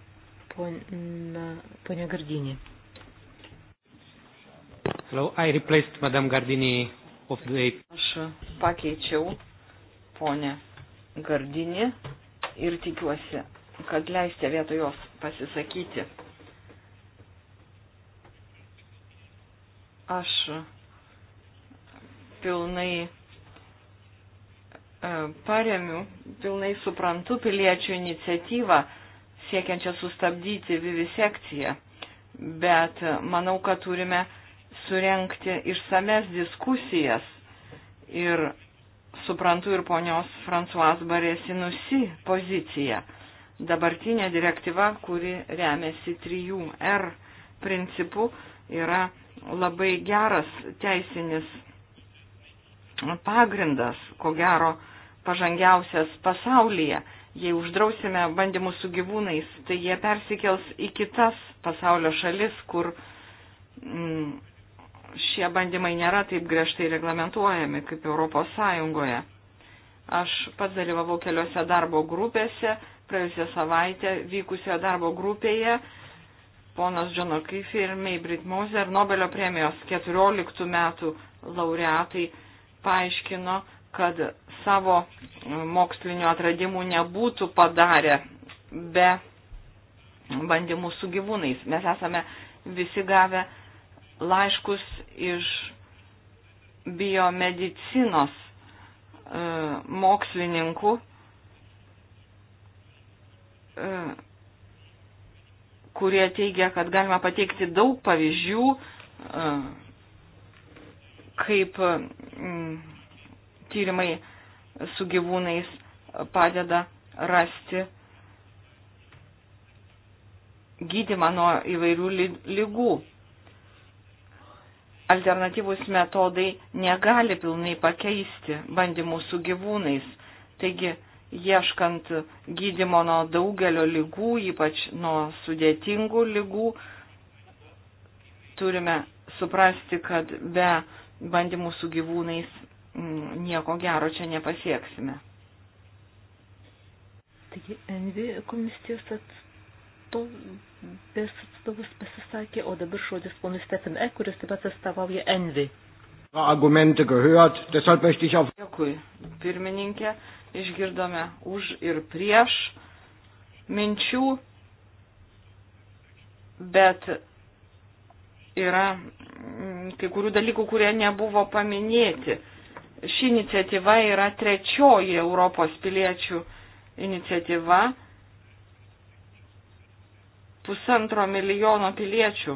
ponia, ponia Gardinė.
Hello, I replaced Madame Gardini of the... Aš
pakeičiau ponę Gardinį ir tikiuosi, kad leistė vietoj jos pasisakyti. Aš pilnai e, paremiu, pilnai suprantu piliečių iniciatyvą siekiančią sustabdyti vivisekciją, bet manau, kad turime surenkti išsames diskusijas ir suprantu ir ponios Fransuas Barėsinusi poziciją. Dabartinė direktyva, kuri remiasi 3R principu, yra labai geras teisinis pagrindas, ko gero, pažangiausias pasaulyje. Jei uždrausime bandymus su gyvūnais, tai jie persikels į kitas pasaulio šalis, kur mm, šie bandymai nėra taip griežtai reglamentuojami kaip Europos Sąjungoje. Aš pats dalyvavau keliose darbo grupėse, praėjusią savaitę vykusioje darbo grupėje ponas Džono Kifi ir Maybrit Moser, Nobelio premijos 14 metų laureatai paaiškino, kad savo mokslinio atradimų nebūtų padarę be bandymų su gyvūnais. Mes esame visi gavę laiškus iš biomedicinos e, mokslininkų, e, kurie teigia, kad galima pateikti daug pavyzdžių e, kaip mm, tyrimai su gyvūnais padeda rasti gydimą nuo įvairių lygų. Alternatyvus metodai negali pilnai pakeisti bandymų su gyvūnais. Taigi, ieškant gydimo nuo daugelio lygų, ypač nuo sudėtingų lygų, turime suprasti, kad be bandymų su gyvūnais mm, nieko gero čia nepasieksime.
Taigi, NV komisijos atstovės atstovas pasisakė, o dabar žodis ponui Stefan E, kuris taip pat atstovauja NV.
Argumente gehört, deshalb möchte ich auf. Dėkui,
pirmininkė, išgirdome už
ir prieš minčių, bet yra kai kurių dalykų, kurie nebuvo paminėti. Ši iniciatyva yra trečioji Europos piliečių iniciatyva. Pusantro milijono piliečių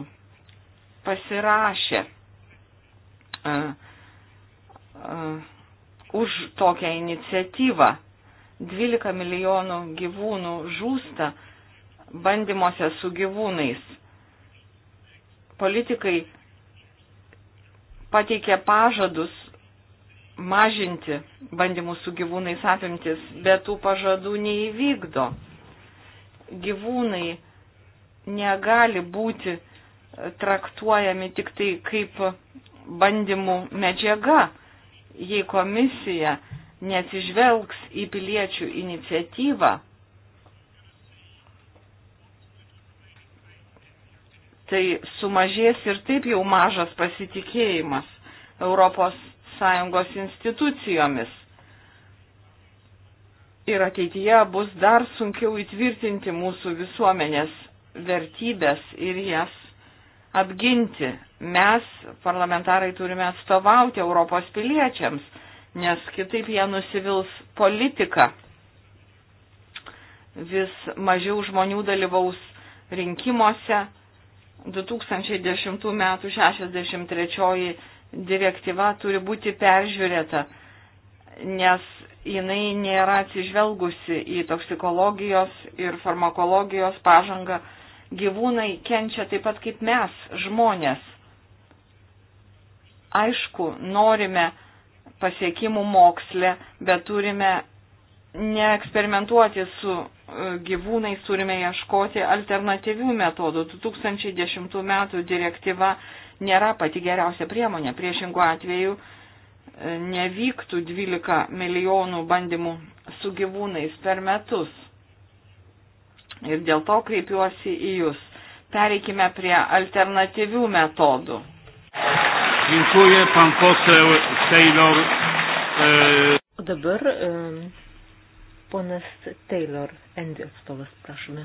pasirašė uh, uh, už tokią iniciatyvą. 12 milijonų gyvūnų žūsta bandymuose su gyvūnais. Politikai pateikė pažadus mažinti bandymų su gyvūnais apimtis, bet tų pažadų neįvykdo. Gyvūnai negali būti traktuojami tik tai kaip bandymų medžiaga, jei komisija neatsižvelgs į piliečių iniciatyvą tai sumažės ir taip jau mažas pasitikėjimas ES institucijomis. Ir ateityje bus dar sunkiau įtvirtinti mūsų visuomenės vertybės ir jas apginti. Mes, parlamentarai, turime atstovauti Europos piliečiams, nes kitaip jie nusivils politiką. Vis mažiau žmonių dalyvaus rinkimuose, 2010 m. 63 direktyva turi būti peržiūrėta, nes jinai nėra atsižvelgusi į toksikologijos ir farmakologijos pažangą. Gyvūnai kenčia taip pat kaip mes, žmonės. Aišku, norime pasiekimų moksle, bet turime neeksperimentuoti su e, gyvūnais, turime ieškoti alternatyvių metodų. 2010 metų direktyva nėra pati geriausia priemonė. Priešingų atveju e, nevyktų 12 milijonų bandymų su gyvūnais per metus. Ir dėl to kreipiuosi į Jūs. Pereikime prie alternatyvių metodų.
Dziękuję, pan poseł Taylor. E...
Dabar e, Ponas Taylor, Endi atstovas, prašome.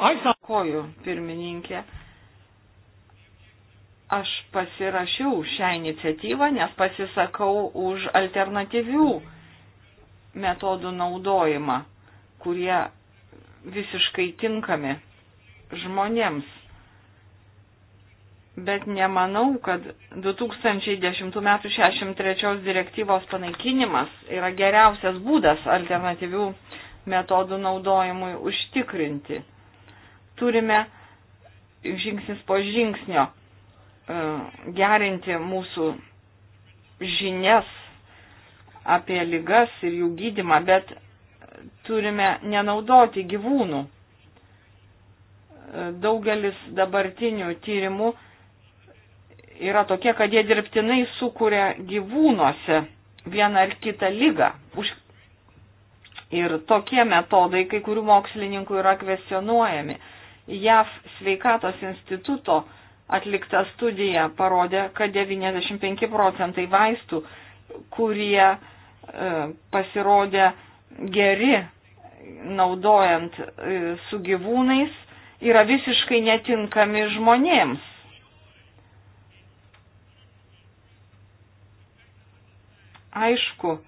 Aš sakoju,
pirmininkė. Aš pasirašiau šią iniciatyvą, nes pasisakau už alternatyvių metodų naudojimą, kurie visiškai tinkami žmonėms bet nemanau, kad 2010 m. 63 direktyvos panaikinimas yra geriausias būdas alternatyvių metodų naudojimui užtikrinti. Turime žingsnis po žingsnio e, gerinti mūsų žinias apie ligas ir jų gydimą, bet turime nenaudoti gyvūnų. E, daugelis dabartinių tyrimų yra tokie, kad jie dirbtinai sukuria gyvūnuose vieną ar kitą lygą. Už... Ir tokie metodai kai kurių mokslininkų yra kvestionuojami. JAV sveikatos instituto atlikta studija parodė, kad 95 procentai vaistų, kurie e, pasirodė geri naudojant e, su gyvūnais, yra visiškai netinkami žmonėms. aišku,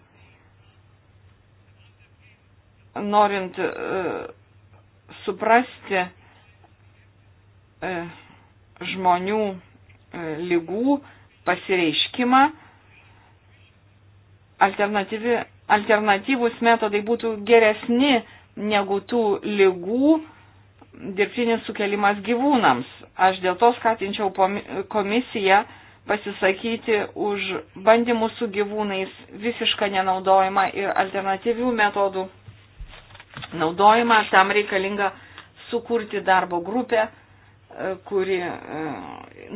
norint e, suprasti e, žmonių e, lygų pasireiškimą, alternatyvūs metodai būtų geresni negu tų lygų dirbtinis sukelimas gyvūnams. Aš dėl to skatinčiau komisiją e, pasisakyti už bandymus su gyvūnais visišką nenaudojimą ir alternatyvių metodų naudojimą. Tam reikalinga sukurti darbo grupę, e, kuri e,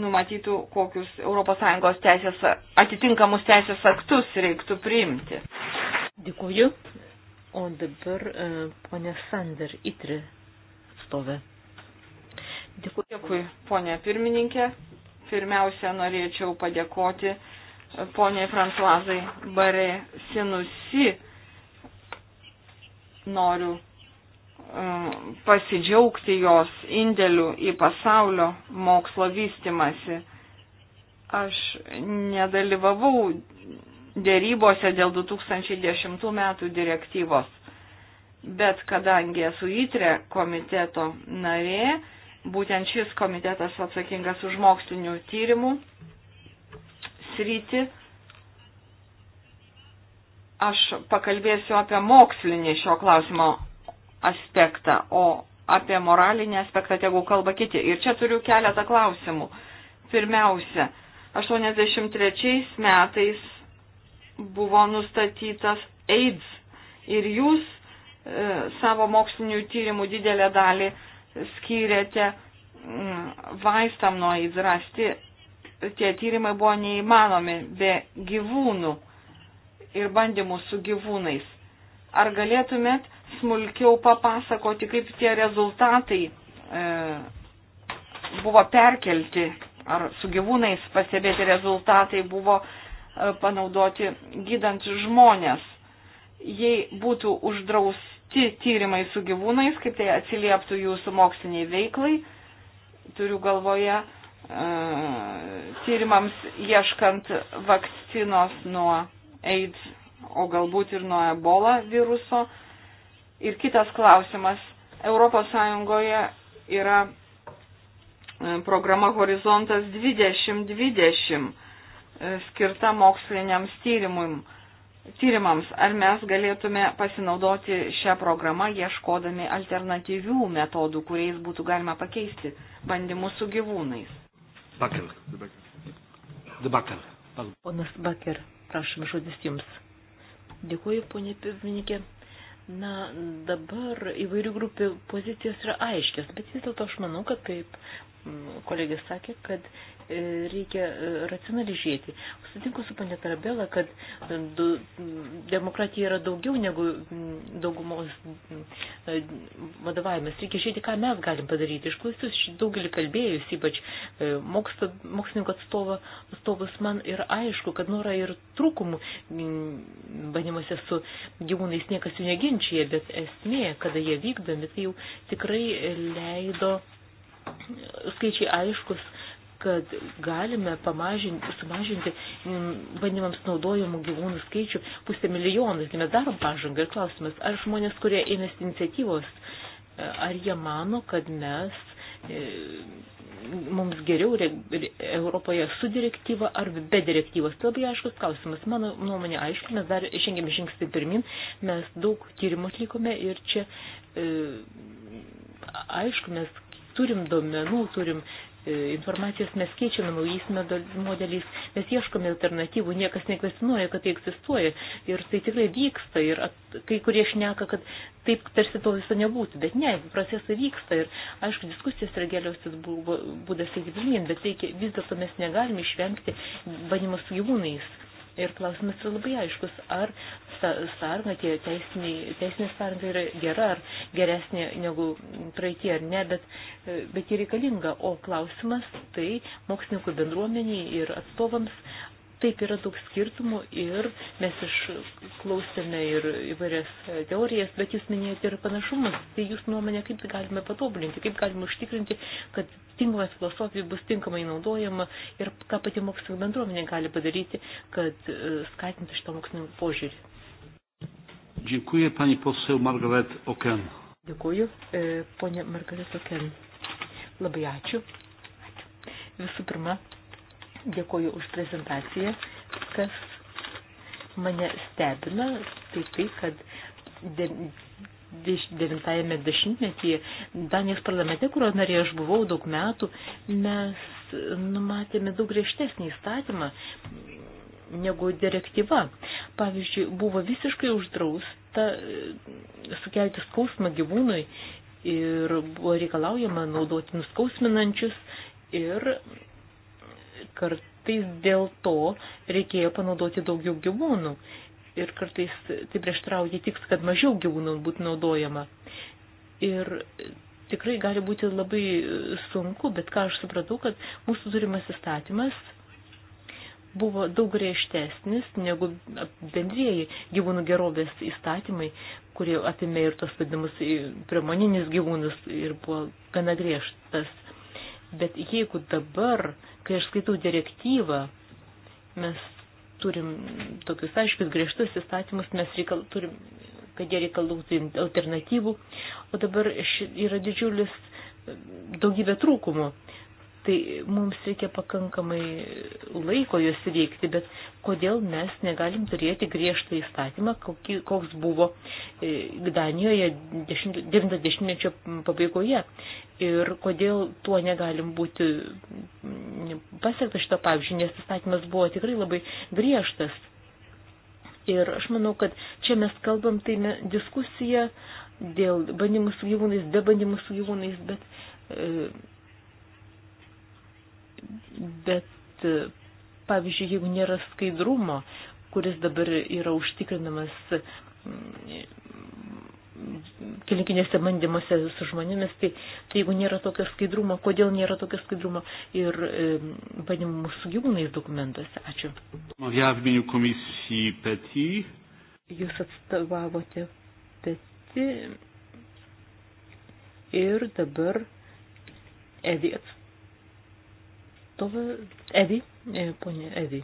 numatytų, kokius ES teisės,
atitinkamus teisės aktus reiktų priimti. Dėkuoju. O dabar e, ponė Sander Itri atstovė. Dėkuoju,
Dėkui, ponė pirmininkė. Pirmiausia, norėčiau padėkoti poniai Fransuazai Bare Sinusi. Noriu e, pasidžiaugti jos indėliu į pasaulio mokslo vystimasi. Aš nedalyvavau dėrybose dėl 2010 metų direktyvos, bet kadangi esu įtrė komiteto narė, būtent šis komitetas atsakingas už mokslinių tyrimų sritį. Aš pakalbėsiu apie mokslinį šio klausimo aspektą, o apie moralinį aspektą tegu kalba kiti. Ir čia turiu keletą klausimų. Pirmiausia, 83 metais buvo nustatytas AIDS ir jūs e, savo mokslinių tyrimų didelę dalį e, skyrėte mm, vaistam nuo įdrasti, tie tyrimai buvo neįmanomi be gyvūnų ir bandymų su gyvūnais. Ar galėtumėt smulkiau papasakoti, kaip tie rezultatai e, buvo perkelti, ar su gyvūnais pastebėti rezultatai buvo e, panaudoti gydant žmonės? Jei būtų uždraus atlikti tyrimai su gyvūnais, kaip tai atsilieptų jūsų moksliniai veiklai. Turiu galvoje e, tyrimams ieškant vakcinos nuo AIDS, o galbūt ir nuo ebola viruso. Ir kitas klausimas. Europos Sąjungoje yra e, programa Horizontas 2020 e, skirta moksliniams tyrimui tyrimams, ar mes galėtume pasinaudoti šią programą, ieškodami alternatyvių metodų, kuriais būtų galima pakeisti
bandymus su gyvūnais.
Baker.
Baker. Ponas Baker, prašom žodis jums. Dėkuoju, ponė pirmininkė. Na, dabar įvairių grupių pozicijos yra aiškios, bet vis dėlto aš manau, kad kaip kolegė sakė, kad reikia e, racionaliai žiūrėti. Sutinku su panė Tarabela, kad du, demokratija yra daugiau negu daugumos e, vadovavimas. Reikia žiūrėti, ką mes galim padaryti. Išklausius daugelį kalbėjus, ypač e, mokslo, mokslininko atstovo, atstovus, man yra aišku, kad nora nu, ir trūkumų bandymuose su gyvūnais niekas jų neginčia, bet esmė, kada jie vykdomi, tai jau tikrai leido skaičiai aiškus kad galime pamažinti, sumažinti mm, bandymams naudojamų gyvūnų skaičių pusę milijonų. Tai mes darom pažangą ir klausimas, ar žmonės, kurie ėmėsi iniciatyvos, e, ar jie mano, kad mes e, mums geriau re, re, Europoje su direktyva ar be direktyvos. Tai labai aiškus klausimas. Mano nuomonė aišku, mes dar žengėme žingsnį pirmin, mes daug tyrimų atlikome ir čia e, aišku, mes turim domenų, turim E, informacijos, mes keičiame naujais modeliais, mes ieškome alternatyvų, niekas nekvestinuoja, kad tai egzistuoja ir tai tikrai vyksta ir kai kurie šneka, kad taip tarsi to viso nebūtų, bet ne, procesai vyksta ir aišku, diskusijos yra geriausias būdas įgyvendinti, bet reikia, vis dėlto mes negalime išvengti bandymo su gyvūnais Ir klausimas yra labai aiškus, ar sąranga, tie teisiniai, teisinė sąranga yra gera ar geresnė negu praeitie ar ne, bet, e, bet ji reikalinga. O klausimas tai mokslininkų bendruomeniai ir atstovams, Taip yra daug skirtumų ir mes išklausėme ir įvairias teorijas, bet jūs minėjote ir panašumus. Tai jūs nuomonė, kaip tai galime patobulinti, kaip galime užtikrinti, kad tinkama filosofija bus tinkamai naudojama ir ką pati mokslinė bendruomenė gali padaryti, kad e, skatintų šitą mokslinį požiūrį.
Dziękuję pani poseł Margaret Oken.
Dėkuoju, e, ponia Margaret Oken. Labai ačiū. Visų pirma, Dėkoju už prezentaciją. Kas mane stebina, tai tai, kad de, deš, devintajame dešimtmetyje Danijos parlamente, kurio narė aš buvau daug metų, mes numatėme daug griežtesnį įstatymą negu direktyva. Pavyzdžiui, buvo visiškai uždrausta e, sukelti skausmą gyvūnui ir buvo reikalaujama naudoti nuskausminančius ir kartais dėl to reikėjo panaudoti daugiau gyvūnų. Ir kartais tai prieštrauja tiks, kad mažiau gyvūnų būtų naudojama. Ir tikrai gali būti labai sunku, bet ką aš supratau, kad mūsų turimas įstatymas buvo daug griežtesnis negu bendrieji gyvūnų gerovės įstatymai, kurie apimė ir tos vadinamus priemoninis gyvūnus ir buvo gana griežtas. Bet jeigu dabar Kai aš skaitau direktyvą, mes turim tokius aiškius griežtus įstatymus, mes reikal, turim, kad jie reikalautų alternatyvų, o dabar yra didžiulis daugybė trūkumų. Tai mums reikia pakankamai laiko juos įveikti, bet kodėl mes negalim turėti griežtą įstatymą, koks buvo Gdanijoje e, 90-mečio pabaigoje. Ir kodėl tuo negalim būti pasiektas šito pavyzdžiui, nes įstatymas buvo tikrai labai griežtas. Ir aš manau, kad čia mes kalbam, tai diskusiją dėl bandymų su gyvūnais, be bandymų su gyvūnais, bet e, Bet, pavyzdžiui, jeigu nėra skaidrumo, kuris dabar yra užtikrinamas mm, klinikinėse bandymuose su žmonėmis, tai, tai jeigu nėra tokio skaidrumo, kodėl nėra tokio skaidrumo ir e, bandymų su gyvūnais dokumentuose. Ačiū.
Ja w imieniu komisji PETI.
Jūs atstovavote PETI ir dabar EVI atstovavote atstovą Evi, e, ponė Evi.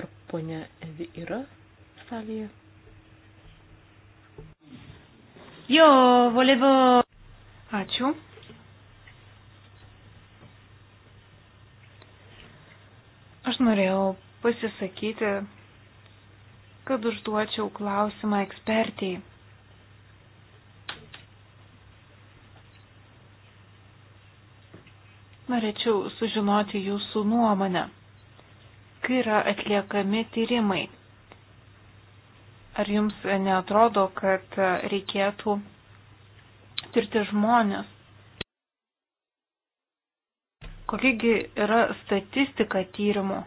Ar ponė Evi yra salėje? Jo, volevo. Ačiū.
Aš norėjau pasisakyti, kad užduočiau klausimą ekspertijai. norėčiau sužinoti jūsų nuomonę. Kai yra atliekami tyrimai, ar jums netrodo, kad reikėtų tirti žmonės? Kokiagi yra statistika tyrimų?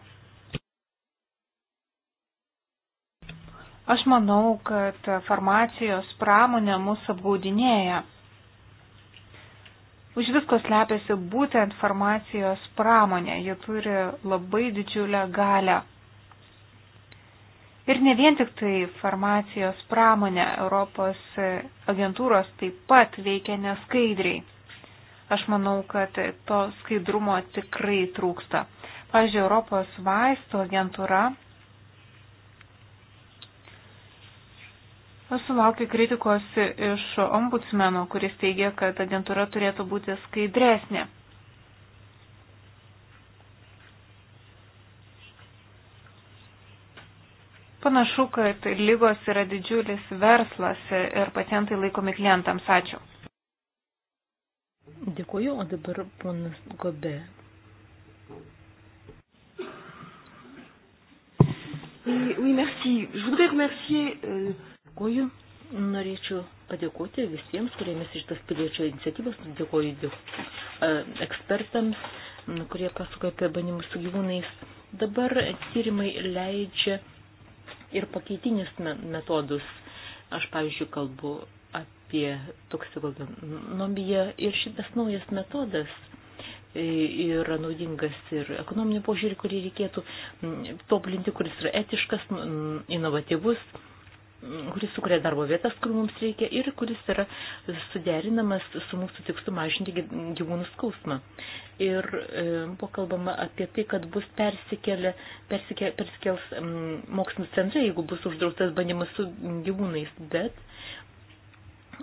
Aš manau, kad farmacijos pramonė mūsų apgaudinėja už visko slepiasi būtent farmacijos pramonė. Jie turi labai didžiulę galę. Ir ne vien tik tai farmacijos pramonė, Europos agentūros taip pat veikia neskaidriai. Aš manau, kad to skaidrumo tikrai trūksta. Pavyzdžiui, Europos vaistų agentūra Sulaukė kritikos iš ombudsmeno, kuris teigia, kad agentūra turėtų būti skaidresnė. Panašu, kad lygos yra didžiulis verslas ir pacientai laikomi klientams. Ačiū.
Dėkuoju, o dabar ponas Gobe. Oui, merci. Je voudrais remercier euh, Dėkuoju. Norėčiau padėkoti visiems, kuriemis iš tas piliečio iniciatyvas. Dėkuoju dėk, e, ekspertams, kurie pasakoja apie bandymus su gyvūnais. Dabar tyrimai leidžia ir pakeitinis metodus. Aš, pavyzdžiui, kalbu apie toksikonomiją ir šitas naujas metodas e, yra naudingas ir ekonominio požiūrį, kurį reikėtų tobulinti, kuris yra etiškas, inovatyvus kuris sukuria darbo vietas, kur mums reikia ir kuris yra suderinamas su mūsų tikslu mažinti gyvūnų skausmą. Ir e, buvo kalbama apie tai, kad bus persikėlė, persikė, persikels m, mokslinis centrai, jeigu bus uždraustas bandymas su gyvūnais, bet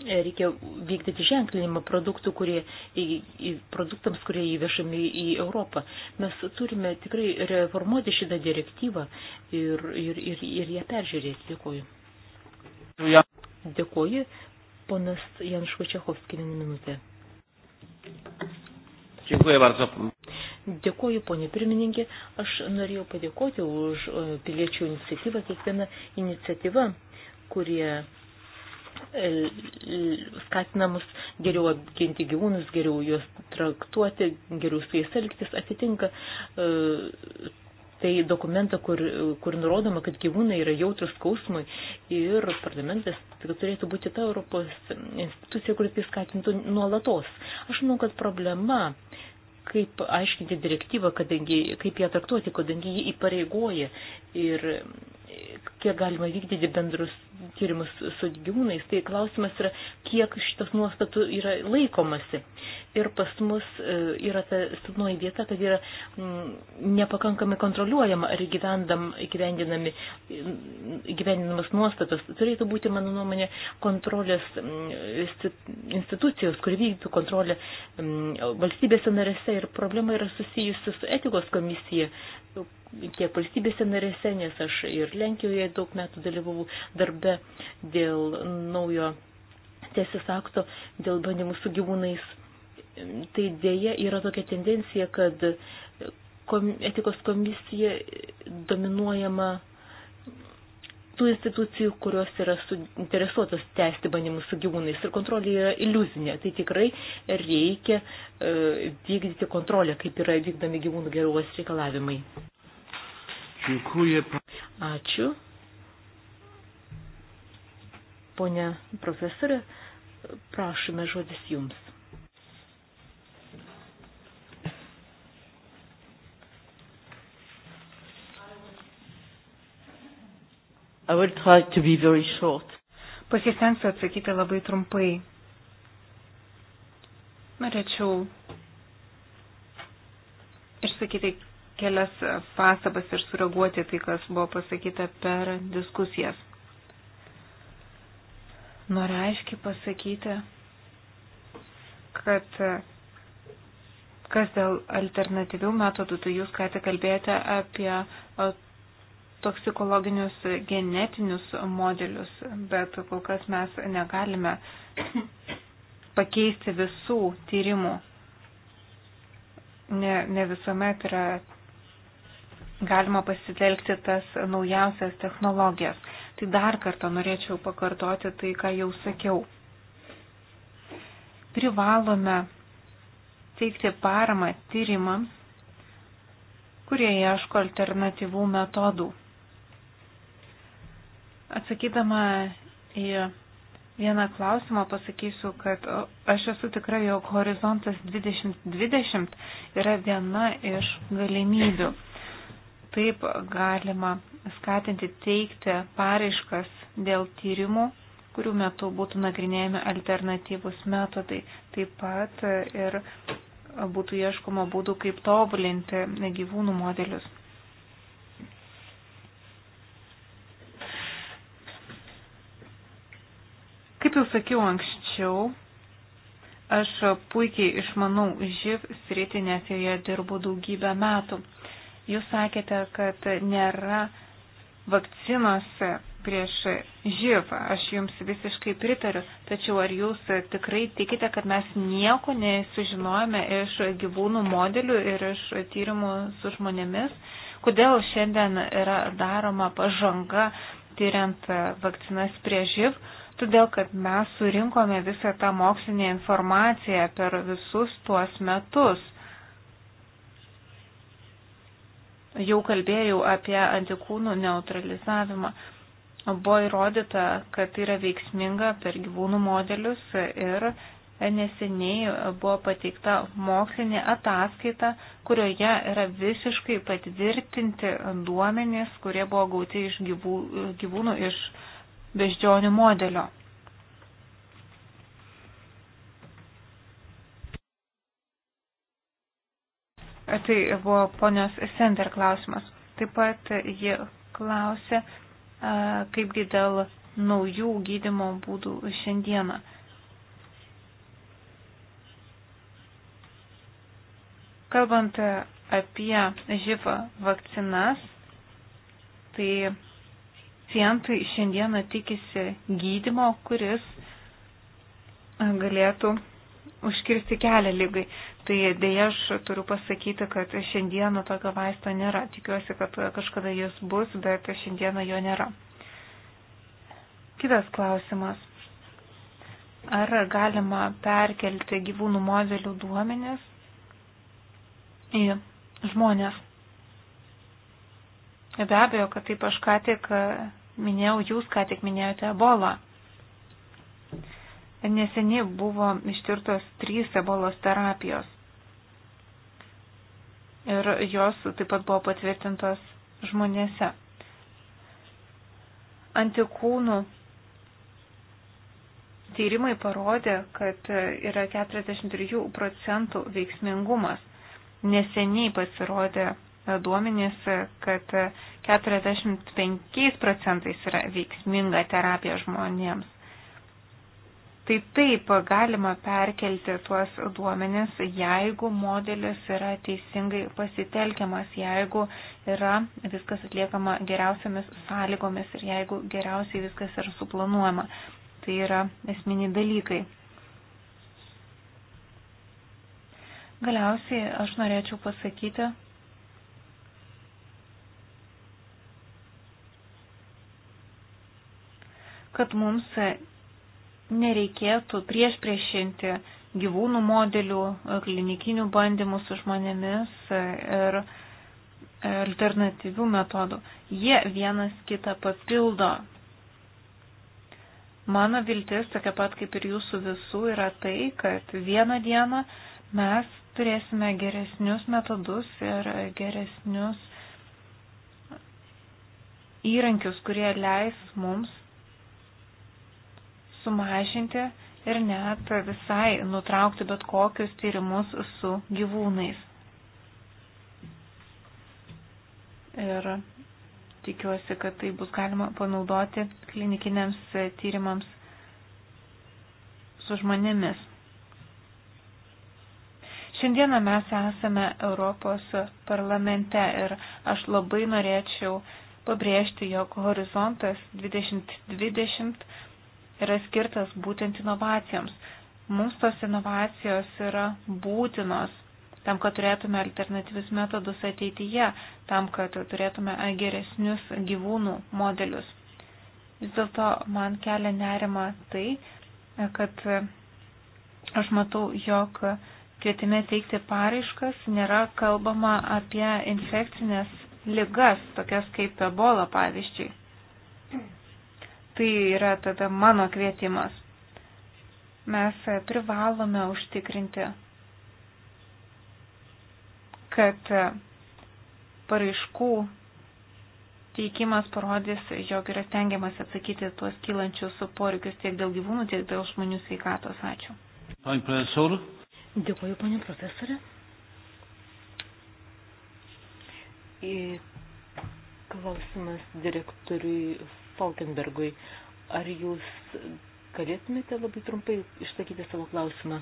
e, reikia vykdyti ženklinimą produktų, kurie, į, į, produktams, kurie įvešami į Europą. Mes turime tikrai reformuoti šitą direktyvą ir, ir, ir, ir ją peržiūrėti. Dėkuoju. Dėkuoju. Ponas Januško Čechovskis, vieną minutę.
Dziękuję bardzo.
Dėkuoju, ponė pirmininkė. Aš norėjau padėkoti už e, piliečių iniciatyvą, kiekvieną iniciatyvą, kurie e, skatina mus geriau apginti gyvūnus, geriau juos traktuoti, geriau su jais elgtis, atitinka e, tai dokumentą, kur, kur nurodoma, kad gyvūnai yra jautrus skausmui ir parlamentas tai turėtų būti ta Europos institucija, kuris tai skatintų nuolatos. Aš manau, kad problema kaip aiškinti direktyvą, kadangi, kaip ją traktuoti, kadangi jį įpareigoja ir kiek galima vykdyti bendrus tyrimus su gyvūnais, tai klausimas yra, kiek šitas nuostatų yra laikomasi. Ir pas mus e, yra ta silpnoji vieta, kad yra mm, nepakankamai kontroliuojama ar mm, įgyvendinamas nuostatas. Turėtų būti, mano nuomonė, kontrolės mm, institucijos, kuri vykdytų kontrolę valstybėse narėse ir problema yra susijusi su etikos komisija kiek valstybėse narėse, nes aš ir Lenkijoje daug metų dalyvavau darbe dėl naujo teisės akto, dėl bandymų su gyvūnais. Tai dėja yra tokia tendencija, kad etikos komisija dominuojama tų institucijų, kurios yra suinteresuotos tęsti bandymus su gyvūnais ir kontrolė yra iliuzinė. Tai tikrai reikia e, vykdyti kontrolę, kaip yra vykdomi gyvūnų gerovės reikalavimai. Ačiū. Pone profesorė, prašome žodis jums. Pasistengsiu
atsakyti labai trumpai. Norėčiau išsakyti kelias pastabas ir sureaguoti tai, kas buvo pasakyta per diskusijas. Noriu aiškiai pasakyti, kad kas dėl alternatyvių metodų, tai jūs ką tik kalbėjote apie toksikologinius genetinius modelius, bet kol kas mes negalime pakeisti visų tyrimų. Ne, ne visuomet yra galima pasitelkti tas naujausias technologijas. Tai dar kartą norėčiau pakartoti tai, ką jau sakiau. Privalome teikti paramą tyrimams, kurie ieško alternatyvų metodų. Atsakydama į vieną klausimą pasakysiu, kad aš esu tikra, jog horizontas 2020 yra viena iš galimybių. Taip galima skatinti teikti paraiškas dėl tyrimų, kurių metu būtų nagrinėjami alternatyvus metodai. Taip pat ir būtų ieškoma būdų, kaip tobulinti gyvūnų modelius. Kaip jau sakiau anksčiau, aš puikiai išmanau živ sritį, nes joje dirbu daugybę metų. Jūs sakėte, kad nėra vakcinose prieš živ. Aš jums visiškai pritariu. Tačiau ar jūs tikrai tikite, kad mes nieko nesužinojame iš gyvūnų modelių ir iš tyrimų su žmonėmis? Kodėl šiandien yra daroma pažanga tyriant vakcinas prieš živ? todėl kad mes surinkome visą tą mokslinę informaciją per visus tuos metus. Jau kalbėjau apie antikūnų neutralizavimą. Buvo įrodyta, kad tai yra veiksminga per gyvūnų modelius ir neseniai buvo pateikta mokslinė ataskaita, kurioje yra visiškai patvirtinti duomenys, kurie buvo gauti iš gyvūnų, iš gyvūnų iš beždžionių modelio. Tai buvo ponios Sender klausimas. Taip pat ji klausė, kaipgi dėl naujų gydimo būdų šiandieną. Kalbant apie živ vakcinas, tai pacientai šiandieną tikisi gydimo, kuris e, galėtų užkirsti kelią lygai. Tai dėja aš turiu pasakyti, kad šiandieną tokio vaisto nėra. Tikiuosi, kad kažkada jis bus, bet šiandieną jo nėra. Kitas klausimas. Ar galima perkelti gyvūnų modelių duomenis į žmonės? Be abejo, kad taip aš ką tik e, minėjau, jūs ką tik minėjote ebolą. Neseniai buvo ištirtos trys ebolos terapijos. Ir jos taip pat buvo patvirtintos žmonėse. Antikūnų tyrimai parodė, kad yra 43 procentų veiksmingumas. Neseniai pasirodė duomenys, kad 45 procentais yra veiksminga terapija žmonėms. Tai taip galima perkelti tuos duomenis, jeigu modelis yra teisingai pasitelkiamas, jeigu yra viskas atliekama geriausiamis sąlygomis ir jeigu geriausiai viskas yra suplanuojama. Tai yra esminiai dalykai. Galiausiai aš norėčiau pasakyti, kad mums nereikėtų prieš priešinti gyvūnų modelių, klinikinių bandymų su žmonėmis ir alternatyvių metodų. Jie vienas kitą papildo. Mano viltis, tokia pat kaip ir jūsų visų, yra tai, kad vieną dieną mes turėsime geresnius metodus ir geresnius įrankius, kurie leis mums sumažinti ir net visai nutraukti bet kokius tyrimus su gyvūnais. Ir tikiuosi, kad tai bus galima panaudoti klinikiniams tyrimams su žmonėmis. Šiandieną mes esame Europos parlamente ir aš labai norėčiau pabrėžti, jog horizontas 2020 yra skirtas būtent inovacijoms. Mums tos inovacijos yra būtinos tam, kad turėtume alternatyvius metodus ateityje, tam, kad turėtume geresnius gyvūnų modelius. Vis dėlto man kelia nerima tai, kad aš matau, jog kvietime teikti paraiškas nėra kalbama apie infekcinės ligas, tokias kaip ebola pavyzdžiui. Tai yra tada mano kvietimas. Mes e, privalome užtikrinti, kad e, paraiškų teikimas parodys, jog yra stengiamas atsakyti tuos kylančius poreikius tiek dėl gyvūnų, tiek dėl žmonių sveikatos. Ačiū.
Pane profesorė.
Dėkuoju, pane
profesorė. Klausimas direktoriui Falkenbergui. Ar jūs galėtumėte labai trumpai išsakyti savo klausimą?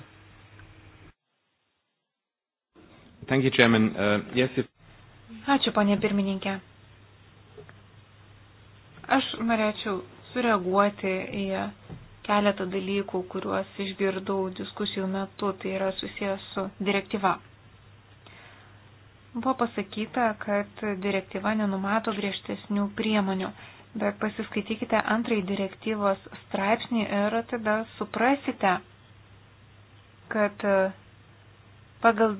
Thank you, Chairman. Uh, yes, if...
Ačiū, ponė pirmininkė.
Aš norėčiau sureaguoti į keletą dalykų, kuriuos išgirdau diskusijų metu, tai yra susijęs su direktyva. Buvo pasakyta, kad direktyva nenumato griežtesnių priemonių. Bet pasiskaitykite antrąjį direktyvos straipsnį ir tada suprasite, kad e, pagal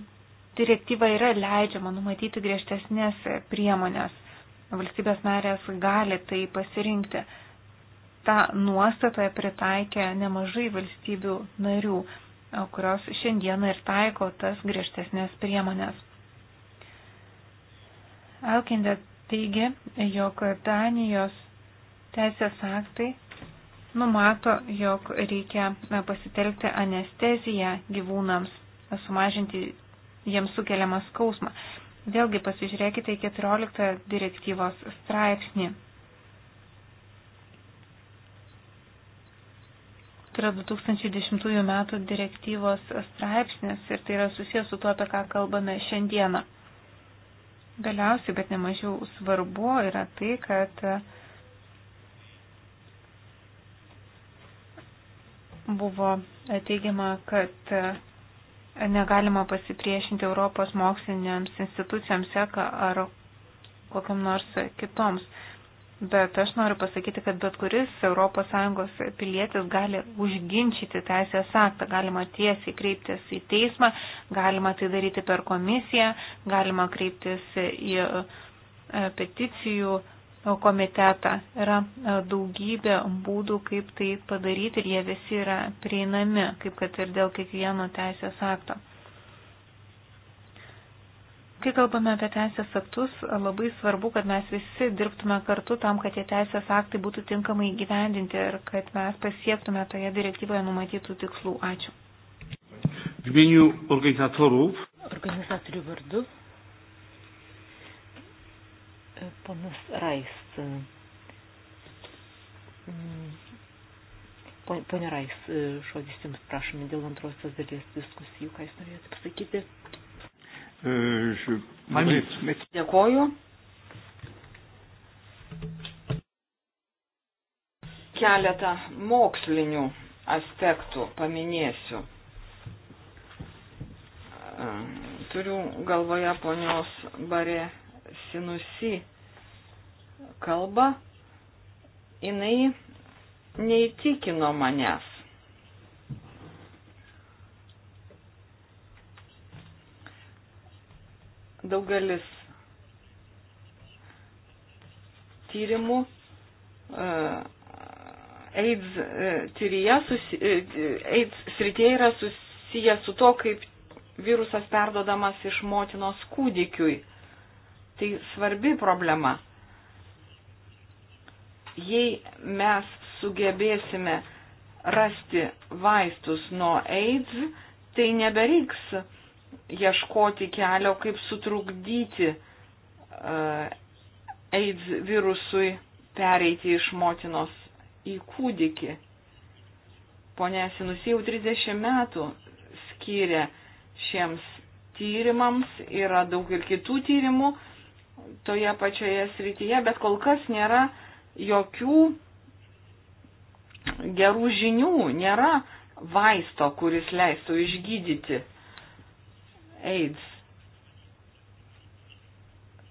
direktyvą yra leidžiama numatyti griežtesnės priemonės. Valstybės narės gali tai pasirinkti. Ta nuostata pritaikė nemažai valstybių narių, kurios šiandieną ir taiko tas griežtesnės priemonės. Alkindė teigia, jog Danijos Teisės aktai numato, jog reikia e, pasitelkti anesteziją gyvūnams, e, sumažinti jiems sukeliamą skausmą. Vėlgi pasižiūrėkite į 14 direktyvos straipsnį. Tai yra 2010 metų direktyvos straipsnis ir tai yra susijęs su tuo, apie ką kalbame šiandieną. Galiausiai, bet nemažiau svarbu yra tai, kad e, buvo teigiama, kad e, negalima pasipriešinti Europos moksliniams institucijoms seka ar kokiam nors kitoms. Bet aš noriu pasakyti, kad bet kuris ES pilietis gali užginčyti teisės aktą, galima tiesiai kreiptis į teismą, galima tai daryti per komisiją, galima kreiptis į e, peticijų komitetą. Yra e, daugybė būdų, kaip tai padaryti ir jie visi yra prieinami, kaip kad ir dėl kiekvieno teisės akto. Kai kalbame apie teisės aktus, labai svarbu, kad mes visi dirbtume kartu tam, kad tie teisės aktai būtų tinkamai gyvendinti ir kad mes pasiektume toje direktyvoje numatytų tikslų. Ačiū.
W imieniu organizatorów.
Organizatorių vardu Ponas Rais. Pone Rais, žodis jums prašome dėl antrosios dalies diskusijų, ką jūs norėjote pasakyti.
E,
Dėkoju.
Keletą mokslinių aspektų paminėsiu. E, turiu galvoje ponios Barė sinusi kalba, jinai neįtikino manęs. Daugelis tyrimų e, AIDS, e, tyryje, e, AIDS srityje yra susijęs su to, kaip virusas perdodamas iš motinos kūdikiui. Tai svarbi problema. Jei mes sugebėsime rasti vaistus nuo AIDS, tai nebereiks ieškoti kelio, kaip sutrukdyti uh, AIDS virusui pereiti iš motinos į kūdikį. Pone Sinus jau 30 metų skiria šiems tyrimams, yra daug ir kitų tyrimų, toje pačioje srityje, bet kol kas nėra jokių gerų žinių, nėra vaisto, kuris leistų išgydyti AIDS.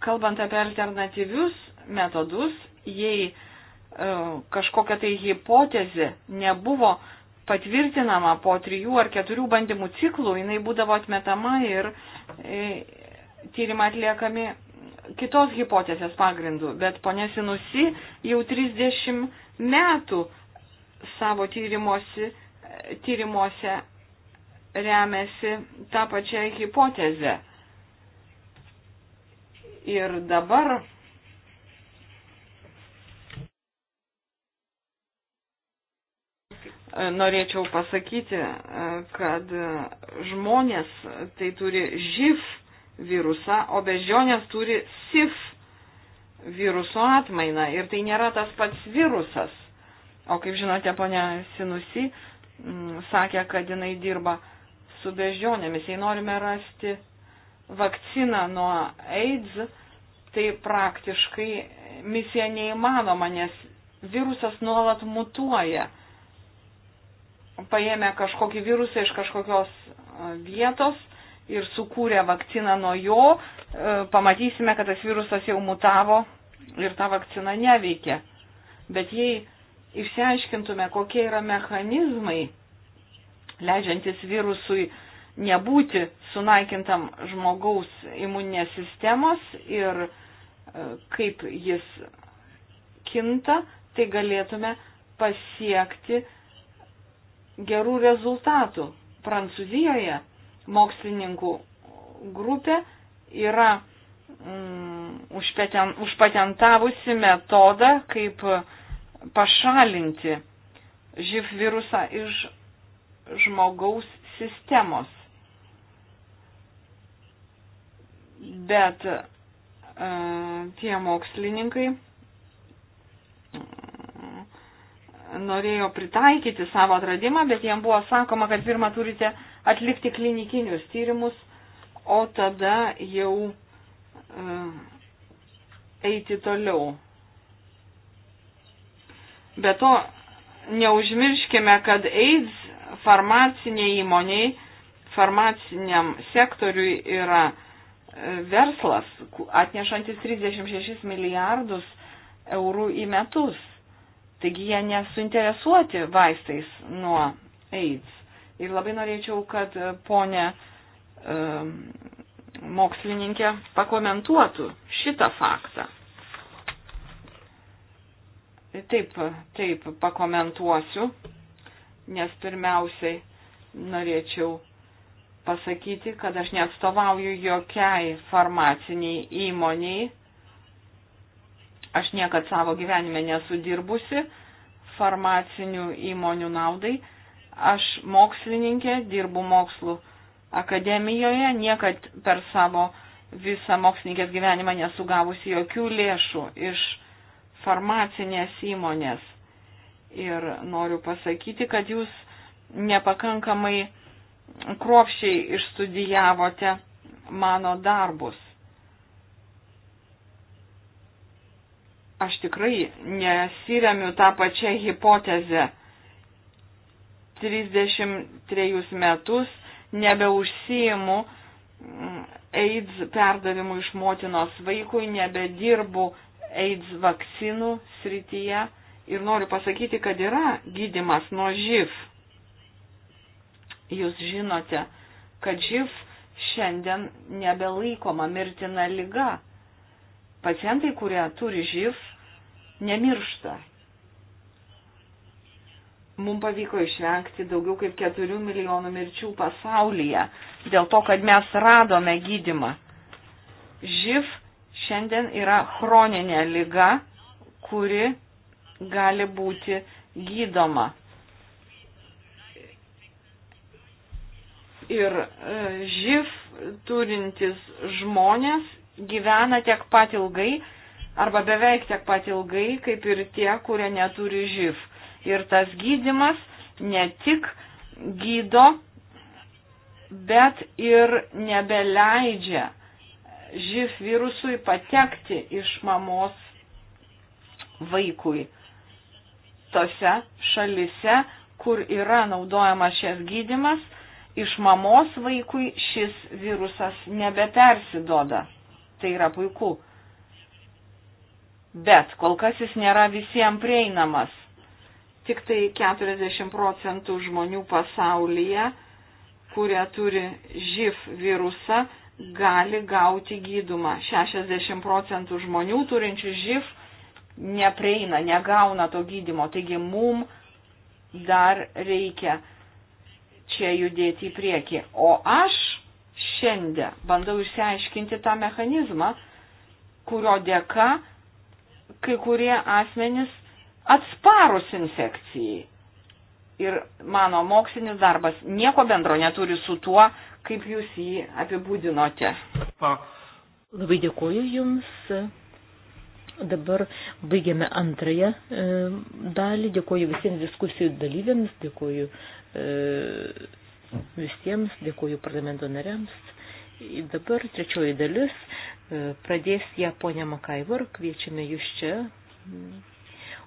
Kalbant apie alternatyvius metodus, jei e, kažkokia tai hipotezė nebuvo patvirtinama po trijų ar keturių bandymų ciklų, jinai būdavo atmetama ir e, tyrimą atliekami kitos hipotezės pagrindų, bet ponė Sinusi jau 30 metų savo tyrimuose, tyrimuose remiasi tą pačią hipotezę. Ir dabar norėčiau pasakyti, kad žmonės tai turi živ virusą, o beždžionės turi SIF viruso atmainą ir tai nėra tas pats virusas. O kaip žinote, ponia Sinusi m, mm, sakė, kad jinai dirba su beždžionėmis. Jei norime rasti vakciną nuo AIDS, tai praktiškai misija neįmanoma, nes virusas nuolat mutuoja. Paėmė kažkokį virusą iš kažkokios vietos, ir sukūrę vakciną nuo jo, e, pamatysime, kad tas virusas jau mutavo ir ta vakcina neveikia. Bet jei išsiaiškintume, kokie yra mechanizmai, leidžiantis virusui nebūti sunaikintam žmogaus imuninės sistemos ir e, kaip jis kinta, tai galėtume pasiekti gerų rezultatų. Prancūzijoje mokslininkų grupė yra mm, užpeten, užpatentavusi metodą, kaip pašalinti živ virusą iš žmogaus sistemos. Bet e, tie mokslininkai mm, norėjo pritaikyti savo atradimą, bet jiem buvo sakoma, kad pirmą turite atlikti klinikinius tyrimus, o tada jau e, eiti toliau. Be to, neužmirškime, kad AIDS farmaciniai įmoniai, farmaciniam sektoriui yra e, verslas, atnešantis 36 milijardus eurų į metus. Taigi jie nesuinteresuoti vaistais nuo AIDS. Ir labai norėčiau, kad e, ponė e, mokslininkė pakomentuotų šitą faktą. Taip, taip pakomentuosiu, nes pirmiausiai norėčiau pasakyti, kad aš neatstovauju jokiai farmaciniai įmoniai. Aš niekad savo gyvenime nesu dirbusi farmacinių įmonių naudai Aš mokslininkė, dirbu mokslų akademijoje, niekad per savo visą mokslininkės gyvenimą nesugavusi jokių lėšų iš farmacinės įmonės. Ir noriu pasakyti, kad jūs nepakankamai kruopščiai išstudijavote mano darbus. Aš tikrai nesiremiu tą pačią hipotezę 33 metus nebeužsijimu mm, AIDS perdavimu iš motinos vaikui, nebedirbu AIDS vakcinų srityje ir noriu pasakyti, kad yra gydimas nuo živ. Jūs žinote, kad živ šiandien nebelaikoma mirtina lyga. Pacientai, kurie turi živ, nemiršta, mums pavyko išvengti daugiau kaip 4 milijonų mirčių pasaulyje dėl to, kad mes radome gydimą. Živ šiandien yra chroninė lyga, kuri gali būti gydoma. Ir e, živ turintis žmonės gyvena tiek pat ilgai arba beveik tiek pat ilgai, kaip ir tie, kurie neturi živ ir tas gydimas ne tik gydo, bet ir nebeleidžia živ virusui patekti iš mamos vaikui. Tose šalise, kur yra naudojamas šias gydimas, iš mamos vaikui šis virusas nebepersidoda. Tai yra puiku. Bet kol kas jis nėra visiems prieinamas. Tik tai 40 procentų žmonių pasaulyje, kurie turi živ virusą, gali gauti gydumą. 60 procentų žmonių turinčių živ neprieina, negauna to gydimo. Taigi mum dar reikia čia judėti į priekį. O aš šiandien bandau išsiaiškinti tą mechanizmą, kurio dėka kai kurie asmenys atsparus infekcijai. Ir mano mokslinis darbas nieko bendro neturi su tuo, kaip jūs jį apibūdinote.
Labai dėkuoju Jums. Dabar baigiame antrąją e, dalį. Dėkuoju visiems diskusijų dalyviams, dėkuoju e, visiems, dėkuoju parlamento nariams. Dabar trečioji dalis. E, pradės ją ponia Makaivor, kviečiame Jūs čia.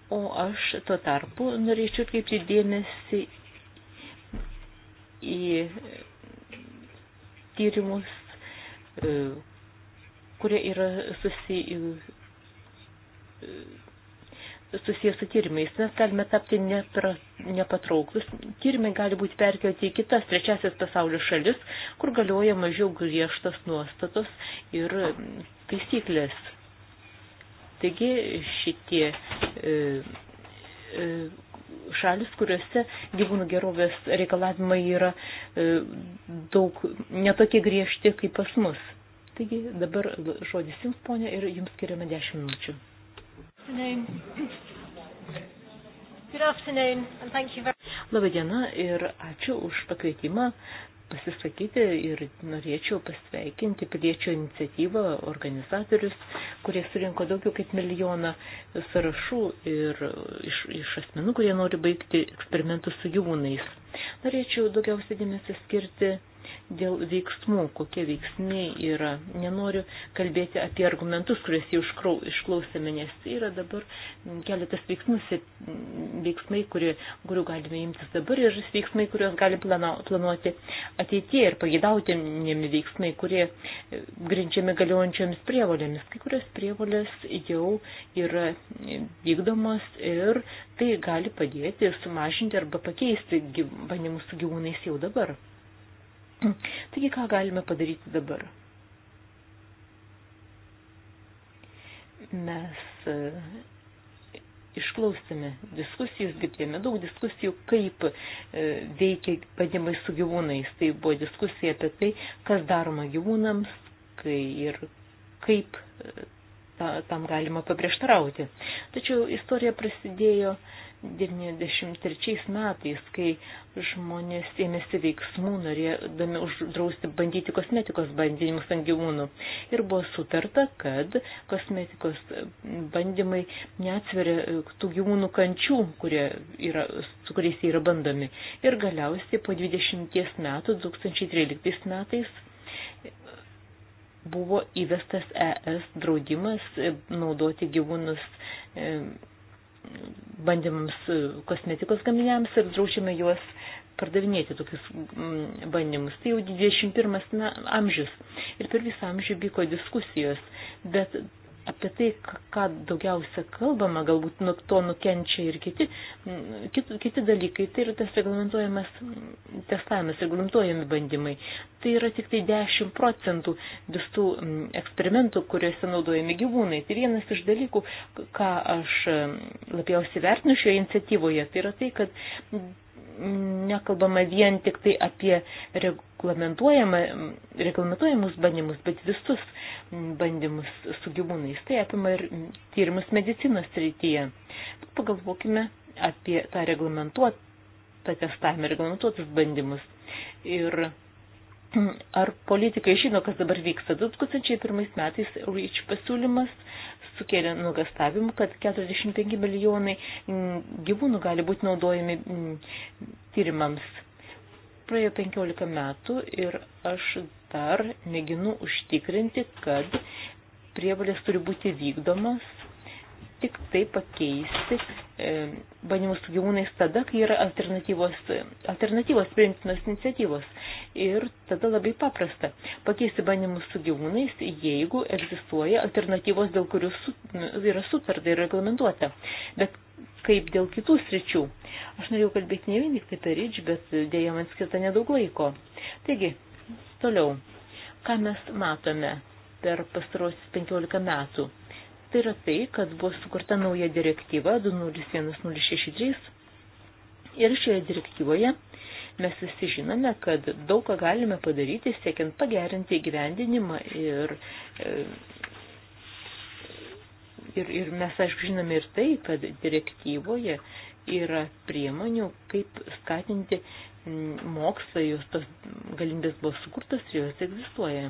O aš tuo tarpu norėčiau atkreipti dėmesį į tyrimus, e, kurie yra susiję e, susijęs su tyrimais. Mes galime tapti nepra, nepatrauklus. Tyrimai gali būti perkelti į kitas trečiasias pasaulio šalis, kur galioja mažiau griežtas nuostatos ir taisyklės Taigi šitie e, e, šalis, kuriuose gyvūnų gerovės reikalavimai yra e, daug netokie griežti kaip pas mus. Taigi dabar žodis jums, ponė, ir jums skiriame 10 minučių. Labai diena ir ačiū už pakvietimą pasisakyti ir norėčiau pasveikinti piliečio iniciatyvą organizatorius, kurie surinko daugiau kaip milijoną sąrašų ir iš, iš asmenų, kurie nori baigti eksperimentus su gyvūnais. Norėčiau daugiausiai dėmesio skirti dėl veiksmų, kokie veiksniai yra. Nenoriu kalbėti apie argumentus, kuriuos jau išklausėme, nes tai yra dabar keletas veiksmus, veiksmai, kurie, kurių galime imtis dabar ir veiksmai, kuriuos gali planuoti ateitie ir pagidautinėmi veiksmai, kurie grindžiami galiojančiomis prievolėmis. Kai kurios prievolės jau yra vykdomos ir tai gali padėti sumažinti arba pakeisti gyvenimus su gyvūnais jau dabar. Taigi, ką galime padaryti dabar? Mes e, išklausėme diskusijų, girdėjome daug diskusijų, kaip e, veikia padėmai su gyvūnais. Tai buvo diskusija apie tai, kas daroma gyvūnams kai ir kaip e, ta, tam galima paprieštarauti. Tačiau istorija prasidėjo e, 93 metais, kai žmonės ėmėsi veiksmų, norėdami uždrausti bandyti kosmetikos bandymus ant gyvūnų. Ir buvo sutarta, kad kosmetikos bandymai neatsveria e, tų gyvūnų kančių, yra, su kuriais jie yra bandomi. Ir galiausiai po 20 metų, 2013 metais, buvo įvestas ES draudimas e, naudoti gyvūnus e, bandymams e, kosmetikos gaminiams ir draužėme juos pardavinėti tokius mm, bandymus. Tai jau 21 na, amžius. Ir per visą amžių vyko diskusijos, bet apie tai, ką daugiausia kalbama, galbūt nuo to nukenčia ir kiti, kit, kiti dalykai, tai yra tas reglamentuojamas testavimas, reglamentuojami bandymai. Tai yra tik tai 10 procentų visų eksperimentų, kuriuose naudojami gyvūnai. Tai vienas iš dalykų, ką aš labiausiai vertinu šioje iniciatyvoje, tai yra tai, kad nekalbama vien tik tai apie reglamentuojamus bandymus, bet visus bandymus su gyvūnais. Tai apima ir tyrimus medicinos srityje. Pagalvokime apie tą reglamentuotą testavimą, reglamentuotus bandymus. Ir Ar politikai žino, kas dabar vyksta? 2001 metais REACH pasiūlymas sukėlė nugastavimų, kad 45 milijonai mm, gyvūnų gali būti naudojami mm, tyrimams. Praėjo 15 metų ir aš dar mėginu užtikrinti, kad prievalės turi būti vykdomas tik tai pakeisti e, bandymus su gyvūnais tada, kai yra alternatyvos, e, alternatyvos priimtinos iniciatyvos. Ir tada labai paprasta pakeisti bandymus su gyvūnais, jeigu egzistuoja alternatyvos, dėl kurių su, nu, yra sutarta ir reglamentuota. Bet kaip dėl kitų sričių. Aš norėjau kalbėti ne vien tik tai per ryč, bet dėja man skirta nedaug laiko. Taigi, toliau, ką mes matome per pastarosius 15 metų? tai yra tai, kad buvo sukurta nauja direktyva 201063 ir šioje direktyvoje mes visi žinome, kad daug ką galime padaryti, siekiant pagerinti įgyvendinimą ir, e, ir, ir mes, aišku, žinome ir tai, kad direktyvoje yra priemonių, kaip skatinti mokslą, jos tos galimybės buvo sukurtos ir jos egzistuoja.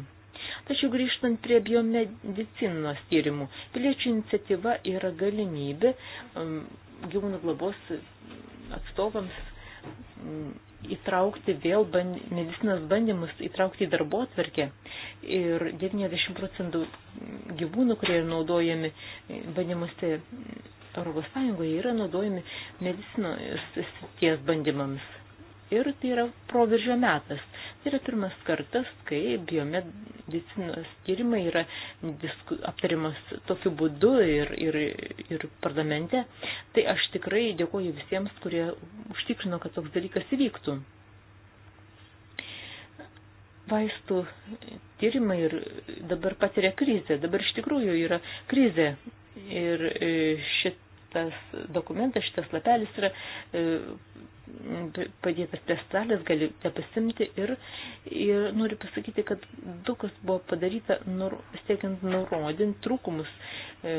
Tačiau grįžtant prie biomedicinos tyrimų, piliečių iniciatyva yra galimybė um, gyvūnų globos um, atstovams um, įtraukti vėl band, medicinos bandymus, įtraukti į darbo atverkę. Ir 90 procentų gyvūnų, kurie yra naudojami bandymuose Europos Sąjungoje, yra naudojami medicinos ties bandymams ir tai yra proveržio metas. Tai yra pirmas kartas, kai biomedicinos tyrimai yra disku, aptarimas tokiu būdu ir, ir, ir parlamente. Tai aš tikrai dėkoju visiems, kurie užtikrino, kad toks dalykas įvyktų. Vaistų tyrimai ir dabar patiria krizę, dabar iš tikrųjų yra krizė. Ir e, šitas dokumentas, šitas lapelis yra e, padėtas testalės, galite pasimti ir, ir noriu pasakyti, kad daug kas buvo padaryta, nur, siekiant nurodint trūkumus e,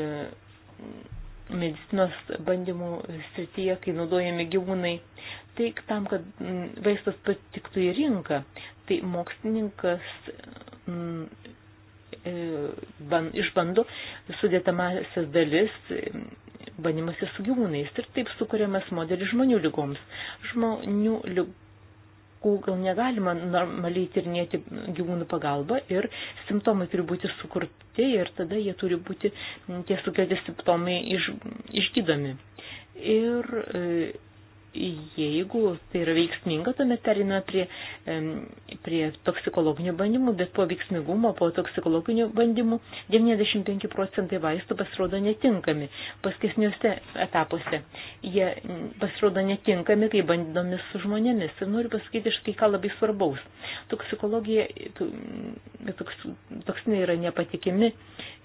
medicinos bandymų srityje, kai naudojami gyvūnai, tai tam, kad vaistas patiktų į rinką, tai mokslininkas m, e, ban, išbando sudėtamasias dalis, bandymuose su gyvūnais ir taip sukūrėmas modelis žmonių lygoms. Žmonių lygų gal negalima normaliai tirnėti gyvūnų pagalba ir simptomai turi būti sukurti ir tada jie turi būti tie sukelti simptomai iš, išgydomi. Ir e, jeigu tai yra veiksminga, tuomet periname prie, prie toksikologinių bandymų, bet po veiksmingumo, po toksikologinių bandymų 95 procentai vaistų pasirodo netinkami. Paskesniuose etapuose jie pasirodo netinkami, kai bandomi su žmonėmis. Ir noriu pasakyti štai ką labai svarbaus. Toksikologija, toks, toksinai yra nepatikimi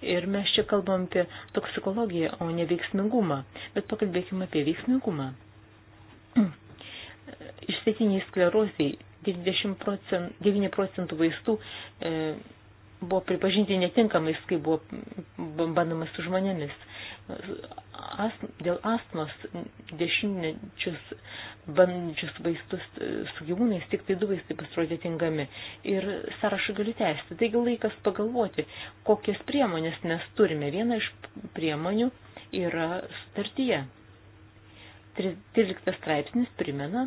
ir mes čia kalbam apie toksikologiją, o ne veiksmingumą. Bet pakalbėkime apie veiksmingumą išsėtiniai skleroziai 90 procent, 9 procentų vaistų e, buvo pripažinti netinkamais, kai buvo bandomas su žmonėmis. As, dėl astmos dešimtmečius bandžius vaistus e, su gyvūnais tik tai du vaistai pasirodė tinkami. Ir sąrašą galiu tęsti. Taigi laikas pagalvoti, kokias priemonės mes turime. Viena iš priemonių yra sutartyje. 13 straipsnis primena,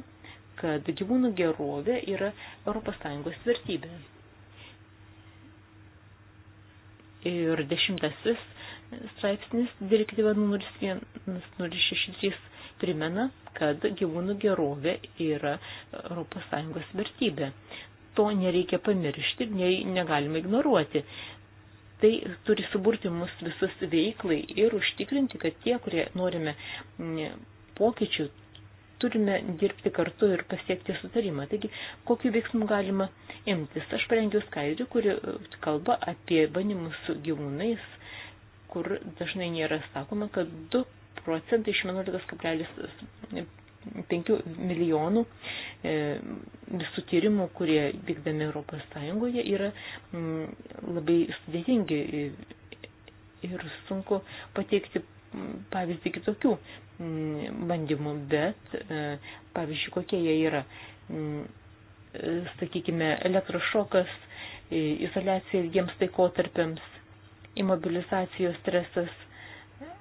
kad gyvūnų gerovė yra ES vertybė. Ir dešimtasis straipsnis direktyva 0163 primena, kad gyvūnų gerovė yra ES vertybė. To nereikia pamiršti ir negalime ignoruoti. Tai turi suburti mus visus veiklai ir užtikrinti, kad tie, kurie norime pokyčių, turime dirbti kartu ir pasiekti sutarimą. Taigi, kokiu veiksmu galima imtis? Aš parengiau skaidrį, kuri uh, kalba apie bandymus su gyvūnais, kur dažnai nėra sakoma, kad 2 procentai iš 11,5 milijonų e, visų tyrimų, kurie vykdami Europos Sąjungoje, yra mm, labai sudėtingi ir sunku pateikti pavyzdį kitokių mm, bandymų, bet e, pavyzdžiui, kokie jie yra. Mm, e, sakykime, elektrošokas, izolacija ilgiems taikotarpiams, imobilizacijos stresas, e,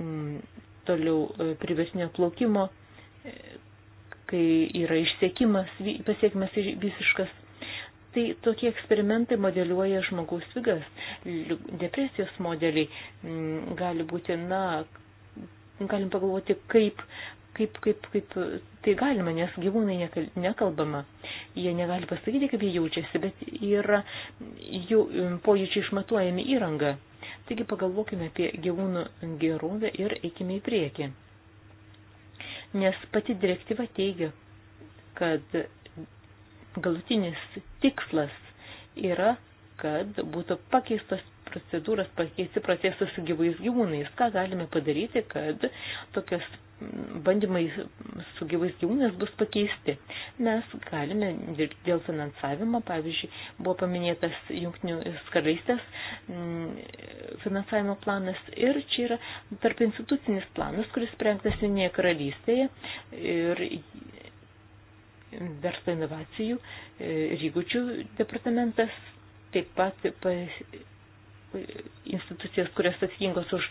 mm, toliau privesinio plaukimo, kai yra išsiekimas, pasiekimas visiškas. Tai tokie eksperimentai modeliuoja žmogaus vigas, depresijos modeliai mm, gali būti, na, galim pagalvoti, kaip, kaip, kaip, kaip tai galima, nes gyvūnai nekalbama. Jie negali pasakyti, kaip jie jaučiasi, bet yra jų mm, pojūčiai išmatuojami įranga. Taigi pagalvokime apie gyvūnų gerovę ir eikime į priekį. Nes pati direktyva teigia, kad galutinis tikslas yra kad būtų pakeistos procedūras, pakeisti procesą su gyvais gyvūnais. Ką galime padaryti, kad tokios bandymai su gyvais gyvūnais bus pakeisti. Mes galime dėl finansavimo, pavyzdžiui, buvo paminėtas jungtinių karalystės finansavimo planas ir čia yra tarp institucinis planas, kuris prengtas Junėje karalystėje ir verslo inovacijų e, ir įgūdžių departamentas taip pat institucijas, kurios atsakingos už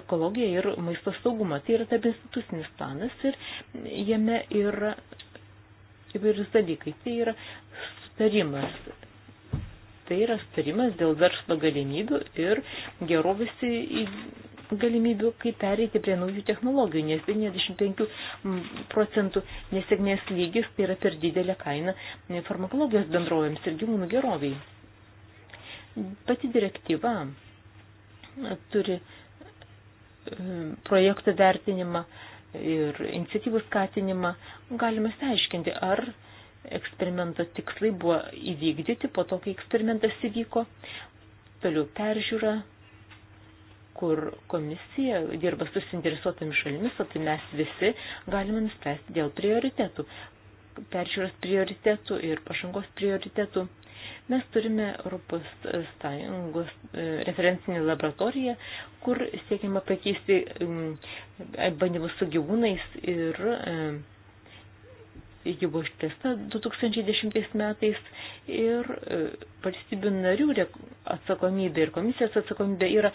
ekologiją ir maisto saugumą. Tai yra taip institucinis planas ir jame yra įvairius dalykai. Tai yra sutarimas. Tai yra sutarimas dėl verslo galimybių ir gerovės galimybių, kaip pereiti prie naujų technologijų, nes 95 procentų nesėkmės lygis tai yra per didelė kaina farmakologijos bendrovėms ir gyvūnų geroviai. Pati direktyva turi e, projektų vertinimą ir iniciatyvų skatinimą. Galime seiškinti, ar eksperimento tikslai buvo įvykdyti po to, kai eksperimentas įvyko, toliau peržiūra, kur komisija dirba su suinteresuotomis šalimis, o tai mes visi galime nuspręsti dėl prioritetų, peržiūros prioritetų ir pažangos prioritetų. Mes turime Europos Sąjungos e, referencinį laboratoriją, kur siekiama pakeisti bandymus su gyvūnais ir e, ji buvo ištesta 2010 metais ir e, valstybių narių atsakomybė ir komisijos atsakomybė yra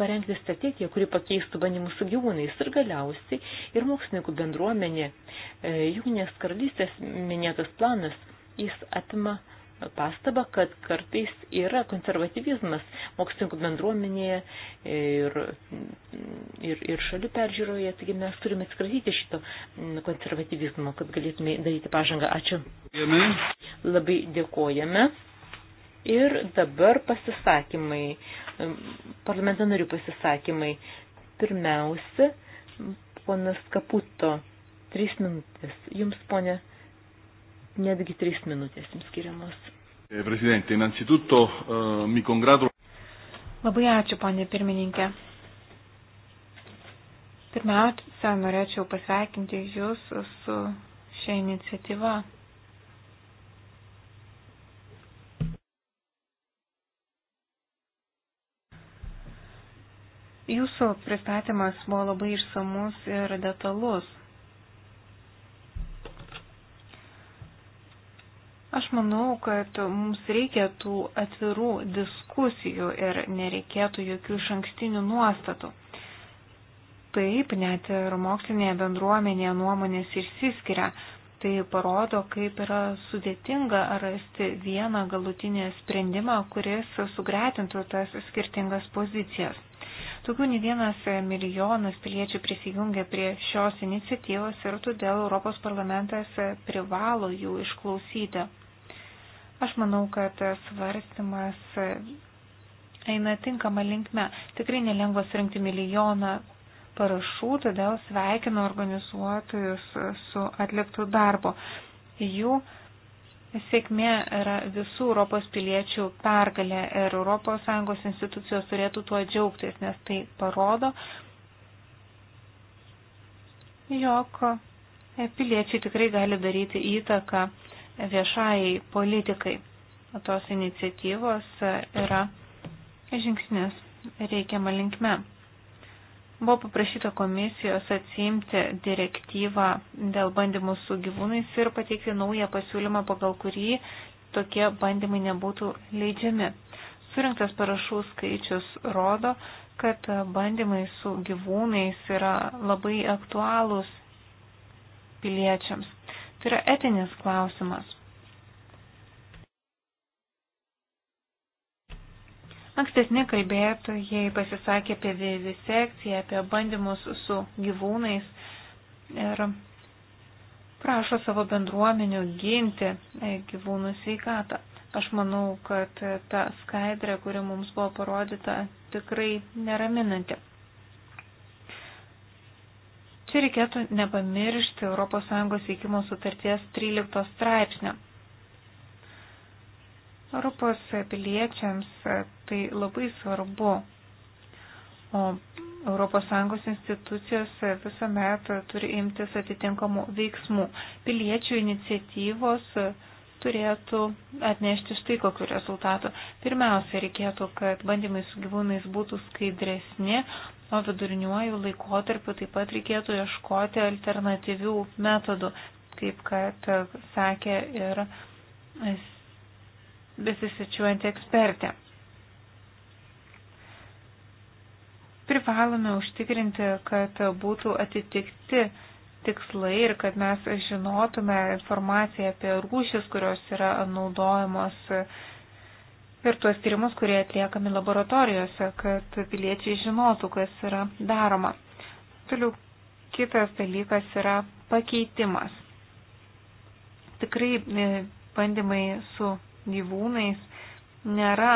parengti strategiją, kuri pakeistų bandymus su gyvūnais ir galiausiai ir mokslininkų bendruomenė. E, Jungtinės karalystės minėtas planas, jis atima pastabą, kad kartais yra konservatyvizmas mokslininkų bendruomenėje ir, ir, ir šalių peržiūroje, taigi mes turime atskratyti šito konservatyvizmo, kad galėtume daryti pažangą. Ačiū. Jame. Labai dėkojame. Ir dabar pasisakymai, parlamento narių pasisakymai. Pirmiausia, ponas Kaputo, trys minutės. Jums, ponė netgi trys minutės jums skiriamos.
Eh, Prezidentė, innanzitutto uh, mi congratulo.
Labai ačiū, ponė
pirmininkė. Pirmiausia, norėčiau pasveikinti Jūs su šia iniciatyva. Jūsų pristatymas buvo labai išsamus ir detalus. Aš manau, kad mums reikia tų atvirų diskusijų ir nereikėtų jokių šankstinių nuostatų. Taip, net ir mokslinėje bendruomenėje nuomonės išsiskiria. Tai parodo, kaip yra sudėtinga rasti vieną galutinį sprendimą, kuris sugretintų tas skirtingas pozicijas. Daugiau nei vienas milijonas piliečių prisijungia prie šios iniciatyvos ir todėl Europos parlamentas privalo jų išklausyti. Aš manau, kad svarstymas eina tinkama linkme. Tikrai nelengva surinkti milijoną parašų, todėl sveikinu organizuotojus su atliktų darbo. Jų sėkmė yra visų Europos piliečių pergalė ir ES institucijos turėtų tuo džiaugtis, nes tai parodo, jog piliečiai tikrai gali daryti įtaką viešai politikai. Tos iniciatyvos yra žingsnis reikiama linkme. Buvo paprašyta komisijos atsiimti direktyvą dėl bandymų su gyvūnais ir pateikti naują pasiūlymą, pagal kurį tokie bandymai nebūtų leidžiami. Surinktas parašų skaičius rodo, kad bandymai su gyvūnais yra labai aktualūs piliečiams. Tai yra etinis klausimas. Ankstesni kalbėtojai pasisakė apie vivisekciją, apie bandymus su gyvūnais ir prašo savo bendruomenių ginti e, gyvūnų sveikatą. Aš manau, kad ta skaidrė, kuri mums buvo parodyta, tikrai neraminanti. Čia reikėtų nepamiršti ES veikimo sutarties 13 straipsnio. Europos piliečiams tai labai svarbu, o ES institucijos visuomet turi imtis atitinkamų veiksmų. Piliečių iniciatyvos turėtų atnešti štai kokiu rezultatu. Pirmiausia, reikėtų, kad bandymai su gyvūnais būtų skaidresni, o viduriniuoju laikotarpiu taip pat reikėtų ieškoti alternatyvių metodų, kaip kad sakė ir besisičiuojanti ekspertė. Privalome užtikrinti, kad būtų atitikti tikslai ir kad mes žinotume informaciją apie rūšis, kurios yra naudojamos ir tuos tyrimus, kurie atliekami laboratorijose, kad piliečiai žinotų, kas yra daroma. Toliau kitas dalykas yra pakeitimas. Tikrai e, bandymai su gyvūnais nėra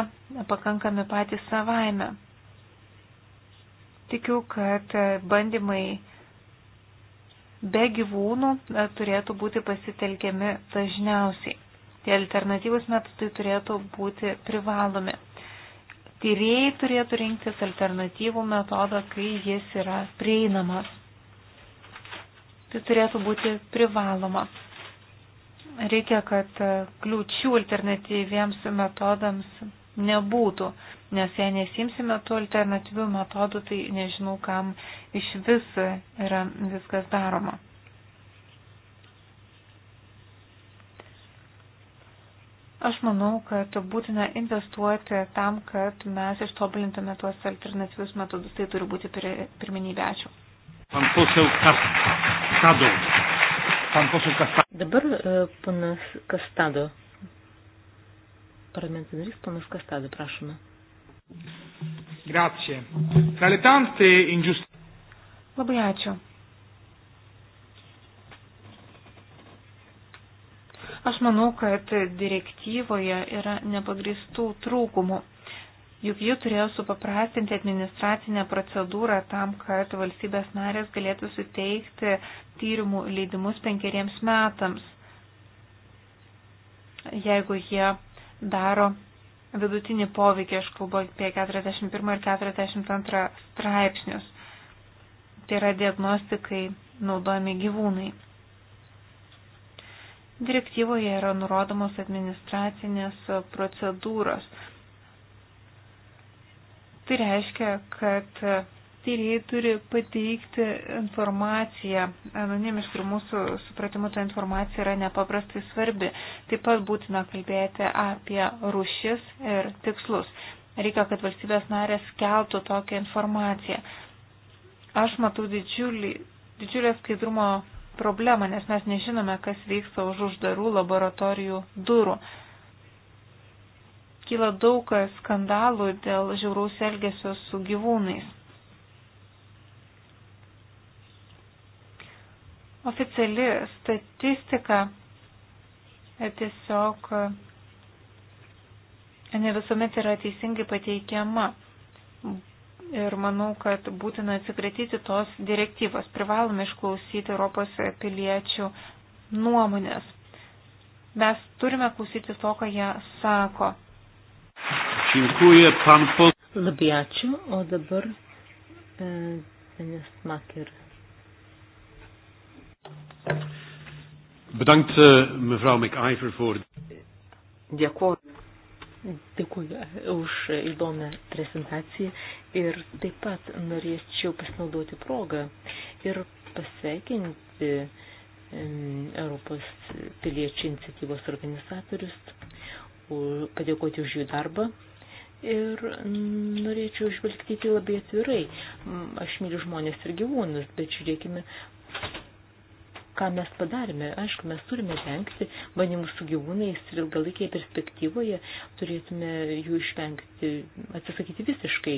pakankami patys savaime. Tikiu, kad bandymai be gyvūnų e, turėtų būti pasitelkiami dažniausiai. Tie alternatyvus metodai turėtų būti privalomi. Tyrėjai turėtų rinktis alternatyvų metodą, kai jis yra prieinamas. Tai turėtų būti privaloma. Reikia, kad kliūčių alternatyviems metodams nebūtų, nes jei nesimsime tų alternatyvių metodų, tai nežinau, kam iš vis yra viskas daroma. Aš manau, kad būtina investuoti tam, kad mes ištobulintume tuos alternatyvius
metodus. Tai turi būti pirmenybė. Ačiū. Dabar e, panas Kastado. Parlamento narys panas Kastado, prašome. Grazie. Tra le tante ingiustizie. Labai ačiū.
Aš manau, kad direktyvoje yra nepagristų trūkumų. Juk ji turėjo supaprastinti administracinę procedūrą tam, kad valstybės narės galėtų suteikti tyrimų leidimus penkeriems metams, jeigu jie daro vidutinį poveikį, aš kalbu apie 41 ir 42 straipsnius. Tai yra diagnostikai naudojami gyvūnai. Direktyvoje yra nurodomos administracinės procedūros. Tai reiškia, kad tyrėjai turi pateikti informaciją anonimiškai ir mūsų supratimu ta informacija yra nepaprastai svarbi. Taip pat būtina kalbėti apie rušis ir tikslus. Reikia, kad valstybės narės keltų tokią informaciją. Aš matau didžiulį, didžiulę skaidrumo problemą, nes mes nežinome, kas vyksta už uždarų laboratorijų durų. Kyla daug skandalų dėl žiauraus elgesio su gyvūnais. Oficiali statistika e, tiesiog e, ne visuomet yra teisingai pateikiama Ir manau, kad būtina atsikratyti tos direktyvos. Privalome išklausyti Europos piliečių nuomonės. Mes turime klausyti to, ką jie
sako. Labai ačiū, o dabar e, Dennis Maker.
Bedankt eh, mevrouw McIver voor.
Dėkuoju. Dėkuoju e, už įdomią prezentaciją ir taip pat norėčiau pasinaudoti progą ir pasveikinti Europos piliečių iniciatyvos organizatorius, padėkoti už jų darbą ir norėčiau žvelgti tai labai atvirai. Aš myliu žmonės ir gyvūnus, bet žiūrėkime, ką mes padarėme. Aišku, mes turime vengti bandymų su gyvūnais ir ilgalaikėje perspektyvoje turėtume jų išvengti, atsisakyti visiškai.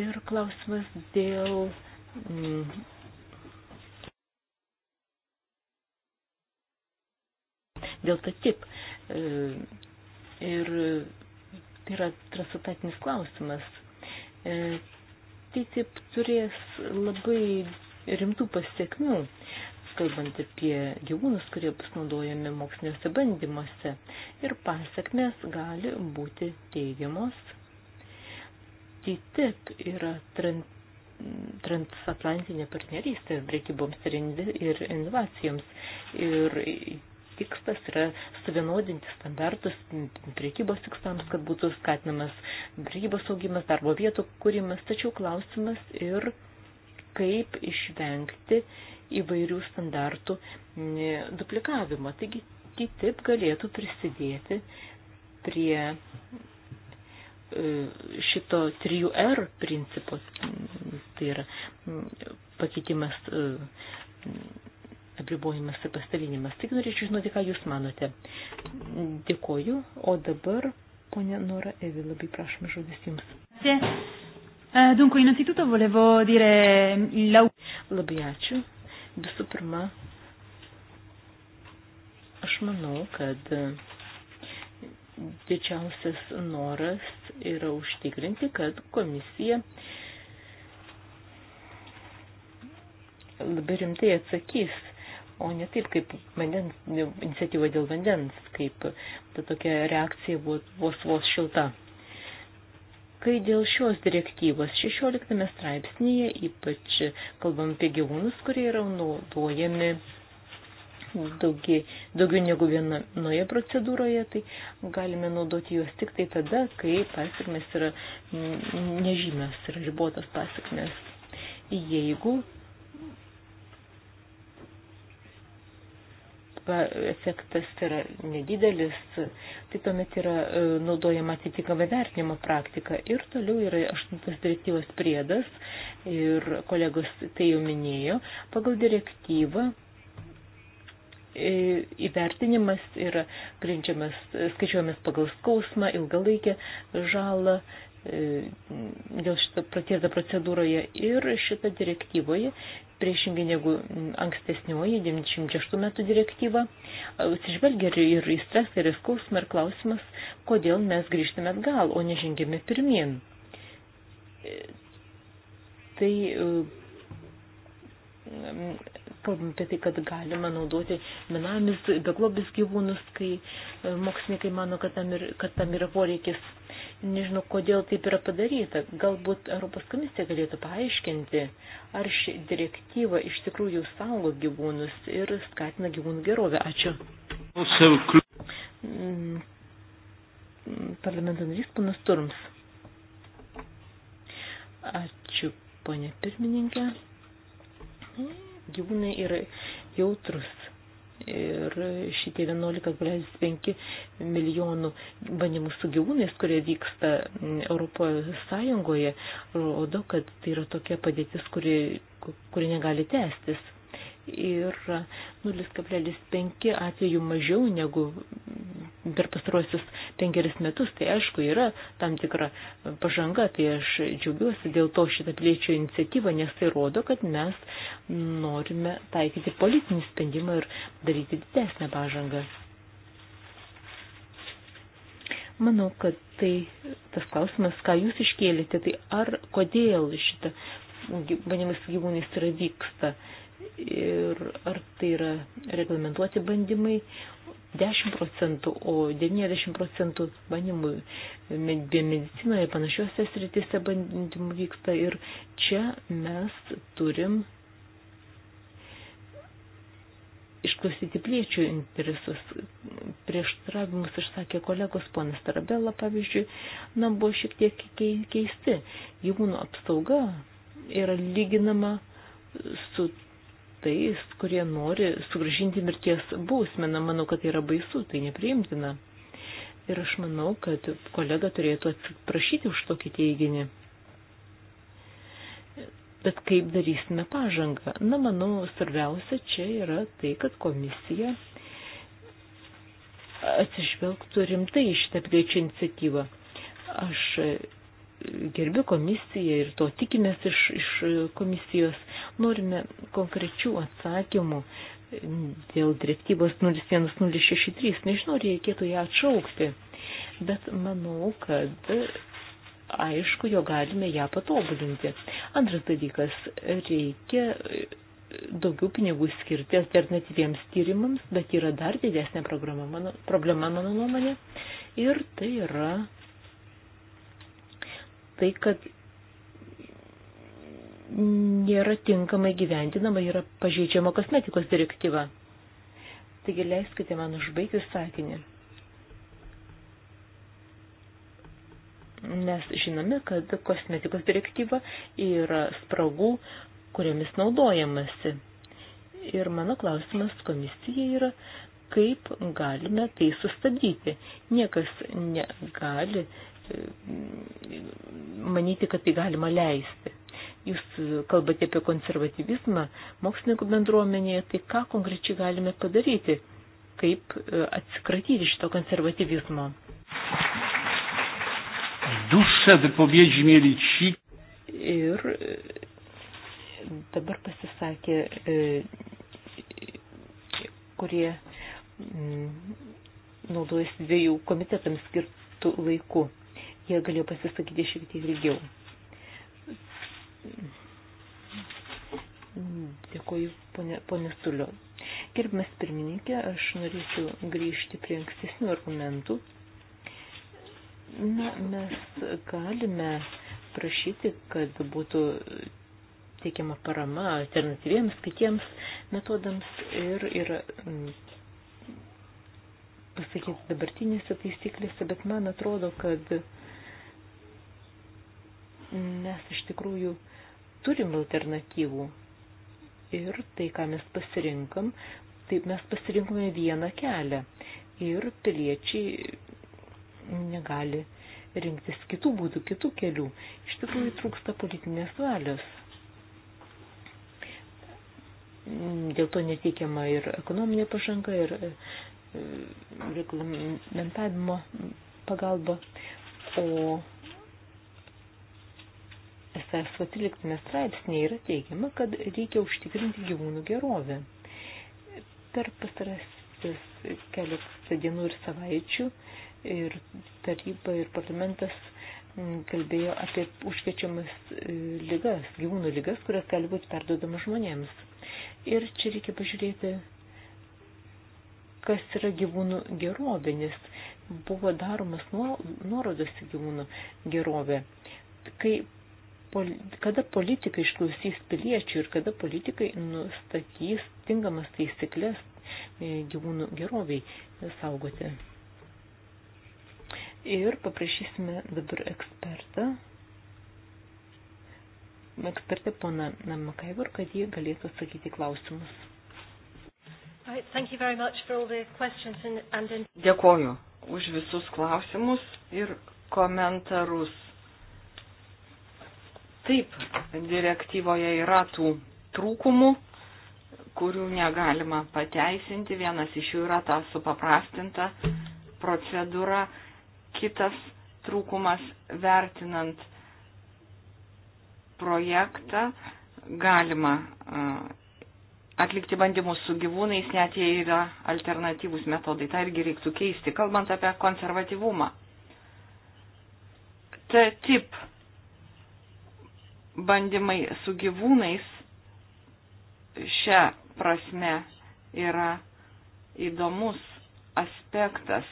Ir klausimas dėl. Mm, dėl to tip. E, ir tai yra transatlantinis klausimas. E, tai taip turės labai rimtų pasiekmių, kalbant apie gyvūnus, kurie bus naudojami moksliniuose bandymuose. Ir pasiekmes gali būti teigiamos. TTIP e yra trans transatlantinė partnerystė prekyboms ir inovacijoms. Ir tikslas yra suvienodinti standartus prekybos tikslams, kad būtų skatinamas prekybos augimas, darbo vietų kūrimas, tačiau klausimas ir kaip išvengti įvairių standartų e, duplikavimo. Taigi, TTIP galėtų prisidėti prie e, šito 3R principo, tai yra pakeitimas, e, apribojimas ir pastalinimas. Tik norėčiau žinoti, ką Jūs manote. Dėkoju, o dabar, ponė Nora Evi, labai prašome žodis Jums. Uh, dunque, innanzitutto volevo dire l'augurio. Labai ačiū. Visų pirma, aš manau, kad didžiausias noras yra užtikrinti, kad komisija labai rimtai atsakys, o ne taip kaip e vandens, iniciatyva dėl vandens, kaip e ta tokia reakcija buvo vos vos šilta. Kai dėl šios direktyvos 16 straipsnėje, ypač kalbam apie gyvūnus, kurie yra naudojami daugiai, daugiau negu vienoje procedūroje, tai galime naudoti juos tik tai tada, kai pasiekmes yra nežymės, yra ribotos pasiekmes. Jeigu efektas tai yra nedidelis, tai tuomet yra e, naudojama atitinkama vertinimo praktika. Ir toliau yra aštuntas direktyvos priedas ir kolegos tai jau minėjo. Pagal direktyvą e, įvertinimas yra grindžiamas, skaičiuojamas pagal skausmą, ilgalaikę žalą e, dėl šito pratėta procedūroje ir šito direktyvoje priešingai negu ankstesnioji 96 metų direktyva, atsižvelgia ir, ir į stresą, ir į skausmą, ir klausimas, kodėl mes grįžtame atgal, o nežengėme pirmien. E, tai e, kalbam apie tai, kad galima naudoti benamis, beglobis gyvūnus, kai e, mokslininkai mano, kad tam, ir, kad tam yra poreikis. Nežinau, kodėl taip yra padaryta. Galbūt Europos komisija galėtų paaiškinti, ar ši direktyva iš tikrųjų saugo gyvūnus ir skatina gyvūnų gerovę. Ačiū. Parlamento narys panas Turms. Ačiū, ponė pirmininkė gyvūnai yra jautrus. Ir šitie 11,5 milijonų bandymų su gyvūnais, kurie vyksta Europos Sąjungoje, rodo, kad tai yra tokia padėtis, kuri, kuri negali tęstis ir 0,5 atveju mažiau negu per pastarosius penkeris metus. Tai aišku, yra tam tikra pažanga, tai aš džiaugiuosi dėl to šitą piliečio iniciatyvą, nes tai rodo, kad mes norime taikyti politinį sprendimą ir daryti didesnę pažangą. Manau, kad tai tas klausimas, ką jūs iškėlėte, tai ar kodėl šitą bandymas su gyvūnais yra vyksta. Uh, ir ar tai yra reglamentuoti bandymai 10 procentų, o 90 procentų bandymų biomedicinoje panašiuose sritise bandymų vyksta ir čia mes turim išklausyti pliečių interesus. Prieštaravimus išsakė kolegos ponas Tarabella, pavyzdžiui, na, buvo šiek tiek keisti. Gyvūnų apsauga yra lyginama su tais, kurie nori sugražinti mirties bausmeną. Manau, kad tai yra baisu, tai nepriimtina. Ir aš manau, kad kolega turėtų atsiprašyti už tokį teiginį. Bet kaip darysime pažangą? Na, manau, svarbiausia čia yra tai, kad komisija atsižvelgtų rimtai šitą piliečių iniciatyvą. Aš gerbiu komisiją ir to tikimės iš, iš komisijos. Norime konkrečių atsakymų dėl direktyvos 01063. Nežinau, reikėtų ją atšaukti, bet manau, kad aišku, jo galime ją patobulinti. Antras dalykas, reikia daugiau pinigų skirti alternatyviems tyrimams, bet yra dar didesnė problema mano, problema, mano nuomonė, ir tai yra tai, kad nėra tinkamai gyventinama, yra pažeidžiama kosmetikos direktyva. Taigi leiskite man užbaigti sakinį. Mes žinome, kad kosmetikos direktyva yra spragų, kuriomis naudojamasi. Ir mano klausimas komisija yra, kaip galime tai sustabdyti. Niekas negali manyti, kad tai galima leisti. Jūs kalbate apie konservatyvizmą mokslininkų bendruomenėje, tai ką konkrečiai galime padaryti, kaip e, atsikratyti šito konservatyvizmo?
Dūšę vypoviedžių mėly čia.
Ir e, dabar pasisakė, e, kurie naudojasi dviejų komitetams skirtų laikų jie galėjo pasisakyti šiek tiek ilgiau. Dėkuoju, ponė, ponė Sulio. Gerbimas pirmininkė, aš norėčiau grįžti prie ankstesnių argumentų. Na, mes galime prašyti, kad būtų teikiama parama alternatyviems kitiems metodams ir yra mm, pasakyti dabartinėse taisyklėse, bet man atrodo, kad mes iš tikrųjų turim alternatyvų. Ir tai, ką mes pasirinkam, taip mes pasirinkome vieną kelią. Ir piliečiai negali rinktis kitų būdų, kitų kelių. Iš tikrųjų trūksta politinės valios. Dėl to neteikiama ir ekonominė pažanga, ir e, reglamentavimo pagalba. O SAS 13 straipsnėje yra teigiama, kad reikia užtikrinti gyvūnų gerovę. Per pastarasis keletą dienų ir savaičių ir taryba ir parlamentas kalbėjo apie užkečiamas e, lygas, gyvūnų lygas, kurios gali būti perduodamas žmonėms. Ir čia reikia pažiūrėti, kas yra gyvūnų gerovė, nes buvo daromas nuorodos į gyvūnų gerovę. Kai poli kada politikai išklausys piliečių ir kada politikai nustatys tinkamas taisyklės e, gyvūnų geroviai saugoti. Ir paprašysime dabar ekspertą, ekspertę poną Makaivor, kad jie galėtų atsakyti klausimus. Dėkoju už visus
klausimus ir komentarus. Taip, direktyvoje yra tų trūkumų, kurių negalima pateisinti. Vienas iš jų yra ta supaprastinta procedūra, kitas trūkumas vertinant projektą galima atlikti bandymus su gyvūnais, net jei yra alternatyvūs metodai. Tai irgi reiktų keisti, kalbant apie konservatyvumą. T-tip bandymai su gyvūnais šią prasme yra įdomus aspektas.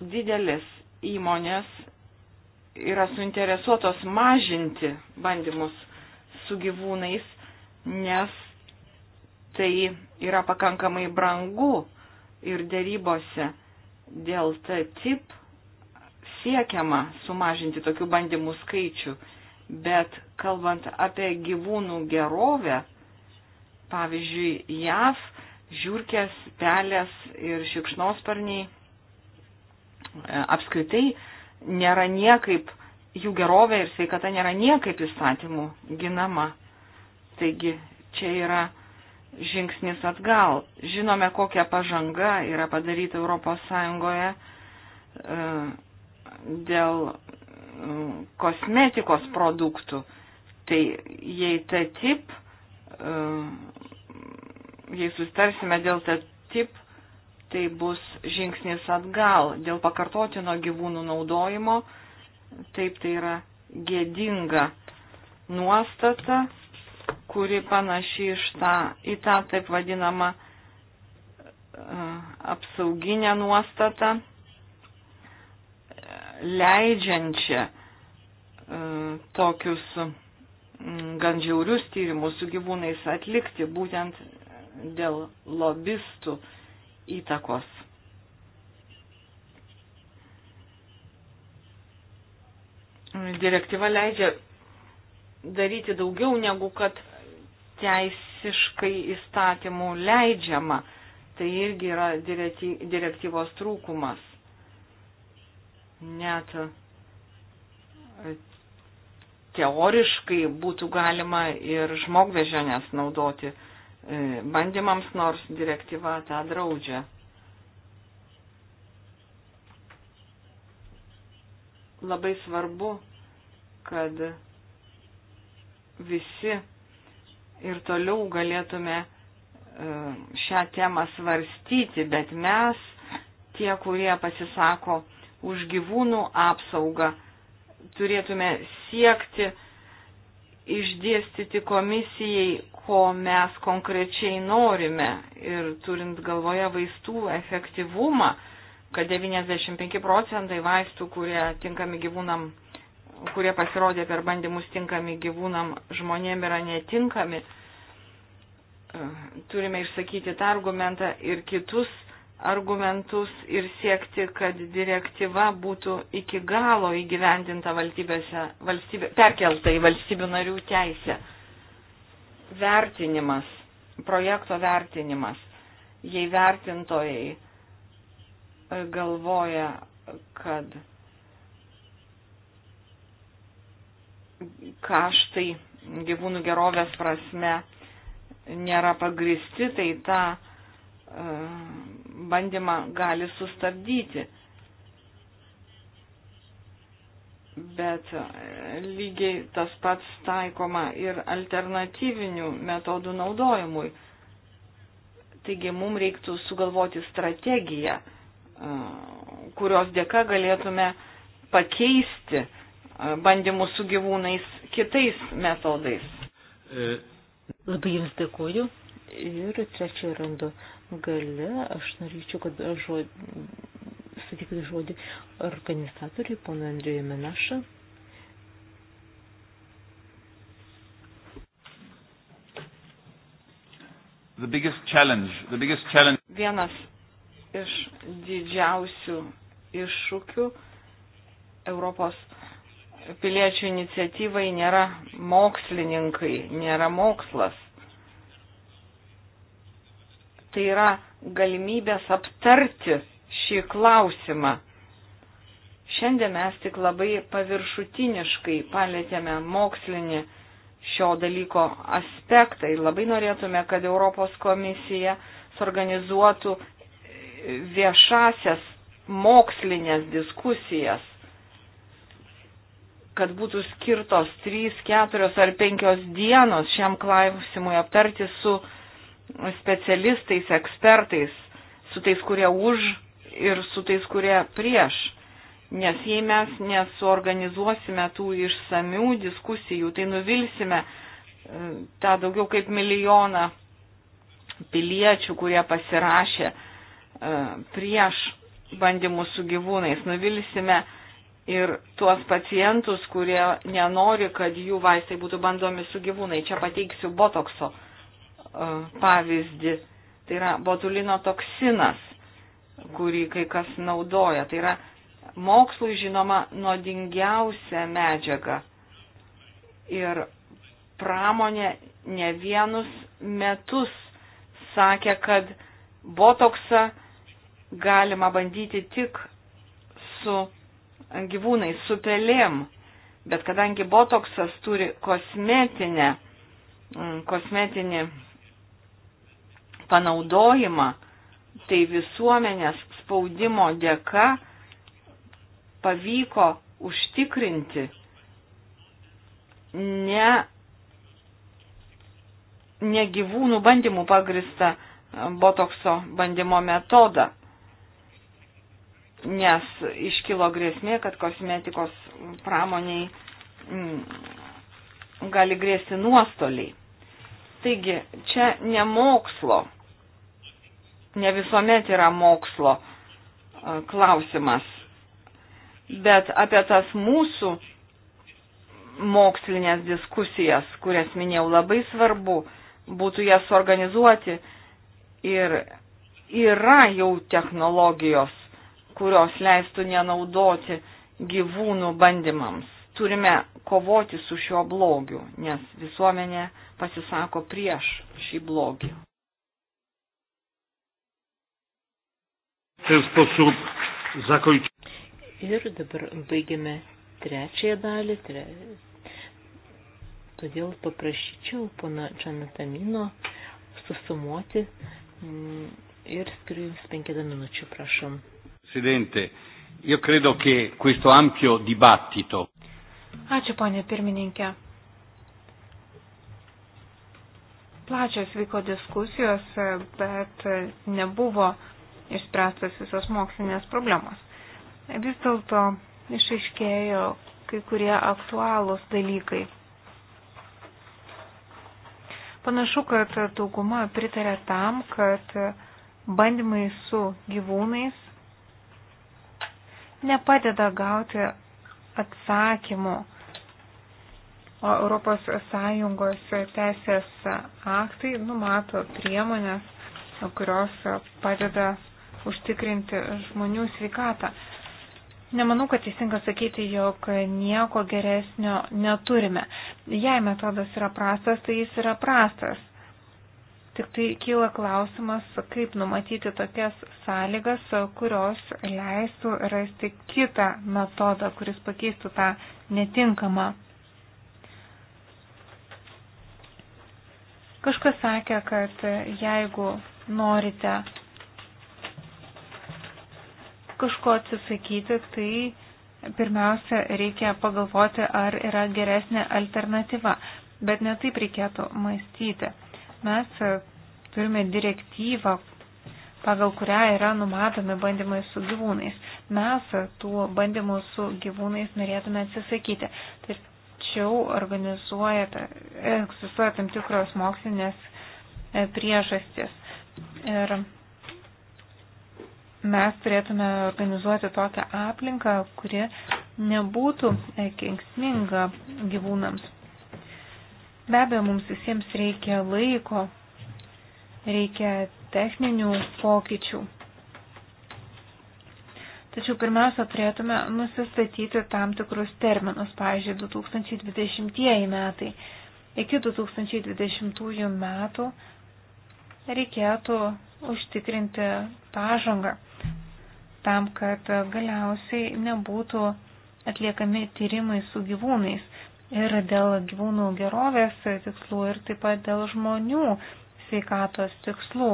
Didelės įmonės yra suinteresuotos mažinti bandymus su gyvūnais, nes tai yra pakankamai brangu ir dėrybose dėl T-tip siekiama sumažinti tokių bandymų skaičių, bet kalbant apie gyvūnų gerovę, pavyzdžiui, JAV žiūrkės, pelės ir šikšnosparniai e, apskritai nėra niekaip, jų gerovė ir sveikata nėra niekaip įstatymų ginama. Taigi čia yra žingsnis atgal. Žinome, kokia pažanga yra padaryta Europos Sąjungoje e, dėl mm, kosmetikos produktų, tai jei ta tip, mm, jei sustarsime dėl ta tip, tai bus žingsnis atgal dėl pakartotino gyvūnų naudojimo, taip tai yra gėdinga nuostata, kuri panaši iš tą, į tą taip vadinamą e, apsauginę nuostatą leidžiančią e, tokius gan žiaurius tyrimus su gyvūnais atlikti būtent dėl lobistų įtakos. Direktyva leidžia daryti daugiau negu kad teisiškai įstatymų leidžiama. Tai irgi yra direktyvos trūkumas net e, teoriškai būtų galima ir žmogvežionės naudoti e, bandymams, nors direktyva tą draudžia. Labai svarbu, kad visi ir toliau galėtume e, šią temą svarstyti, bet mes, tie, kurie pasisako už gyvūnų apsaugą turėtume siekti išdėstyti komisijai, ko mes konkrečiai norime ir turint galvoje vaistų efektyvumą, kad 95 procentai vaistų, kurie tinkami gyvūnam, kurie pasirodė per bandymus tinkami gyvūnam žmonėm yra netinkami, turime išsakyti tą argumentą ir kitus argumentus ir siekti, kad direktyva būtų iki galo įgyvendinta valstybėse, valstybė, perkelta į valstybių narių teisę. Vertinimas, projekto vertinimas. Jei vertintojai e, galvoja, kad kaštai gyvūnų gerovės prasme nėra pagristi, tai ta e, bandymą gali sustabdyti. Bet e, lygiai tas pats taikoma ir alternatyvinių metodų naudojimui. Taigi mums reiktų sugalvoti strategiją, e, kurios dėka galėtume pakeisti e, bandymus su
gyvūnais kitais metodais. Labai Jums dėkuoju. Ir trečio rando gale aš norėčiau, kad žod... sutikti žodį organizatoriui, pana Andrėjui Menašą.
The biggest challenge, the biggest challenge.
Vienas iš didžiausių iššūkių Europos piliečių iniciatyvai nėra mokslininkai, nėra mokslas tai yra galimybės aptarti šį klausimą. Šiandien mes tik labai paviršutiniškai palėtėme mokslinį šio dalyko aspektą ir labai norėtume, kad Europos komisija suorganizuotų viešasias mokslinės diskusijas, kad būtų skirtos 3, 4 ar 5 dienos šiam klausimui aptarti su specialistais, ekspertais, su tais, kurie už ir su tais, kurie prieš. Nes jei mes nesuorganizuosime tų išsamių diskusijų, tai nuvilsime e, tą daugiau kaip milijoną piliečių, kurie pasirašė e, prieš bandymus su gyvūnais. Nuvilsime ir tuos pacientus, kurie nenori, kad jų vaistai būtų bandomi su gyvūnai. Čia pateiksiu botokso pavyzdį. Tai yra botulino toksinas, kurį kai kas naudoja. Tai yra mokslui žinoma nuodingiausia medžiaga. Ir pramonė ne vienus metus sakė, kad botoksą galima bandyti tik su gyvūnais, su pelėm. Bet kadangi botoksas turi kosmetinę, mm, kosmetinį panaudojimą, tai visuomenės spaudimo dėka pavyko užtikrinti ne, ne gyvūnų bandymų pagristą botokso bandymo metodą, nes iškilo grėsmė, kad kosmetikos pramoniai mm, gali grėsti nuostoliai. Taigi, čia ne mokslo ne visuomet yra mokslo e, klausimas. Bet apie tas mūsų mokslinės diskusijas, kurias minėjau, labai svarbu būtų jas organizuoti ir yra jau technologijos, kurios leistų nenaudoti gyvūnų bandymams. Turime kovoti su šiuo blogiu, nes visuomenė pasisako prieš šį blogį.
Ir
dabar baigiame trečiąją dalį. Tre... Todėl paprašyčiau pana Džanatamino susumuoti mm, ir skiriu jums penketą minučių, prašom.
Presidente, io credo che questo ampio dibattito.
Ačiū, ponė
pirmininkė. Plačios vyko diskusijos, bet nebuvo išspręstas visos mokslinės problemos. Vis dėlto išaiškėjo kai kurie aktualūs dalykai. Panašu, kad dauguma pritarė tam, kad bandymai su gyvūnais nepadeda gauti atsakymų, o ES teisės aktai numato priemonės, kurios padeda užtikrinti žmonių sveikatą. Nemanau, kad teisinga sakyti, jog nieko geresnio neturime. Jei metodas yra prastas, tai jis yra prastas. Tik tai kyla klausimas, kaip numatyti tokias sąlygas, kurios leistų rasti kitą metodą, kuris pakeistų tą netinkamą. Kažkas sakė, kad jeigu norite kažko atsisakyti, tai pirmiausia reikia pagalvoti, ar yra geresnė alternatyva. Bet netaip reikėtų mąstyti. Mes turime direktyvą, pagal kurią yra numatomi bandymai su gyvūnais. Mes tų bandymų su gyvūnais norėtume atsisakyti. Tačiau organizuoja, egzistuoja tam tikros mokslinės e, priežastis. Ir mes turėtume organizuoti tokią aplinką, kuri nebūtų e, kenksminga gyvūnams. Be abejo, mums visiems reikia laiko, reikia techninių pokyčių. Tačiau pirmiausia, turėtume nusistatyti tam tikrus terminus, pavyzdžiui, 2020 metai. Iki 2020 metų reikėtų užtikrinti pažangą tam, kad galiausiai nebūtų atliekami tyrimai su gyvūnais ir dėl gyvūnų gerovės tikslų ir taip pat dėl žmonių sveikatos tikslų.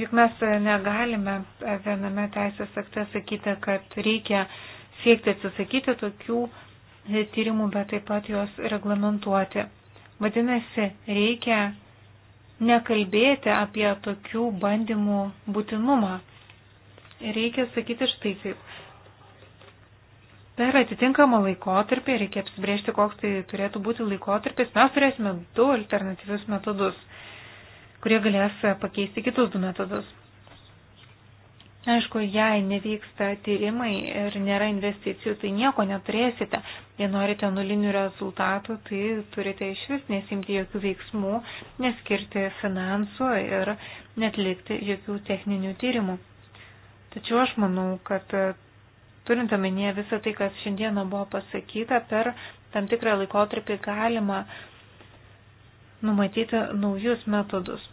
Juk mes negalime viename teisės akte sakyti, kad reikia siekti atsisakyti tokių tyrimų, bet taip pat juos reglamentuoti. Vadinasi, reikia nekalbėti apie tokių bandymų būtinumą. Reikia sakyti štai kaip. Per atitinkamą laikotarpį reikia apsibriežti, koks tai turėtų būti laikotarpis. Mes turėsime du alternatyvius metodus, kurie galės pakeisti kitus du metodus. Aišku, jei nevyksta tyrimai ir nėra investicijų, tai nieko neturėsite. Jei norite nulinių rezultatų, tai turite iš vis nesimti jokių veiksmų, neskirti finansų ir netlikti jokių techninių tyrimų. Tačiau aš manau, kad e, turint omenyje visą tai, kas šiandieną buvo pasakyta, per tam tikrą laikotarpį galima numatyti naujus metodus.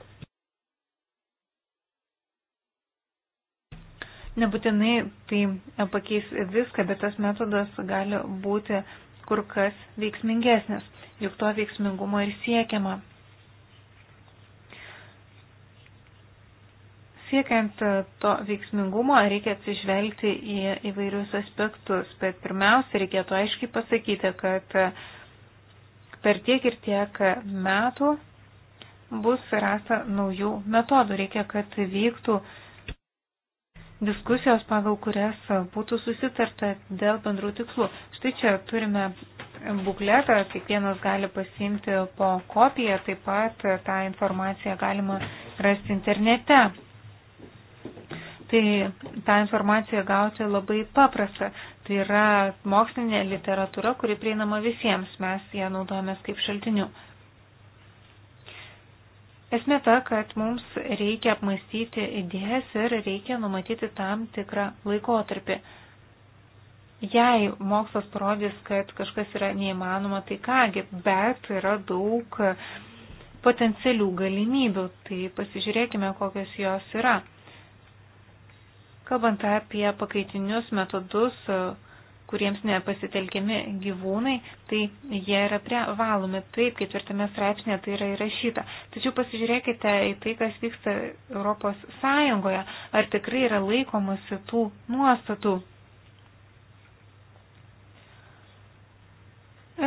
Nebūtinai tai e, pakeis viską, bet tas metodas gali būti kur kas veiksmingesnis, juk to veiksmingumo ir siekiama. Siekiant e, to veiksmingumo reikia atsižvelgti į įvairius aspektus, bet pirmiausia reikėtų aiškiai pasakyti, kad e, per tiek ir tiek metų bus rasta naujų metodų. Reikia, kad vyktų uh, diskusijos, pagal kurias būtų susitarta dėl bendrų tikslų. Štai čia turime bukletą, kiekvienas gali pasiimti po kopiją, taip pat tą informaciją galima rasti internete. Tai tą informaciją gauti labai paprasta. Tai yra mokslinė literatūra, kuri prieinama visiems, mes ją naudojame kaip šaltiniu. Esmė ta, kad mums reikia apmastyti idėjas ir reikia numatyti tam tikrą laikotarpį. Jei mokslas parodys, kad kažkas yra neįmanoma, tai kągi, bet yra daug potencialių galimybių, tai pasižiūrėkime, kokios jos yra. Kalbant apie pakaitinius metodus, kuriems nepasitelkiami gyvūnai, tai jie yra privalomi. Taip, ketvirtame straipsnėje tai yra įrašyta. Tačiau pasižiūrėkite į tai, kas vyksta Europos Sąjungoje. Ar tikrai yra laikomasi tų nuostatų?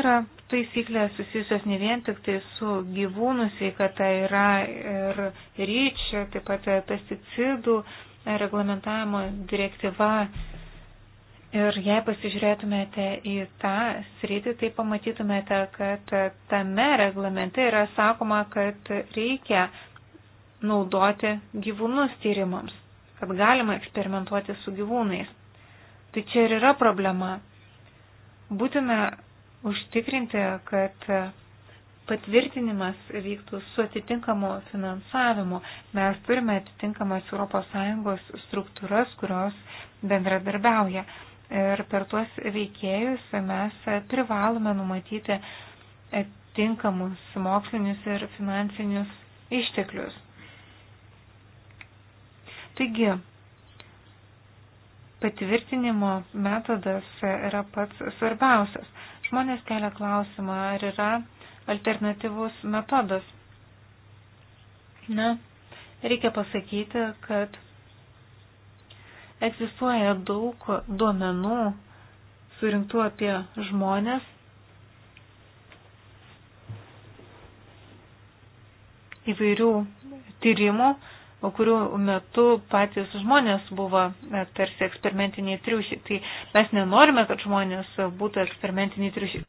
Yra taisyklės susijusios ne vien tik tai su gyvūnų sveikata, yra ir ryčio, taip pat pesticidų reglamentavimo direktyva Ir jei pasižiūrėtumėte į tą sritį, tai pamatytumėte, kad tame reglamente yra sakoma, kad reikia naudoti gyvūnus tyrimams, kad galima eksperimentuoti su gyvūnais. Tai čia ir yra problema. Būtina užtikrinti, kad patvirtinimas vyktų su atitinkamu finansavimu. Mes turime atitinkamas ES struktūras, kurios bendradarbiauja. Ir per tuos veikėjus mes privalome numatyti tinkamus mokslinius ir finansinius išteklius. Taigi, patvirtinimo metodas yra pats svarbiausias. Žmonės kelia klausimą, ar yra alternatyvus metodas. Na, reikia pasakyti, kad Egzistuoja daug duomenų surinktų apie žmonės. įvairių tyrimų, kurių metu patys žmonės buvo e, tarsi eksperimentiniai triušiai. Tai mes nenorime, kad žmonės būtų eksperimentiniai triušiai.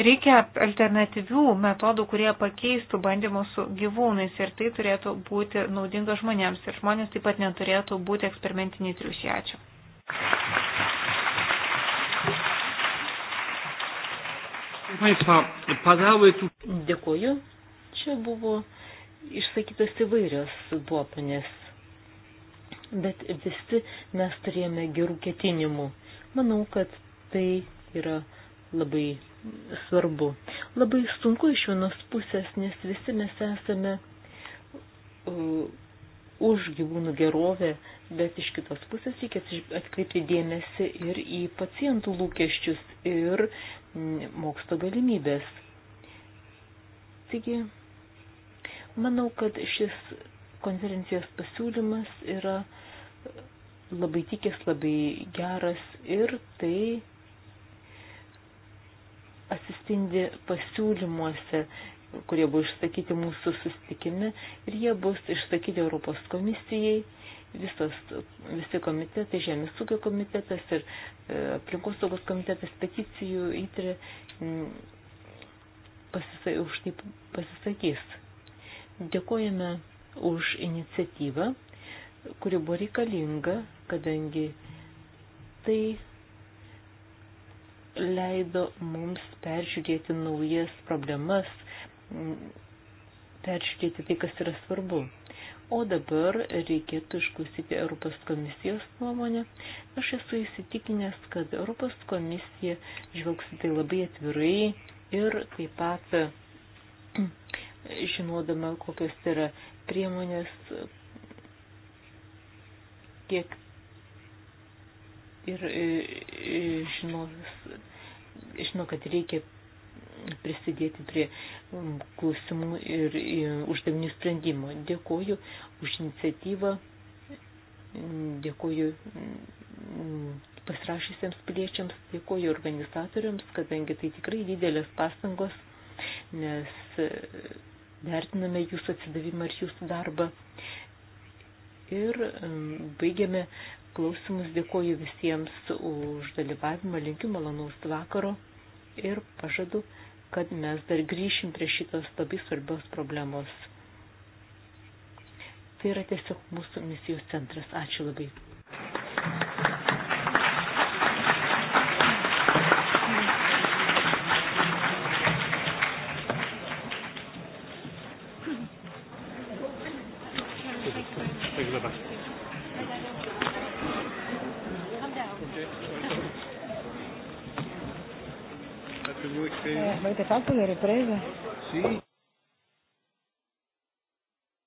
Reikia alternatyvių metodų, kurie pakeistų bandymus su gyvūnais ir tai turėtų būti naudinga žmonėms. Ir žmonės taip pat neturėtų būti eksperimentiniai triušiai. Ačiū.
Dėkuoju. Čia buvo išsakytos įvairios duomenės, bet visi mes turėjome gerų ketinimų. Manau, kad tai yra labai svarbu. Labai sunku iš vienos pusės, nes visi mes esame už gyvūnų gerovę, bet iš kitos pusės reikia atkreipti dėmesį ir į pacientų lūkesčius ir mokslo galimybės. Taigi, manau, kad šis konferencijos pasiūlymas yra labai tikės, labai geras ir tai atsispindi pasiūlymuose, kurie buvo išsakyti mūsų susitikime ir jie bus išsakyti Europos komisijai. Visos, visi komitetai, Žemės ūkio komitetas ir e, aplinkos saugos komitetas, peticijų įtrė pasisa, už tai pasisakys. Dėkojame už iniciatyvą, kuri buvo reikalinga, kadangi tai leido mums peržiūrėti naujas problemas, peržiūrėti tai, kas yra svarbu. O dabar reikėtų išklausyti Europos komisijos nuomonę. Aš esu įsitikinęs, kad Europos komisija žvelgs tai labai atvirai ir taip pat žinodama, kokios yra priemonės, kiek ir e, e, žinos, žino, kad reikia prisidėti prie klausimų ir e, uždavinių sprendimo. Dėkoju už iniciatyvą, dėkoju pasirašysiems piliečiams, dėkoju organizatoriams, kadangi tai tikrai didelės pastangos, nes vertiname jūsų atsidavimą ir jūsų darbą. Ir baigiame klausimus. Dėkoju visiems už dalyvavimą, linkiu malonaus vakaro ir pažadu, kad mes dar grįšim prie šitos labai svarbios problemos. Tai yra tiesiog mūsų misijos centras. Ačiū labai.
fatto le riprese? Sì.